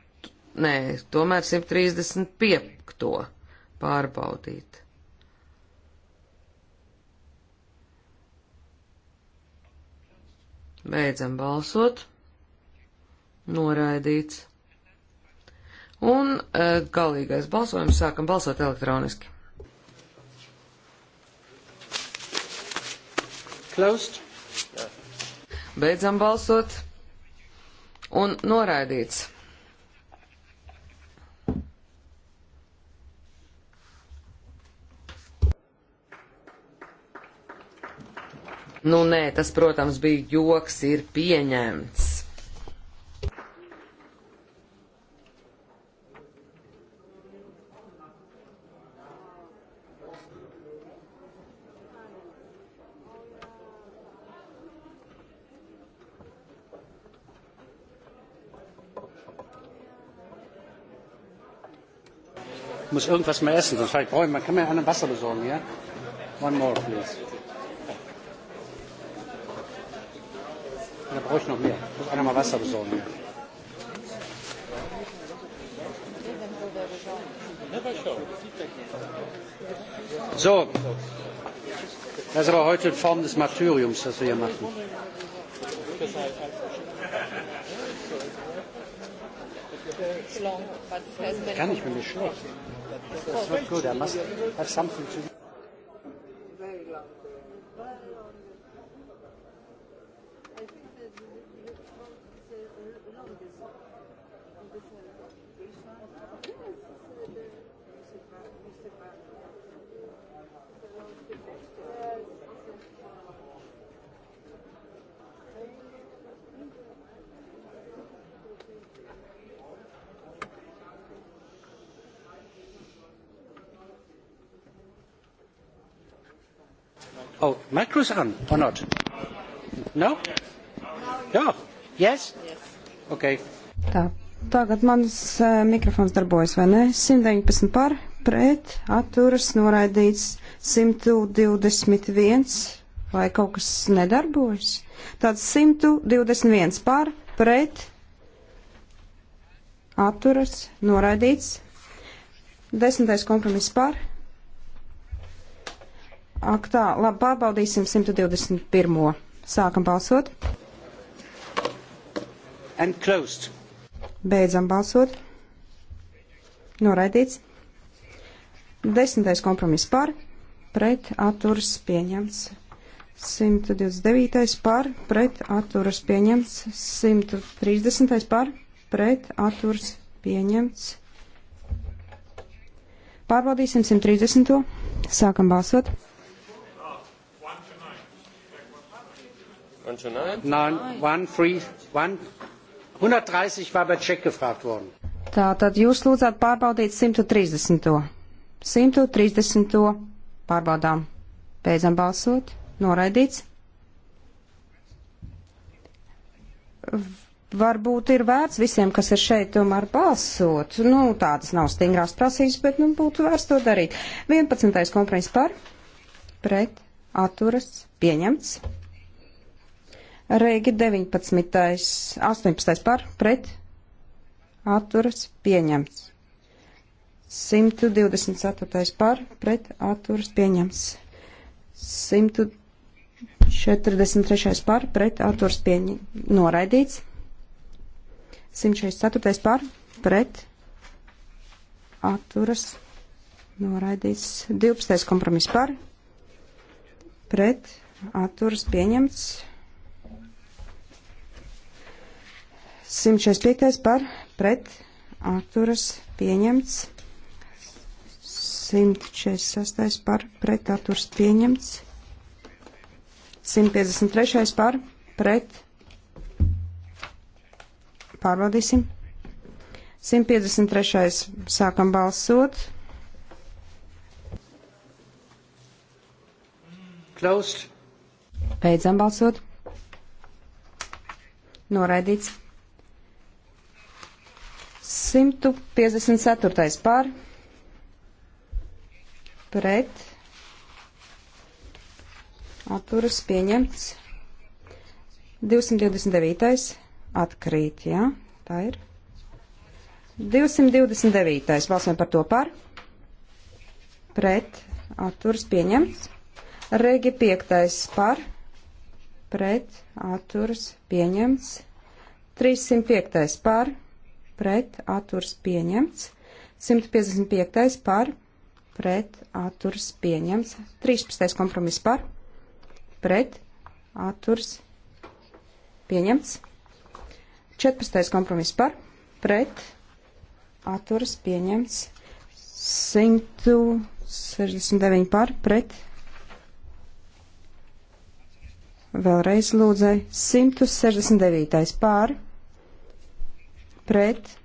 Nē, tomēr 135. pārbaudīt. Beidzam balsot. Noraidīts. Un e, galīgais balsojums sākam balsot elektroniski. Closed. Beidzam balsot. Un noraidīts. Nu, nē, tas, protams, bija joks, ir pieņemts. muss irgendwas mehr essen, sonst ich brauche man kann mir einen Wasser besorgen, ja? One more, please. Da brauche ich noch mehr. Ich muss einer mal Wasser besorgen. Ja. So, das ist aber heute in Form des Martyriums, das wir hier machen. Kann ich, bin mir schlecht that's not good. I must have something to do. cameras on or not? No? No? Yes? Okay. Tā. Tagad mans uh, mikrofons darbojas, vai ne? 119 par, pret, atturas, noraidīts 121, vai kaut kas nedarbojas? Tāds 121 par, pret, atturas, noraidīts. Desmitais kompromiss par, aktā. Labi, pārbaudīsim 121. Sākam balsot. Beidzam balsot. Noraidīts. Desmitais kompromiss par, pret atturas pieņemts. 129. par, pret atturas pieņemts. 130. par, pret atturas pieņemts. Pārbaudīsim 130. Sākam balsot. 130 war bei Check gefragt worden. Tātad jūs lūdzāt pārbaudīt 130. 130. pārbaudām. Beidzam balsot. Noraidīts. Varbūt ir vērts visiem, kas ir šeit, tomēr balsot. Nu, tādas nav stingrās prasības, bet nu, būtu vērts to darīt. 11. kompromiss par, pret, atturas, pieņemts. Reigi 19. 18. par pret atturas pieņemts. 124. par pret atturas pieņemts. 143. par pret atturas pieņemts. Noraidīts. 164. par pret atturas noraidīts. 12. kompromiss par pret atturas pieņemts. 145. par pret atturas pieņemts. 146. par pret atturas pieņemts. 153. par pret. Pārbaudīsim. 153. sākam balsot. Closed. Beidzam balsot. Noraidīts. 154. par pret atturas pieņemts. 229. atkrīt, jā, ja? tā ir. 229. balsojam par to par. Pret atturas pieņemts. Regi 5. par. Pret atturas pieņemts. 305. par pret atturs pieņemts, 155. par pret atturs pieņemts, 13. kompromiss par pret atturs pieņemts, 14. kompromiss par pret atturs pieņemts, 169 par pret Vēlreiz lūdzēju 169. pāri pret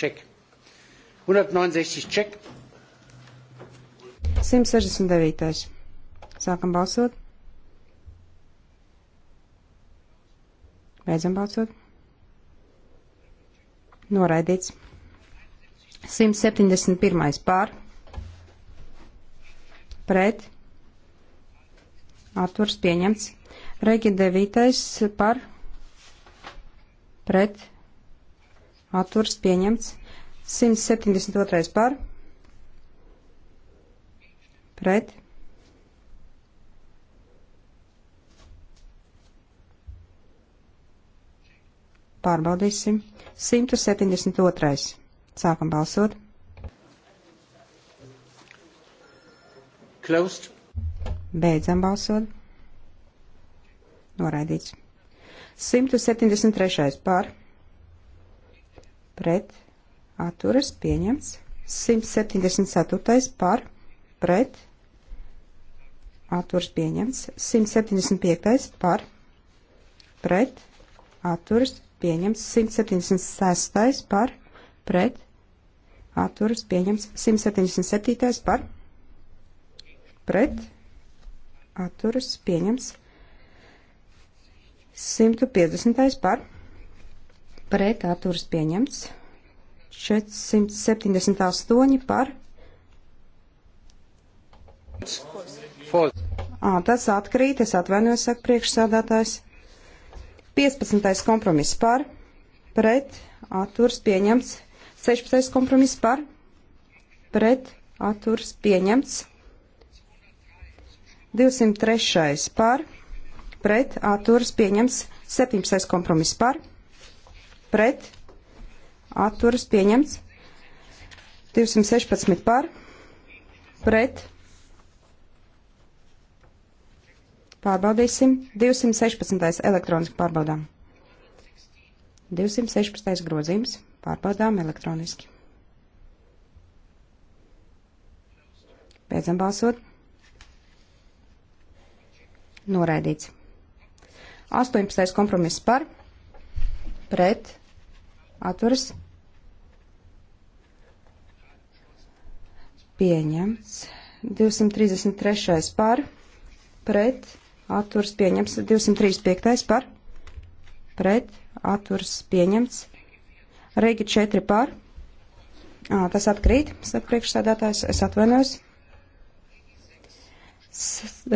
Check. 169 check. 169. Sākam balsot. Beidzam balsot. Noraidīts. 171. pār. Pret atturs pieņemts. Regi 9 par pret atturs pieņemts. 172 par pret. Pārbaudīsim. 172. Sākam balsot. Closed. Beidzam balsot. Noraidīts. 173. par. Pret. Atturas pieņemts. 174. par. Pret. Atturas pieņemts. 175. par. Pret. Atturas pieņemts. 176. par. Pret. Atturas pieņemts. 177. par. Pret. Mm atturas pieņems. 150. par pret atturas pieņemts. 478 par. Ā, tas atkrīt, es atvainojos, saka priekšsādātājs. 15. kompromiss par, pret, atturs pieņemts. 16. kompromiss par, pret, atturs pieņemts. 203. par, pret, atturas pieņemts. 17. kompromiss par, pret, atturas pieņemts. 216 par, pret, pārbaudīsim. 216. elektroniski pārbaudām. 216. grozījums pārbaudām elektroniski. Beidzam balsot. Noraidīts. 18. kompromiss par, pret, atturas, pieņemts. 233. par, pret, atturas, pieņemts. 235. par, pret, atturas, pieņemts. Reigi 4 par. À, tas atkrīt, saka priekšsēdētājs, es atvainojos.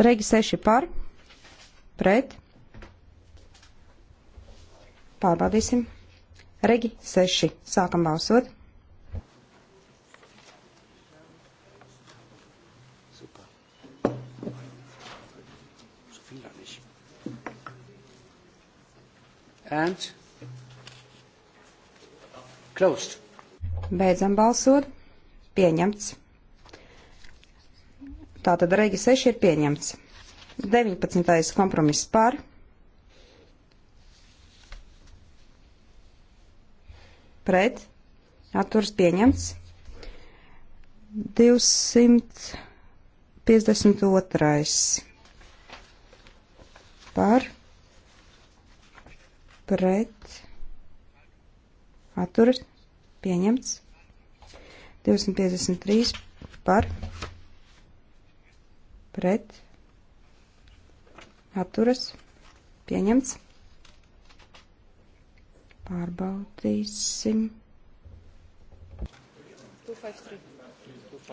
Reigi 6 par pret. Pārbaudīsim. Regi 6. Sākam balsot. And closed. Beidzam balsot. Pieņemts. Tātad regi 6 ir pieņemts. 19. kompromiss par. Pret. Atturs pieņemts. 252. Par. Pret. Atturs pieņemts. 253 par. Pret atturas pieņemts. Pārbaudīsim.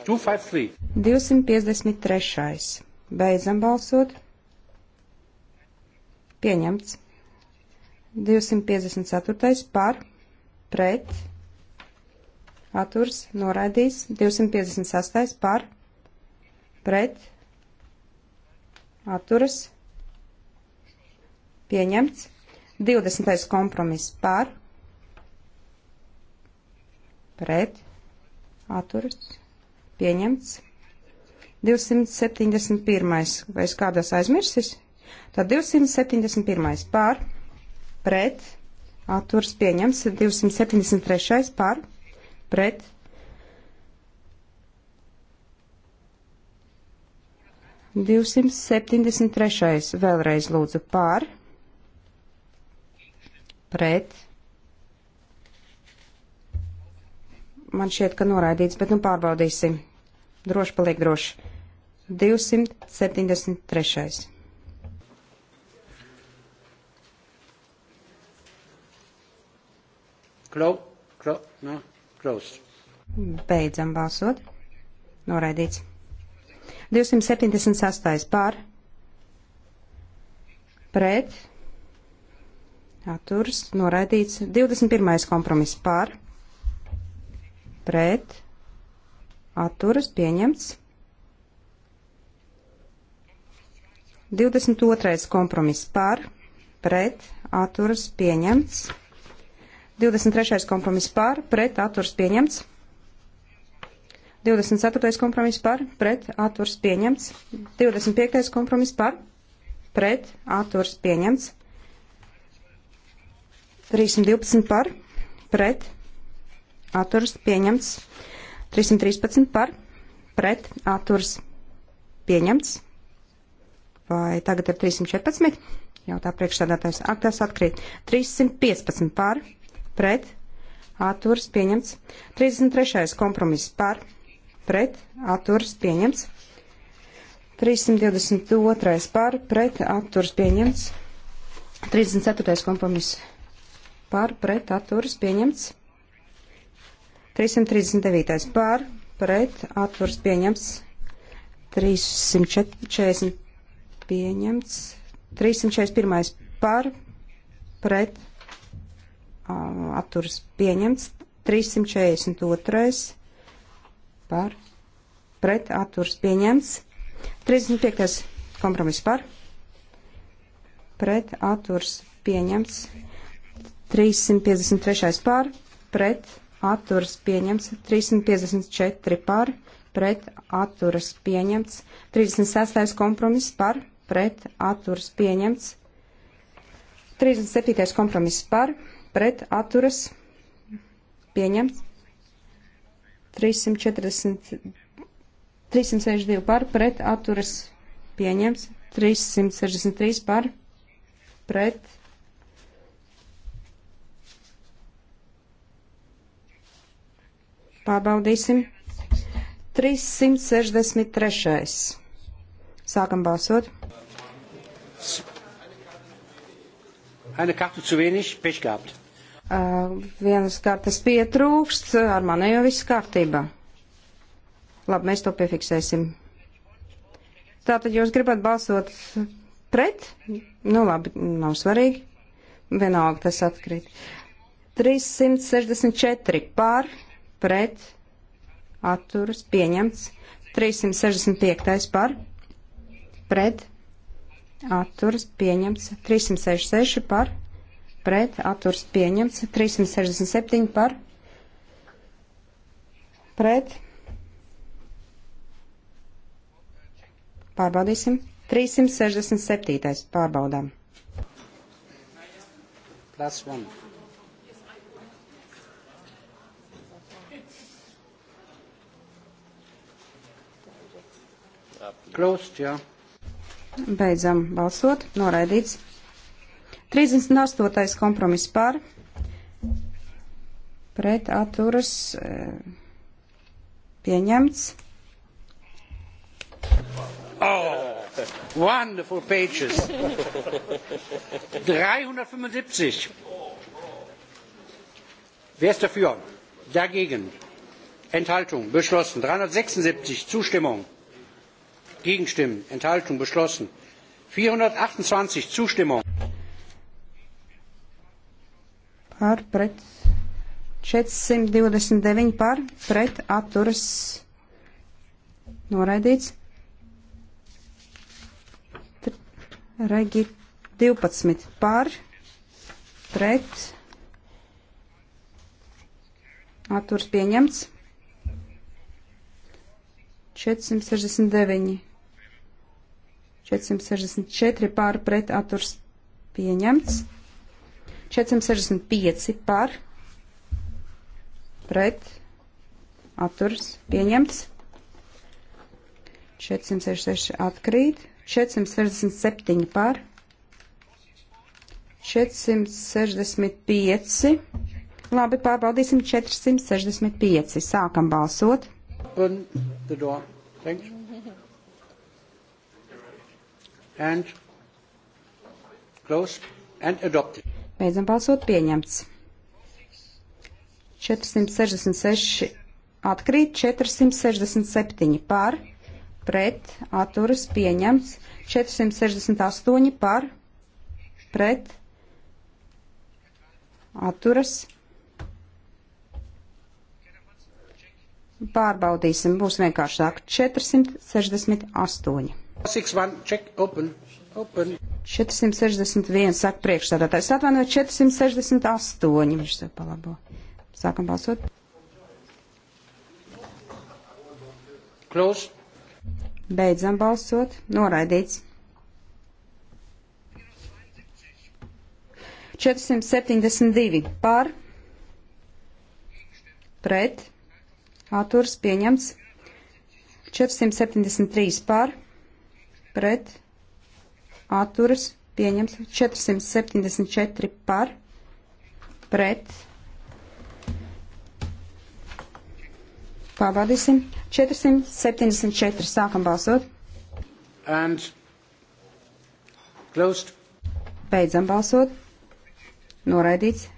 253. 253. Beidzam balsot. Pieņemts. 254. par, pret, atturs, noraidīs. 258. par, pret, atturas, noraidīs pieņemts. 20. kompromiss par, pret, atturas, pieņemts. 271. vai es kādās aizmirsis? Tad 271. par, pret, atturas, pieņemts. 273. par, pret. Divsimt septiņdesmit trešais vēlreiz lūdzu pār pret. Man šķiet, ka noraidīts, bet nu pārbaudīsim. Droši paliek droši. 273. Klau, klau, no, closed. Beidzam balsot. Noraidīts. 278 pār. Pret. Atturs noraidīts. 21. kompromiss par. Pret. Atturas pieņemts. 22. kompromiss par. Pret. Atturas pieņemts. 23. kompromiss par. Pret. Atturas pieņemts. 24. kompromiss par. Pret. Atturas pieņemts. 25. kompromiss par. Pret. Atturas pieņemts. 312 par, pret, atturs pieņemts. 313 par, pret, atturs pieņemts. Vai tagad ir 314? Jau tā priekšstādātais aktās atkrīt. 315 par, pret, atturs pieņemts. 33. kompromiss par, pret, atturs pieņemts. 322. par, pret, atturs pieņemts. 34. kompromiss par pret atturas pieņemts. 339. par pret atturas pieņemts. 340 pieņemts. 341. par pret atturas pieņemts. 342. par pret atturas pieņemts. 35. kompromiss par pret atturas pieņemts. 353 pār, pret, atturas pieņemts, 354 pār, pret, atturas pieņemts, 36. kompromiss par, pret, atturas pieņemts, 37. kompromiss par, pret, atturas pieņemts, 340, 362 par, pret, atturas pieņemts, 363 par, pret, Pārbaudīsim. 363. Sākam balsot. Eine Karte zu wenig, Pech gehabt. Uh, vienas kartes pietrūkst, ar mani jau viss kārtībā. Labi, mēs to piefiksēsim. Tātad jūs gribat balsot pret? Nu labi, nav svarīgi. Vienalga tas atkrīt. 364 pār pret atturas pieņemts. 365. par pret atturas pieņemts. 366 par pret atturas pieņemts. 367 par pret. Pārbaudīsim. 367. pārbaudām. Plus one. Closed, jā. Beidzam balsot. Noraidīts. 38. kompromiss par. Pret atturas eh, pieņemts. Oh, wonderful pages. 375. Wer ist dafür? Dagegen? Enthaltung? Beschlossen. 376. Zustimmung? Gegenstimmen, Enthaltung beschlossen. 428 Zustimmung. Par pret 429 par pret atturas noraidīts. Regi 12 par pret atturas pieņemts. 469. 464 pār pret atturs pieņemts. 465 pār pret atturs pieņemts. 466 atkrīt. 467 pār. 465. Labi, pārbaudīsim 465. Sākam balsot. Open the door. Thank you and close and adopted. Beidzam balsot pieņemts. 466 atkrīt, 467 par, pret, atturas pieņemts, 468 par, pret, atturas. Pārbaudīsim, būs vienkāršāk 468. 661, check, open, open. 461, saka priekšstādātājs. Atvainojiet, 468, viņš sev palabo. Sākam balsot. Close. Beidzam balsot. Noraidīts. 472 par. Pret. Atturs pieņemts. 473 par pret atturas pieņemts 474 par pret pārbaudīsim 474 sākam balsot and closed beidzam balsot noraidīts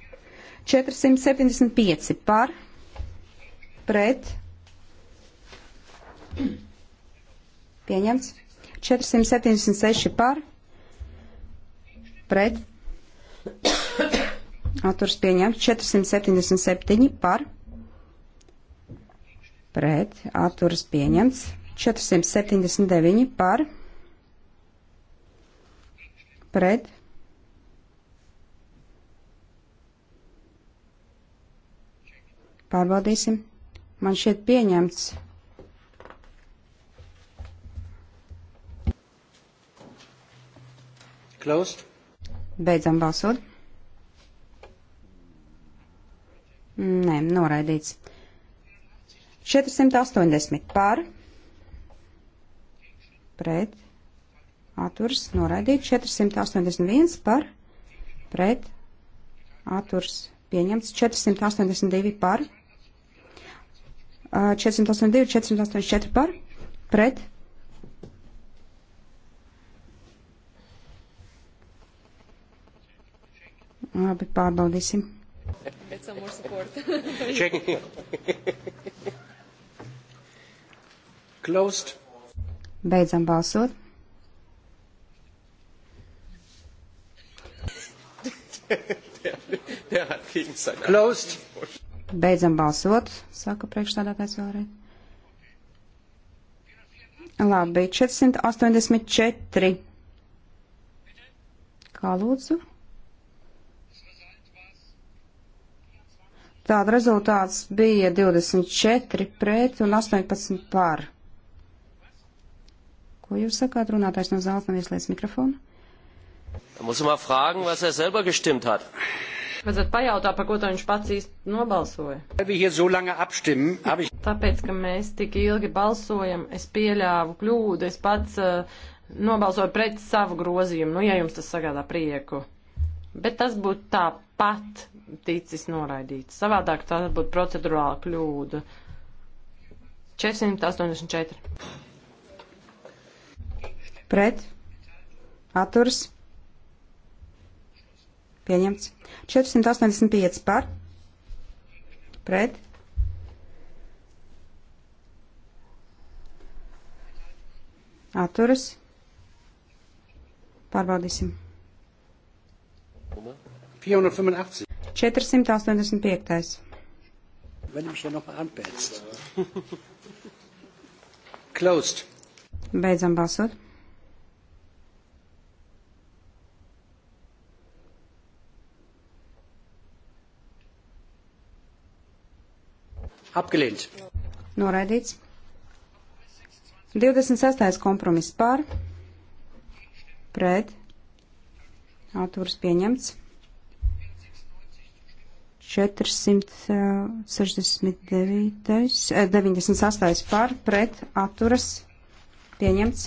475 par pret pieņemts 476 par, pret, atturs pieņemts, 477 par, pret, atturs pieņemts, 479 par, pret, pārbaudīsim, man šeit pieņemts. Closed. Beidzam balsot. Nē, noraidīts. 480 par, pret, atturs, noraidīt, 481 par, pret, atturs, pieņemts, 482 par, 482, 484 par, pret, Labi, pārbaudīsim. Closed. Beidzam balsot. Closed. Beidzam balsot, saka priekšstādātājs vēlreiz. Labi, 484. Kā lūdzu? Tāda rezultāts bija 24 pret un 18 par. Ko jūs sakāt, runātājs no zāles nav ieslēdz mikrofonu? Fragen, er Vajadzētu pajautāt, par ko viņš pats īsti nobalsoja. So abstimmen, ich... Tāpēc, ka mēs tik ilgi balsojam, es pieļāvu kļūdu, es pats uh, nobalsoju pret savu grozījumu, nu, ja jums tas sagādā prieku. Bet tas būtu tāpat ticis noraidīts. Savādāk tā būtu procedurāla kļūda. 484. Pret. Atturs. Pieņemts. 485 par. Pret. Atturas. Pārbaudīsim. 485. 485. Wenn mich ja noch anpēst. Closed. Beidzam balsot. Apgalīts. Noraidīts. 26. kompromiss pār. Pret. Autors pieņemts. 469, 98 eh, eh, par pret atturas pieņemts.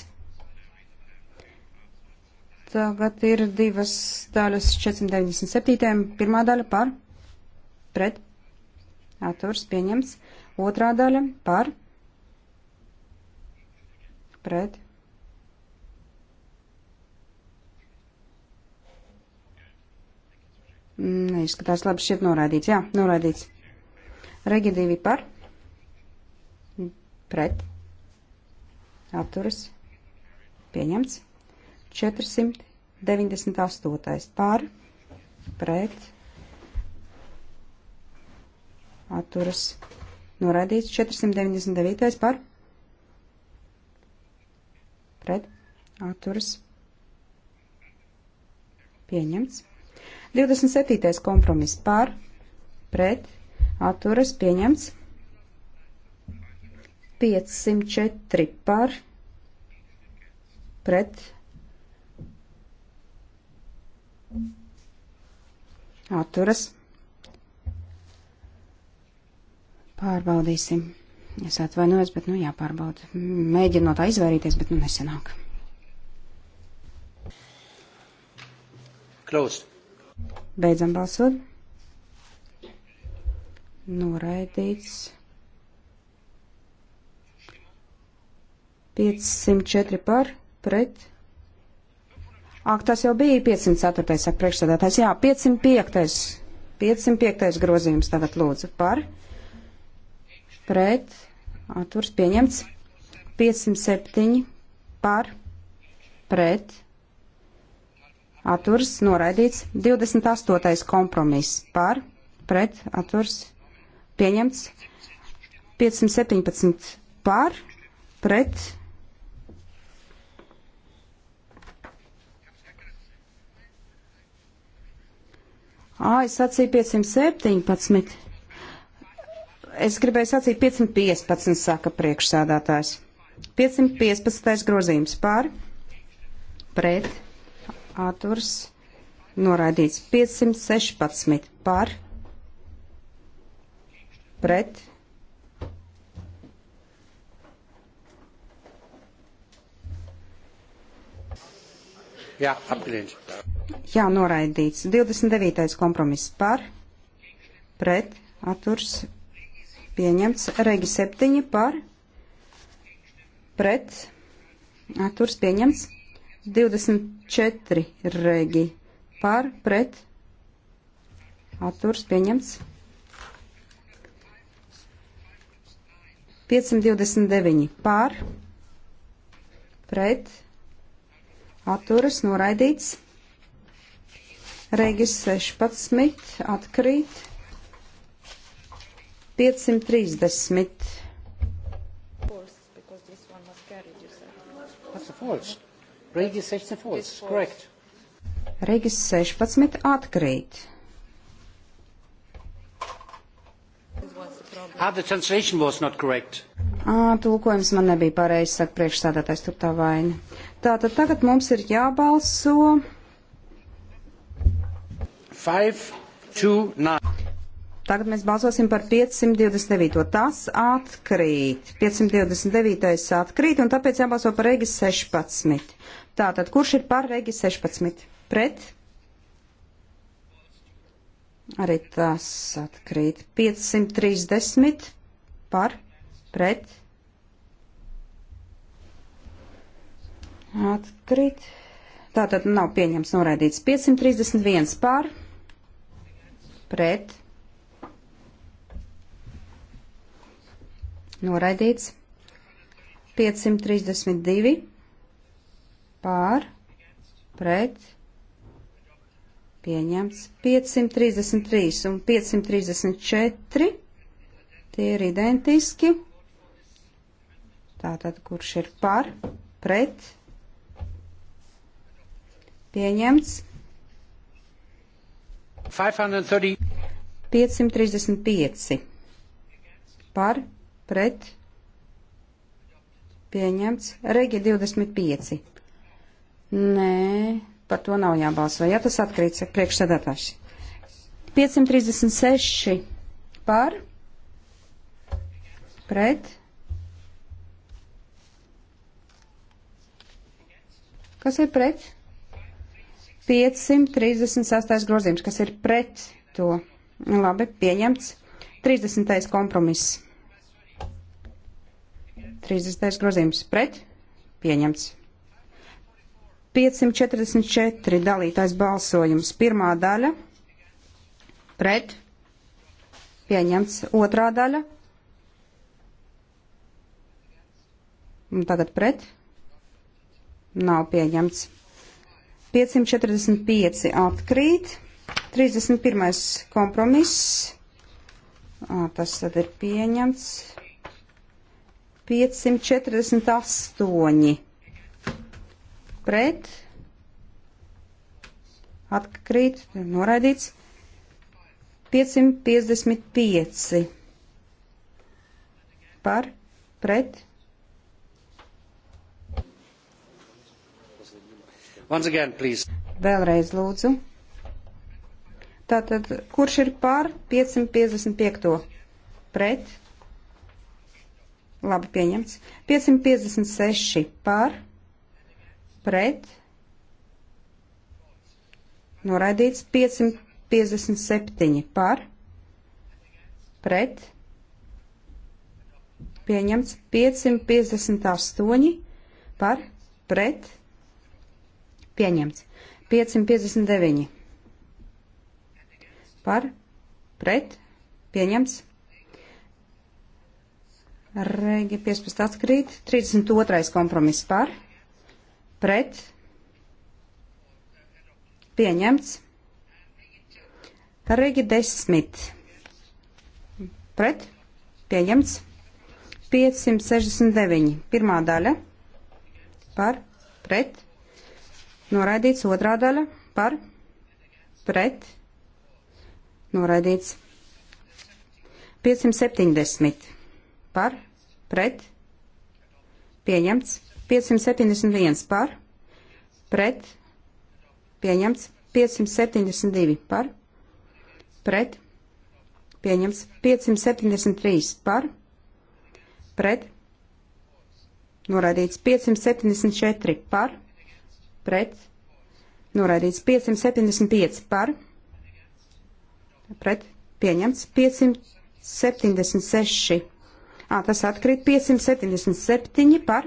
Tagad ir divas daļas 497. Pirmā daļa par pret atturas pieņemts. Otrā daļa par pret Neizskatās labi, šķiet noraidīts. Jā, noraidīts. Regi divi par. Pret. Atturas. Pieņemts. 498. par. Pret. Atturas. Noraidīts. 499. par. Pret. Atturas. Pieņemts. 27. kompromiss par, pret, atturas pieņemts. 504 par, pret, atturas. Pārbaudīsim. Es atvainojos, bet, nu, jāpārbauda. Mēģinu no tā izvairīties, bet, nu, nesenāk. Closed. Beidzam balsot. Noraidīts. 504 par pret. Ak, tas jau bija 504. saka priekšsēdētājs. Jā, 505. 505. grozījums tagad lūdzu par. Pret. Atturs pieņemts. 507 par. Pret atturs noraidīts 28. kompromiss par pret atturs pieņemts 517 par pret Ā, es sacīju 517. Es gribēju sacīt 515, saka priekšsādātājs. 515. grozījums pār, pret, atturs noraidīts 516 par pret Jā, apgriež. Jā, noraidīts. 29. kompromiss par, pret, atturs, pieņemts. Regi 7 par, pret, atturs, pieņemts. 24 regi par pret atturs pieņemts. 529 pār pret atturas noraidīts. Regis 16 atkrīt. 530. That's a false. Regis 16 falls. Correct. Regis 16 atkrīt. Ah, the translation was not correct. Ah, tulkojums man nebija pareizs, saka priekšsādātais tur tā vaina. Tātad tagad mums ir jābalso. 5, 2, 9. Tagad mēs balsosim par 529. Tas atkrīt. 529. atkrīt, un tāpēc jābalso par Reigas 16. Tātad, kurš ir par regi 16? Pret? Arī tas atkrīt. 530 par? Pret? Atkrīt. Tātad nav pieņems noraidīts. 531 par? Pret? Noraidīts. 532 pār, pret, pieņemts 533 un 534, tie ir identiski. Tātad, kurš ir par, pret, pieņemts 530. 535 par, pret, pieņemts, regi 25 Nē, par to nav jābalso. Ja tas atkrīt, saka priekšsēdētājs. 536 par, pret, kas ir pret? 536 grozījums, kas ir pret to. Labi, pieņemts. 30. kompromiss. 30. grozījums pret, pieņemts. 544 dalītais balsojums. Pirmā daļa pret pieņemts. Otrā daļa. Un tagad pret. Nav pieņemts. 545 atkrīt. 31. kompromiss. Tas tad ir pieņemts. 548 pret, atkrīt, noraidīts, 555 par, pret. Once again, please. Vēlreiz lūdzu. Tātad, kurš ir pār 555? Pret. Labi, pieņemts. 556 pār pret noraidīts 557 par pret pieņemts 558 par pret pieņemts 559 par pret pieņemts Regi 15 atkrīt, 32. kompromiss par, pret pieņemts. Regi desmit pret pieņemts. 569. Pirmā daļa par pret. Noraidīts otrā daļa par pret. Noraidīts 570 par pret. Pieņemts 571 par, pret, pieņemts 572 par, pret, pieņemts 573 par, pret, noraidīts 574 par, pret, noraidīts 575 par, pret, pieņemts 576. Ā, tas atkrīt 577 par, pret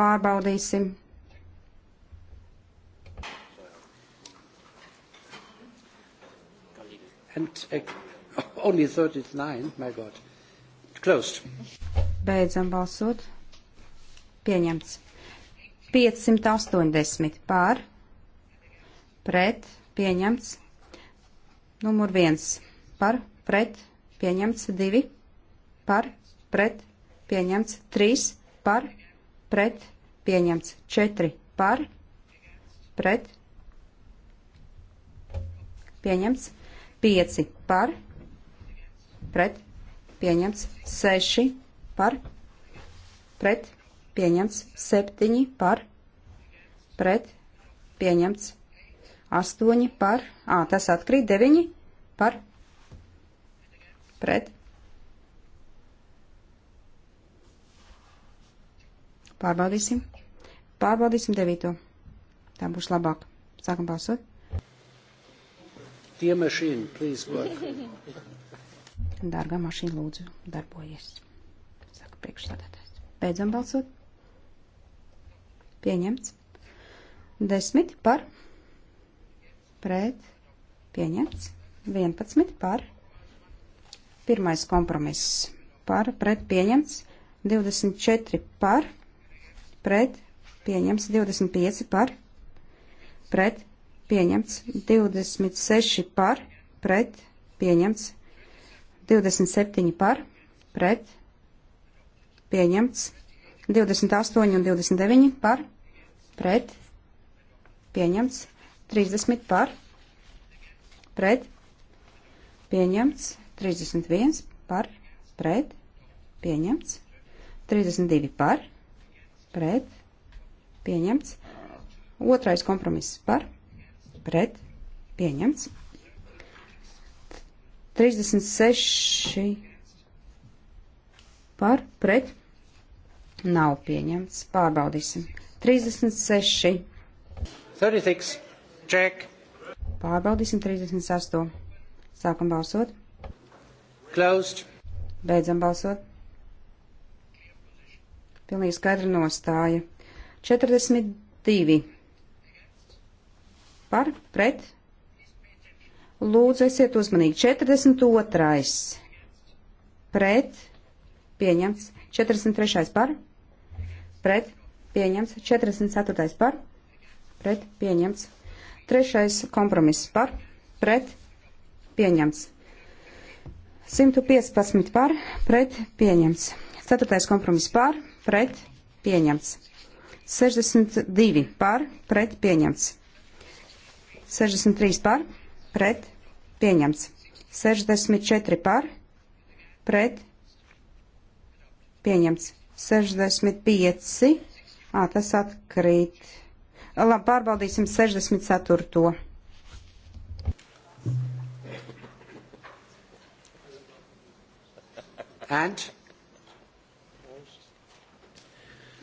pārbaudīsim. And, uh, only 39, my God. Closed. Beidzam balsot. Pieņemts. 580 pār. Pret. Pieņemts. Numur 1. Par. Pret. Pieņemts. 2. Par. Pret. Pieņemts. 3. Par pret, pieņemts 4 par, pret, pieņemts 5 par, pret, pieņemts 6 par, pret, pieņemts 7 par, pret, pieņemts 8 par, ā, tas atkrīt 9 par, pret, Pārbaudīsim. Pārbaudīsim devīto. Tā būs labāk. Sākam balsot. Tie mašīna, please work. Dārgā mašīna, lūdzu, darbojies. Saka priekšstādātājs. Beidzam balsot. Pieņemts. Desmit par. Pret. Pieņemts. Vienpadsmit par. Pirmais kompromiss par. Pret. Pieņemts. 24 par pret pieņemts 25 par, pret pieņemts 26 par, pret pieņemts 27 par, pret pieņemts 28 un 29 par, pret pieņemts 30 par, pret pieņemts 31 par, pret pieņemts 32 par pret, pieņemts. Otrais kompromiss par, pret, pieņemts. 36 par, pret, nav pieņemts. Pārbaudīsim. 36. 36. Check. Pārbaudīsim 38. Sākam balsot. Closed. Beidzam balsot. Pilnīgi skaidra nostāja. 42. Par, pret. Lūdzu, esiet uzmanīgi. 42. Pret. Pieņemts. 43. par. Pret. Pieņemts. 44. par. Pret. Pieņemts. Trešais kompromiss par. Pret. Pieņemts. 115 par. Pret. Pieņemts. Ceturtais kompromiss par pret pieņemts. 62 par pret pieņemts. 63 par pret pieņemts. 64 par pret pieņemts. 65. Ā, tas atkrīt. Labi, pārbaudīsim 64. And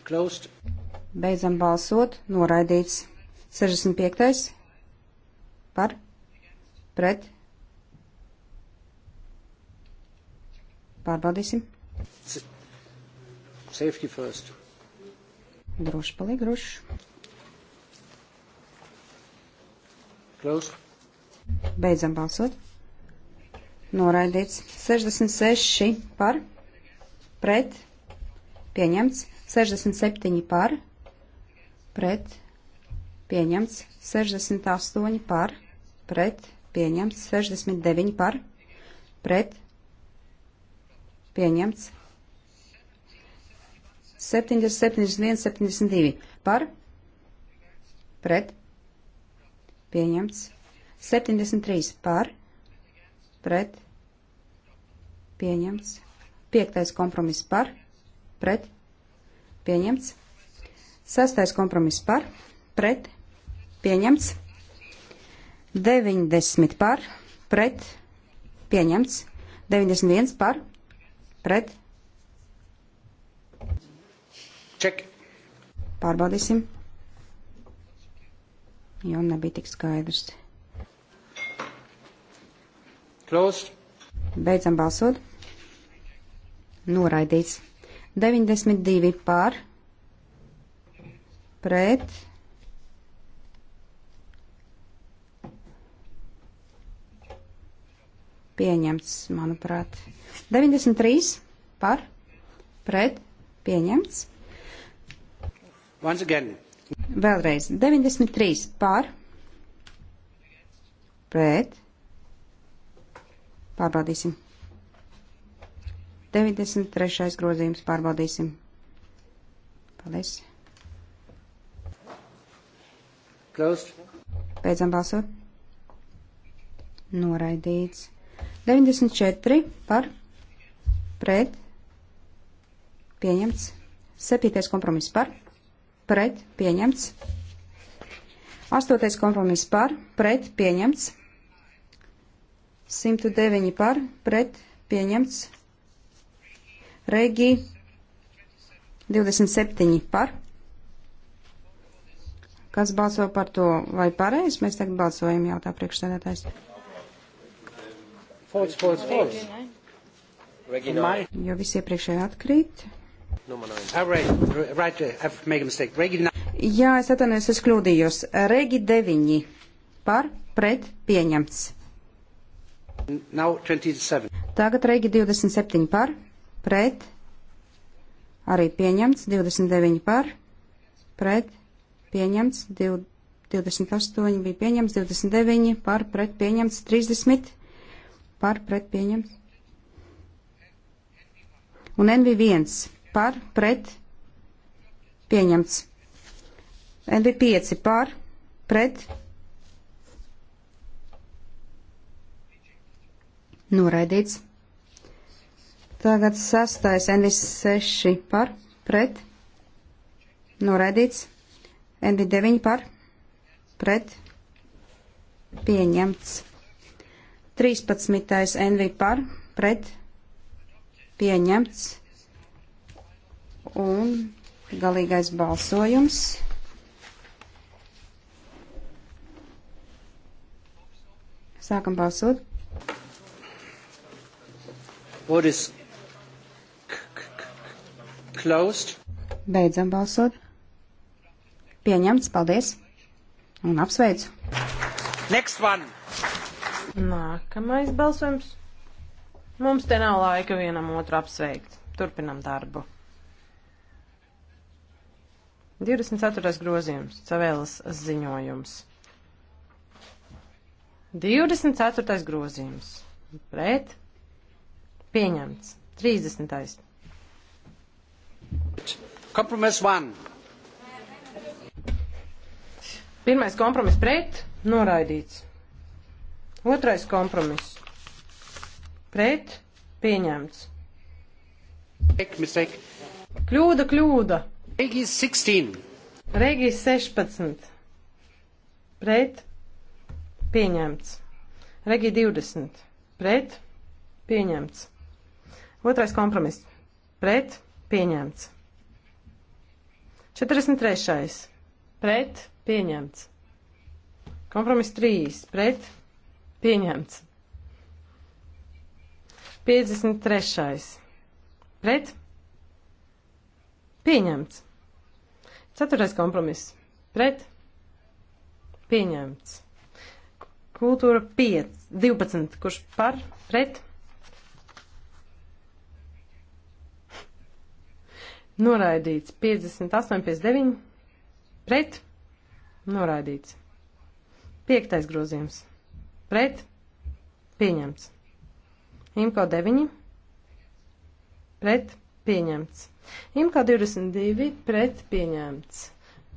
Closed. Beidzam balsot. Noraidīts. 65. Par. Pret. Pārbaudīsim. Safety first. Droši paliek, droši. Close. Beidzam balsot. Noraidīts. 66 par. Pret. Pieņemts. 67 par, pret, pieņemts, 68 par, pret, pieņemts, 69 par, pret, pieņemts, 70, 71, 72 par, pret, pieņemts, 73 par, pret, pieņemts, 5. kompromiss par, pret, pieņemts pieņemts. Sastais kompromiss par, pret, pieņemts. 90 par, pret, pieņemts. 91 par, pret. Ček. Pārbaudīsim. Jo nebija tik skaidrs. Closed. Beidzam balsot. Noraidīts. 92 par, pret, pieņemts, manuprāt. 93 par, pret, pieņemts. Once again. Vēlreiz 93 par, pret, pārbaudīsim. 93. grozījums pārbaudīsim. Paldies. Closed. Beidzam balsot. Noraidīts. 94 par pret. Pieņemts. 7. kompromiss par pret. Pieņemts. 8. kompromiss par pret. Pieņemts. 109 par pret. Pieņemts. Regi 27 par. Kas balso par to vai pareizi? Mēs tagad balsojam, jautā priekšsēdētājs. False, false, false. Jo visi iepriekšēji atkrīt. Jā, es atvainojos, es kļūdījos. Regi 9 par pret pieņemts. Tagad Regi 27 par pret, arī pieņemts, 29 par, pret, pieņemts, 28 bija pieņemts, 29 par, pret, pieņemts, 30 par, pret, pieņemts. Un NV1 par, pret, pieņemts. NV5 par, pret, noraidīts. Tagad sastais NV6 par pret noraidīts. NV9 par pret pieņemts. 13. NV par pret pieņemts. Un galīgais balsojums. Sākam balsot. Boris Closed. Beidzam balsot. Pieņemts, paldies. Un apsveicu. Next one. Nākamais balsojums. Mums te nav laika vienam otru apsveikt. Turpinam darbu. 24. grozījums, Cavēlas ziņojums. 24. grozījums. Pret. Pieņemts. 30. Kompromiss 1. Pirmais kompromiss pret, noraidīts. Otrais kompromiss pret, pieņemts. Mistake. Kļūda, kļūda. Regijas 16. Regijas 16. Pret, pieņemts. Regija 20. Pret, pieņemts. Otrais kompromiss. Pret, Pieņemts. 43. Pret. Pieņemts. Kompromiss 3. Pret. Pieņemts. 53. Pret. Pieņemts. 4. kompromiss. Pret. Pieņemts. Kultūra 5. 12. Kurš par? Pret. Noraidīts 58, 59. Pret. Noraidīts. Piektais grozījums. Pret. Pieņemts. Imko 9. Pret. Pieņemts. Imko 22. Pret. Pieņemts.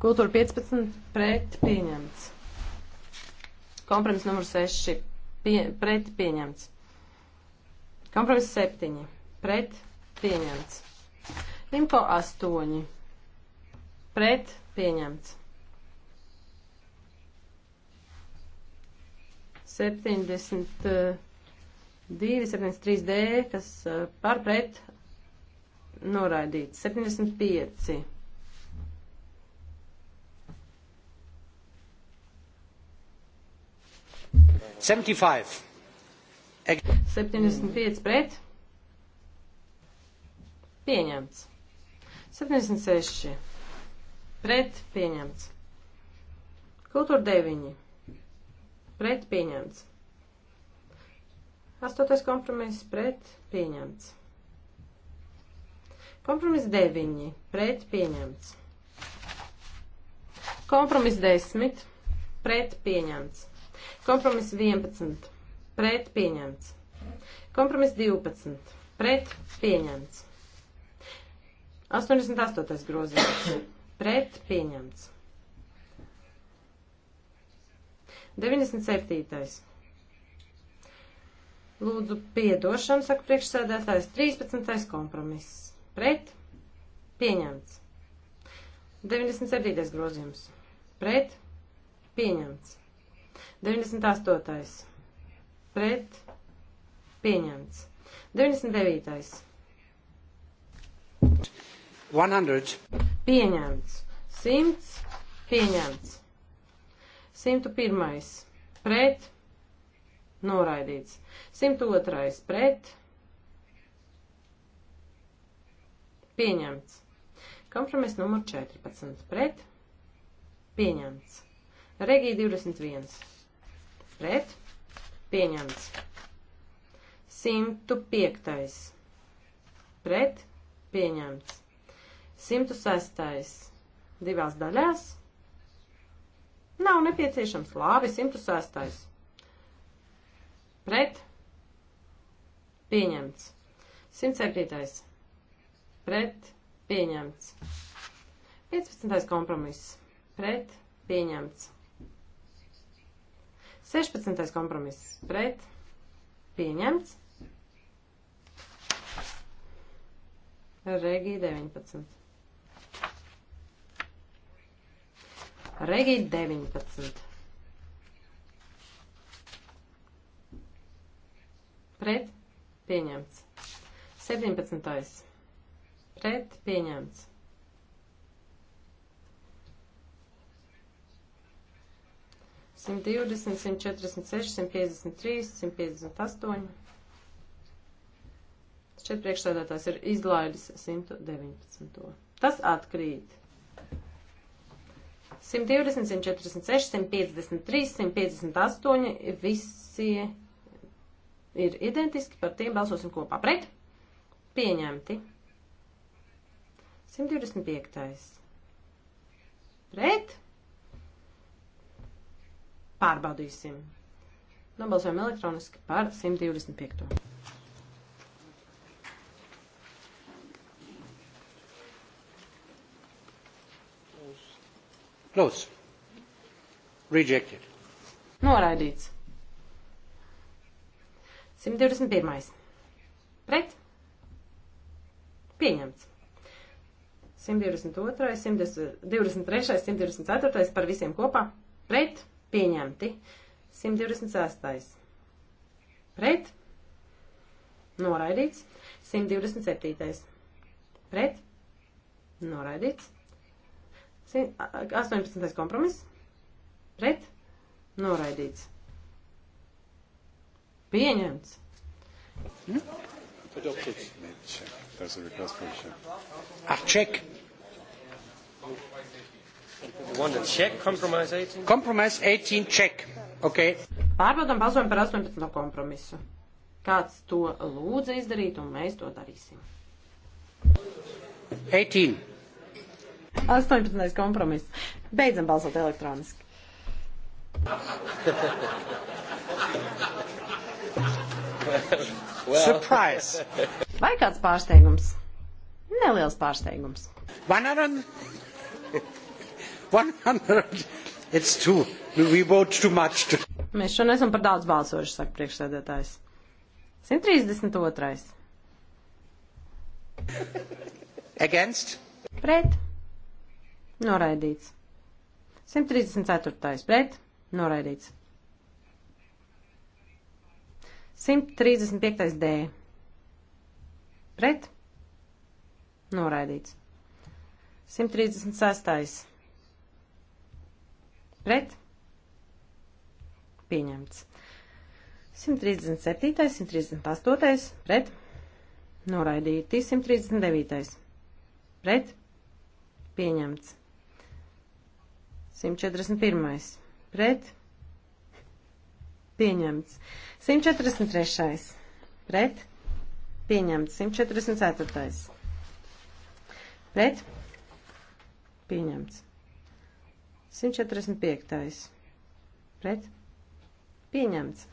Kultūra 15. Pret. Pieņemts. Kompromiss numur 6. Pie, pret. Pieņemts. Kompromiss 7. Pret. Pieņemts. Imko 8. Pret pieņemts. 72, 73 eh, D, kas eh, par pret noraidīts. 75. Seventy five. 75 pret. Pieņemts. 76. Pret pieņemts. Kultūra 9. Pret pieņemts. 8. kompromiss pret pieņemts. Kompromiss 9. Pret pieņemts. Kompromiss 10. Pret pieņemts. Kompromiss 11. Pret pieņemts. Kompromiss 12. Pret pieņemts. 88. grozījums pret pieņemts. 97. Lūdzu, piedošanu, saka priekšsēdētājs, 13. kompromiss. Pret pieņemts. 97. grozījums. Pret pieņemts. 98. Pret pieņemts. 99. 100. Pieņemts. 100. Pieņemts. 101. Pret. Noraidīts. 102. Pret. Pieņemts. Kompromiss numur 14. Pret. Pieņemts. Regija 21. Pret. Pieņemts. 105. Pret. Pieņemts. 106. divās daļās. Nav nepieciešams labi 106. Pret. Pieņemts. 107. Pret. Pieņemts. 15. kompromiss. Pret. Pieņemts. 16. kompromiss. Pret. Pieņemts. Regija 19. Regi 19. Pret pieņemts. 17. Pret pieņemts. Simt divdesmit, simt četrdesmit seši, simt piecdesmit trīs, simt piecdesmit astoņi. Šķiet priekšsēdētājs ir izlaidis 119. Tas atkrīt. 120, 146, 153, 158, visi ir identiski, par tiem balsosim kopā pret. Pieņemti. 125. Pret. Pārbaudīsim. Nobalsojam elektroniski par 125. Close. Rejected. Noraidīts. 121. Pret. Pieņemts. 122, 123, 124 par visiem kopā. Pret. Pieņemti. 126. Pret. Noraidīts. 127. Pret. Noraidīts. 18. kompromiss. Pret. Noraidīts. Pieņemts. Hmm? Ah, check. Kompromiss 18 check. Okay. Pārbaudām balsojumu par 18. kompromisu. Kāds to lūdza izdarīt, un mēs to darīsim. 18. 18. kompromiss. Beidzam balsot elektroniski. well. Surprise! Vai kāds pārsteigums? Neliels pārsteigums. 100. 100. It's too. We vote too much. To... Mēs šodien esam par daudz balsojuši, saka priekšsēdētājs. 132. Against? Pret. Noraidīts. 134. pret. Noraidīts. 135. D. Pret. Noraidīts. 136. Pret. Pieņemts. 137. 138. Pret. Noraidīti. 139. Pret. Pieņemts. 141. Pret. Pieņemts. 143. Pret. Pieņemts. 144. Pret. Pieņemts. 145. Pret. Pieņemts.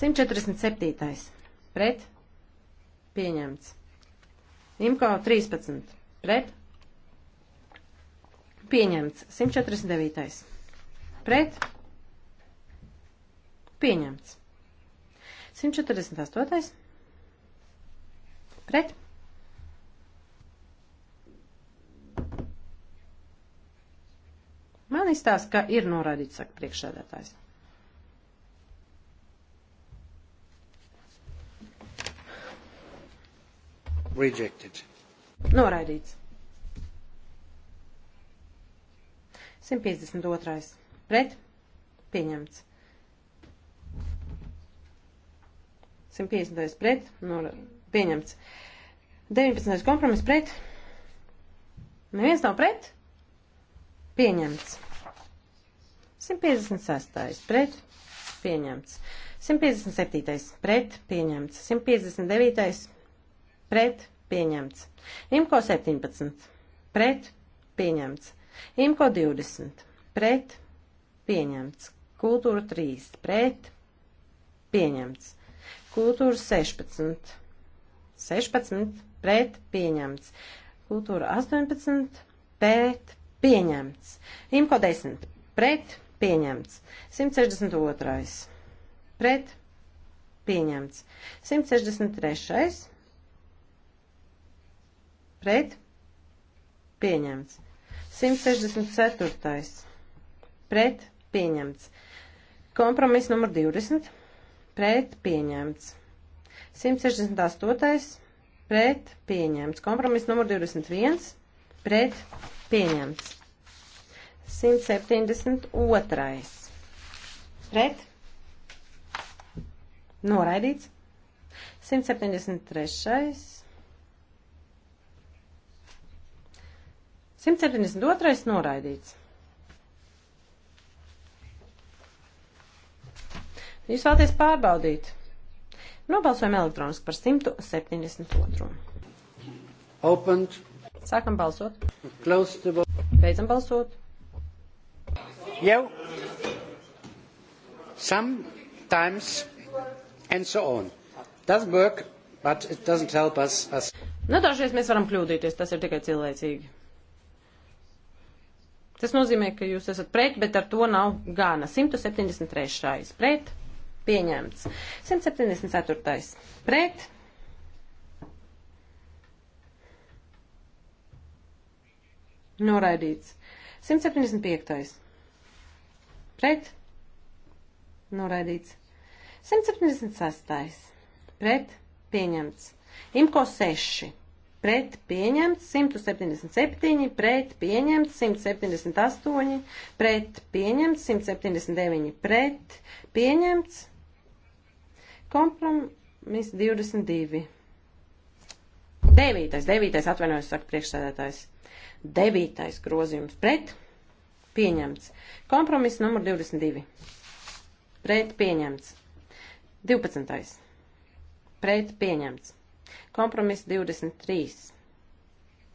147. Pret. Pieņemts. Imko 13. Pret. Pieņemts. 149. Pret. Pieņemts. 148. Pret. Man izstāsta, ka ir noraidīts, saka priekšsēdētājs. Rejected. Noraidīts. 152. Pret. Pieņemts. 150. pret. Nu, pieņemts. 19. kompromiss pret. Neviens nav pret. Pieņemts. 156. pret. Pieņemts. 157. pret. Pieņemts. 159. pret. Pieņemts. Imko 17. pret. Pieņemts. Imko 20 pret pieņemts. Kultūra 3 pret pieņemts. Kultūra 16 16 pret pieņemts. Kultūra 18 pret pieņemts. Imko 10 pret pieņemts. 162 pret pieņemts. 163 pret pieņemts. 164. Pret pieņemts. Kompromiss numur 20. Pret pieņemts. 168. Pret pieņemts. Kompromiss numur 21. Pret pieņemts. 172. Pret noraidīts. 173. 172. noraidīts. Jūs vēlaties pārbaudīt. Nobalsojam elektroniski par 172. Opened. Sākam balsot. Close the vote. Beidzam balsot. Jau. Sometimes and so on. Does work, but it doesn't help us. us. Nu, dažreiz mēs varam kļūdīties, tas ir tikai cilvēcīgi. Tas nozīmē, ka jūs esat pret, bet ar to nav gana. 173. pret, pieņemts. 174. pret. Noraidīts. 175. Pret. Noraidīts. 176. Pret. Pieņemts. Imko 6 pret pieņemts 177, pret pieņemts 178, pret pieņemts 179, pret pieņemts kompromis 22. 9. 9. atvainojos, saka priekšsēdētājs. 9. grozījums pret pieņemts. Kompromis numur 22. Pret pieņemts. 12. Pret pieņemts. Kompromiss 23.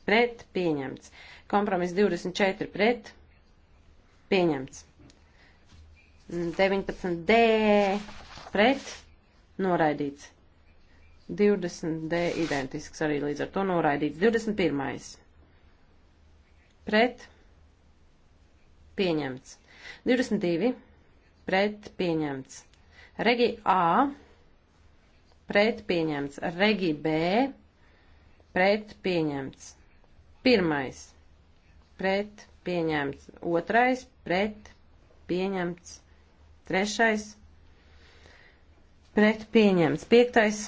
Pret pieņemts. Kompromiss 24. Pret pieņemts. 19D pret noraidīts. 20D identisks arī līdz ar to noraidīts. 21. Pret pieņemts. 22 pret pieņemts. Regi A pret pieņemts. Regi B pret pieņemts. Pirmais pret pieņemts. Otrais pret pieņemts. Trešais pret pieņemts. Piektais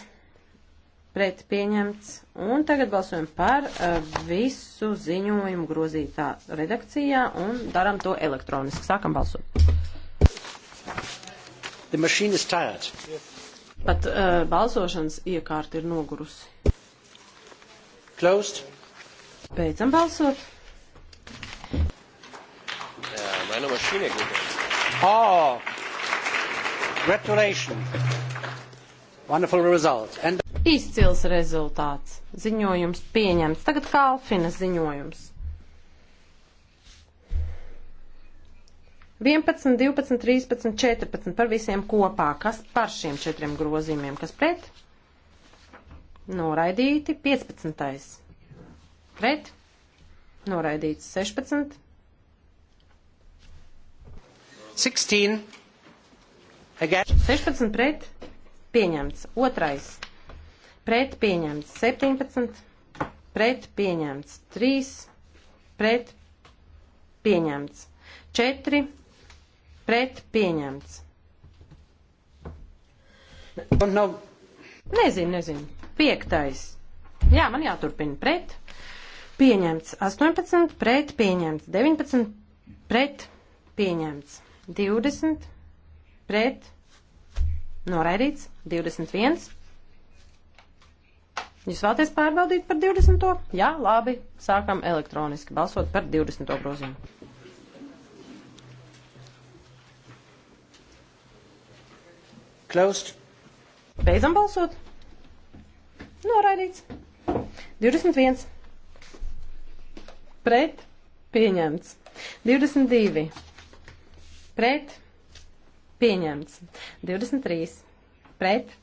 pret pieņemts. Un tagad balsojam par uh, visu ziņojumu grozītā redakcijā un daram to elektroniski. Sākam balsot. The machine is tired. Yes. Pat uh, balsošanas iekārta ir nogurusi. Closed. Beidzam balsot. Jā, mana mašīna gudrēs. Oh! Congratulations! Wonderful result. And... Izcils rezultāts. Ziņojums pieņemts. Tagad Kalfina ziņojums. 11, 12, 13, 14 par visiem kopā. Kas par šiem četriem grozījumiem? Kas pret? Noraidīti 15. Pret? Noraidīts 16. 16. Again. 16 pret pieņemts. Otrais. Pret pieņemts 17. Pret pieņemts 3. Pret pieņemts 4 pret pieņemts. Man nav. Nezinu, nezinu. Piektais. Jā, man jāturpina pret. Pieņemts 18, pret pieņemts 19, pret pieņemts 20, pret noraidīts 21. Jūs vēlaties pārbaudīt par 20? Jā, labi. Sākam elektroniski balsot par 20. grozījumu. Closed. Beidzam balsot. Noraidīts. 21. Pret. Pieņemts. 22. Pret. Pieņemts. 23. Pret.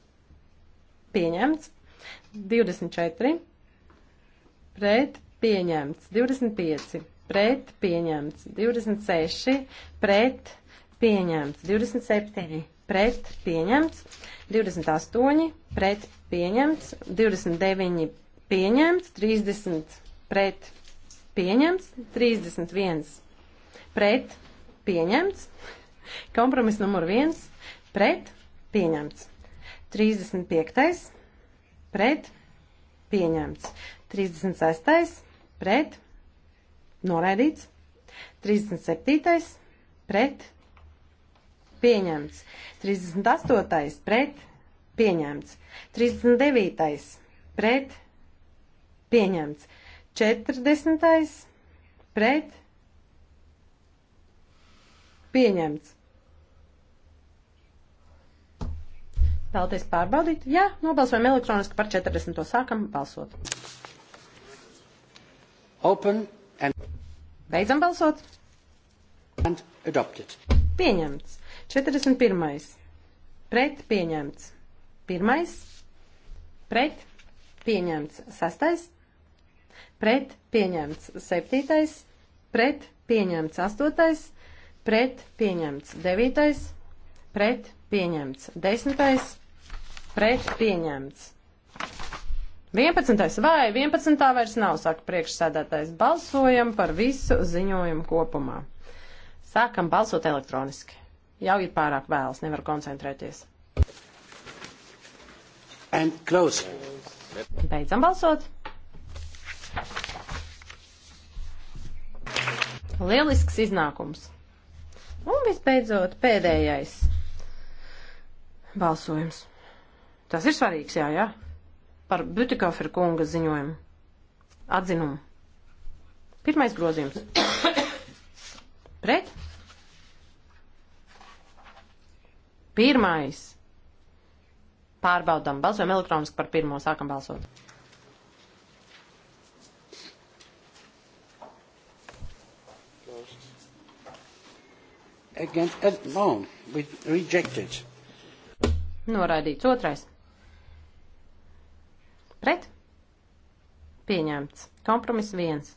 Pieņemts. 24. Pret. Pieņemts. 25. Pret. Pieņemts. 26. Pret. Pieņemts. 27 pret pieņemts, 28 pret pieņemts, 29 pieņemts, 30 pret pieņemts, 31 pret pieņemts, kompromiss numur 1 pret pieņemts, 35 pret pieņemts, 36 pret noraidīts, 37 pret pieņemts pieņemts. 38. pret pieņemts. 39. pret pieņemts. 40. pret pieņemts. Vēlaties pārbaudīt? Jā, nobalsojam elektroniski par 40. sākam balsot. Open and... Beidzam balsot. And adopted. Pieņemts. 41. Pret pieņemts. 1. Pret pieņemts. 6. Pret pieņemts. 7. Pret pieņemts. 8. Pret pieņemts. 9. Pret pieņemts. 10. Pret pieņemts. 11. vai 11. vairs nav, saka priekšsēdētājs. Balsojam par visu ziņojumu kopumā. Sākam balsot elektroniski. Jau ir pārāk vēls, nevaru koncentrēties. And close. Beidzam balsot. Lielisks iznākums. Un visbeidzot, pēdējais balsojums. Tas ir svarīgs, jā, jā. Par Butikoferu kunga ziņojumu. Atzinumu. Pirmais grozījums. Pret? Pirmais. Pārbaudām, balsojam elektroniski par pirmo, sākam balsot. Against, uh, no, we rejected. Noraidīts otrais. Pret? Pieņemts. Kompromiss viens.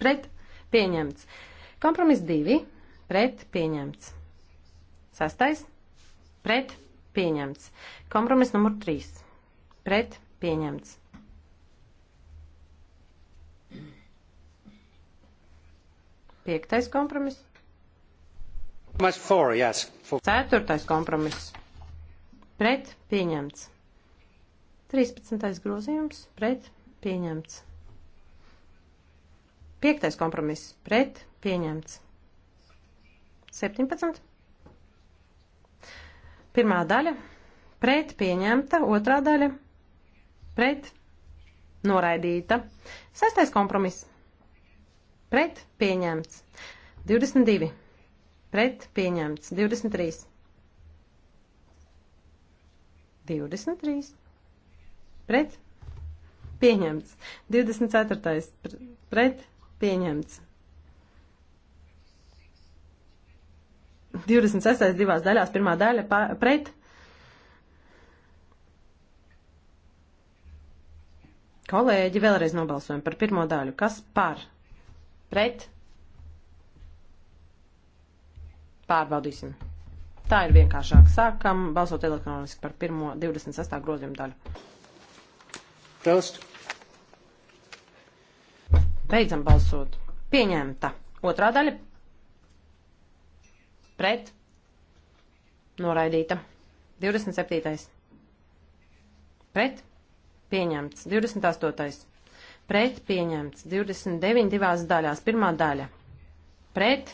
Pret? Pieņemts. Kompromiss divi. Pret? Pieņemts. Sastais pret pieņemts. Kompromis numur 3. Pret pieņemts. Piektais kompromis. Four, yes, four. Ceturtais kompromis. Pret pieņemts. 13. grozījums. Pret pieņemts. Piektais kompromiss pret pieņemts. 17. Pirmā daļa pret pieņemta, otrā daļa pret noraidīta. Sestais kompromiss pret pieņemts. 22 pret pieņemts. 23. 23 pret pieņemts. 24. pret pieņemts. 26. divās daļās, pirmā daļa pa, pret. Kolēģi, vēlreiz nobalsojam par pirmo daļu. Kas par? Pret? Pārbaudīsim. Tā ir vienkāršāk. Sākam balsot elektroniski par pirmo 26. grozījumu daļu. Prost. Beidzam balsot. Pieņemta. Otrā daļa pret, noraidīta. 27. pret, pieņemts. 28. pret, pieņemts. 29. divās daļās, pirmā daļa pret.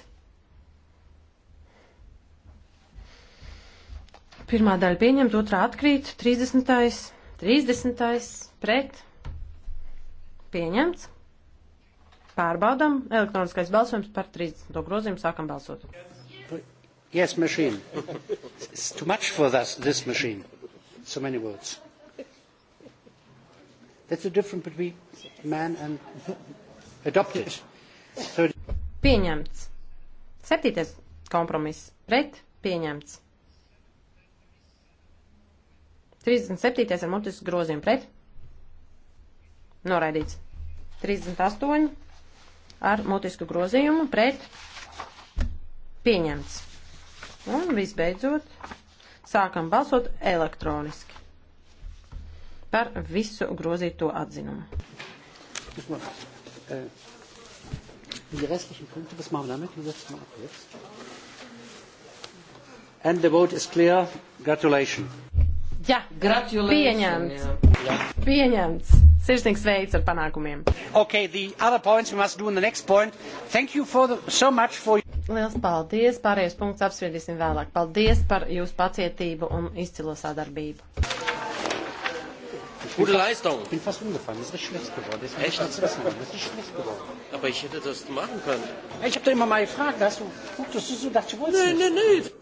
Pirmā daļa pieņemta, otrā atkrīt, 30. 30. pret, pieņemts. Pārbaudām elektroniskais balsojums par 30. grozījumu, sākam balsot. Yes, machine. it's too much for this, this machine. So many words. That's the difference between man and adopted. So pieņemts. Septītais kompromiss. Pret pieņemts. 37. ar mutisku grozījumu pret. Noraidīts. 38. ar mutisku grozījumu pret. Pieņemts. Un visbeidzot, sākam balsot elektroniski par visu grozīto atzinumu. Äh, die restlichen Punkte, was machen wir damit? Die setzen wir ab jetzt. And the vote is clear. Gratulation. Ja, gratulation. Pieņemts. Jā. Pieņemts. Sirsnīgs veids ar panākumiem. Okay, the other points we must do in the next point. Thank you for the, so much for Liels paldies! Pārējais punkts apspriedīsim vēlāk. Paldies par jūsu pacietību un izcilo sadarbību. Gute Leistung. Ich bin fast umgefallen. Das ist richtig schlecht geworden. Das ist Echt? Das ist richtig schlecht geworden. Aber ich hätte das machen können. Ich habe doch immer mal gefragt. Hast du, guck, das ist so, dachte ich, wolltest Nein, nein, nein.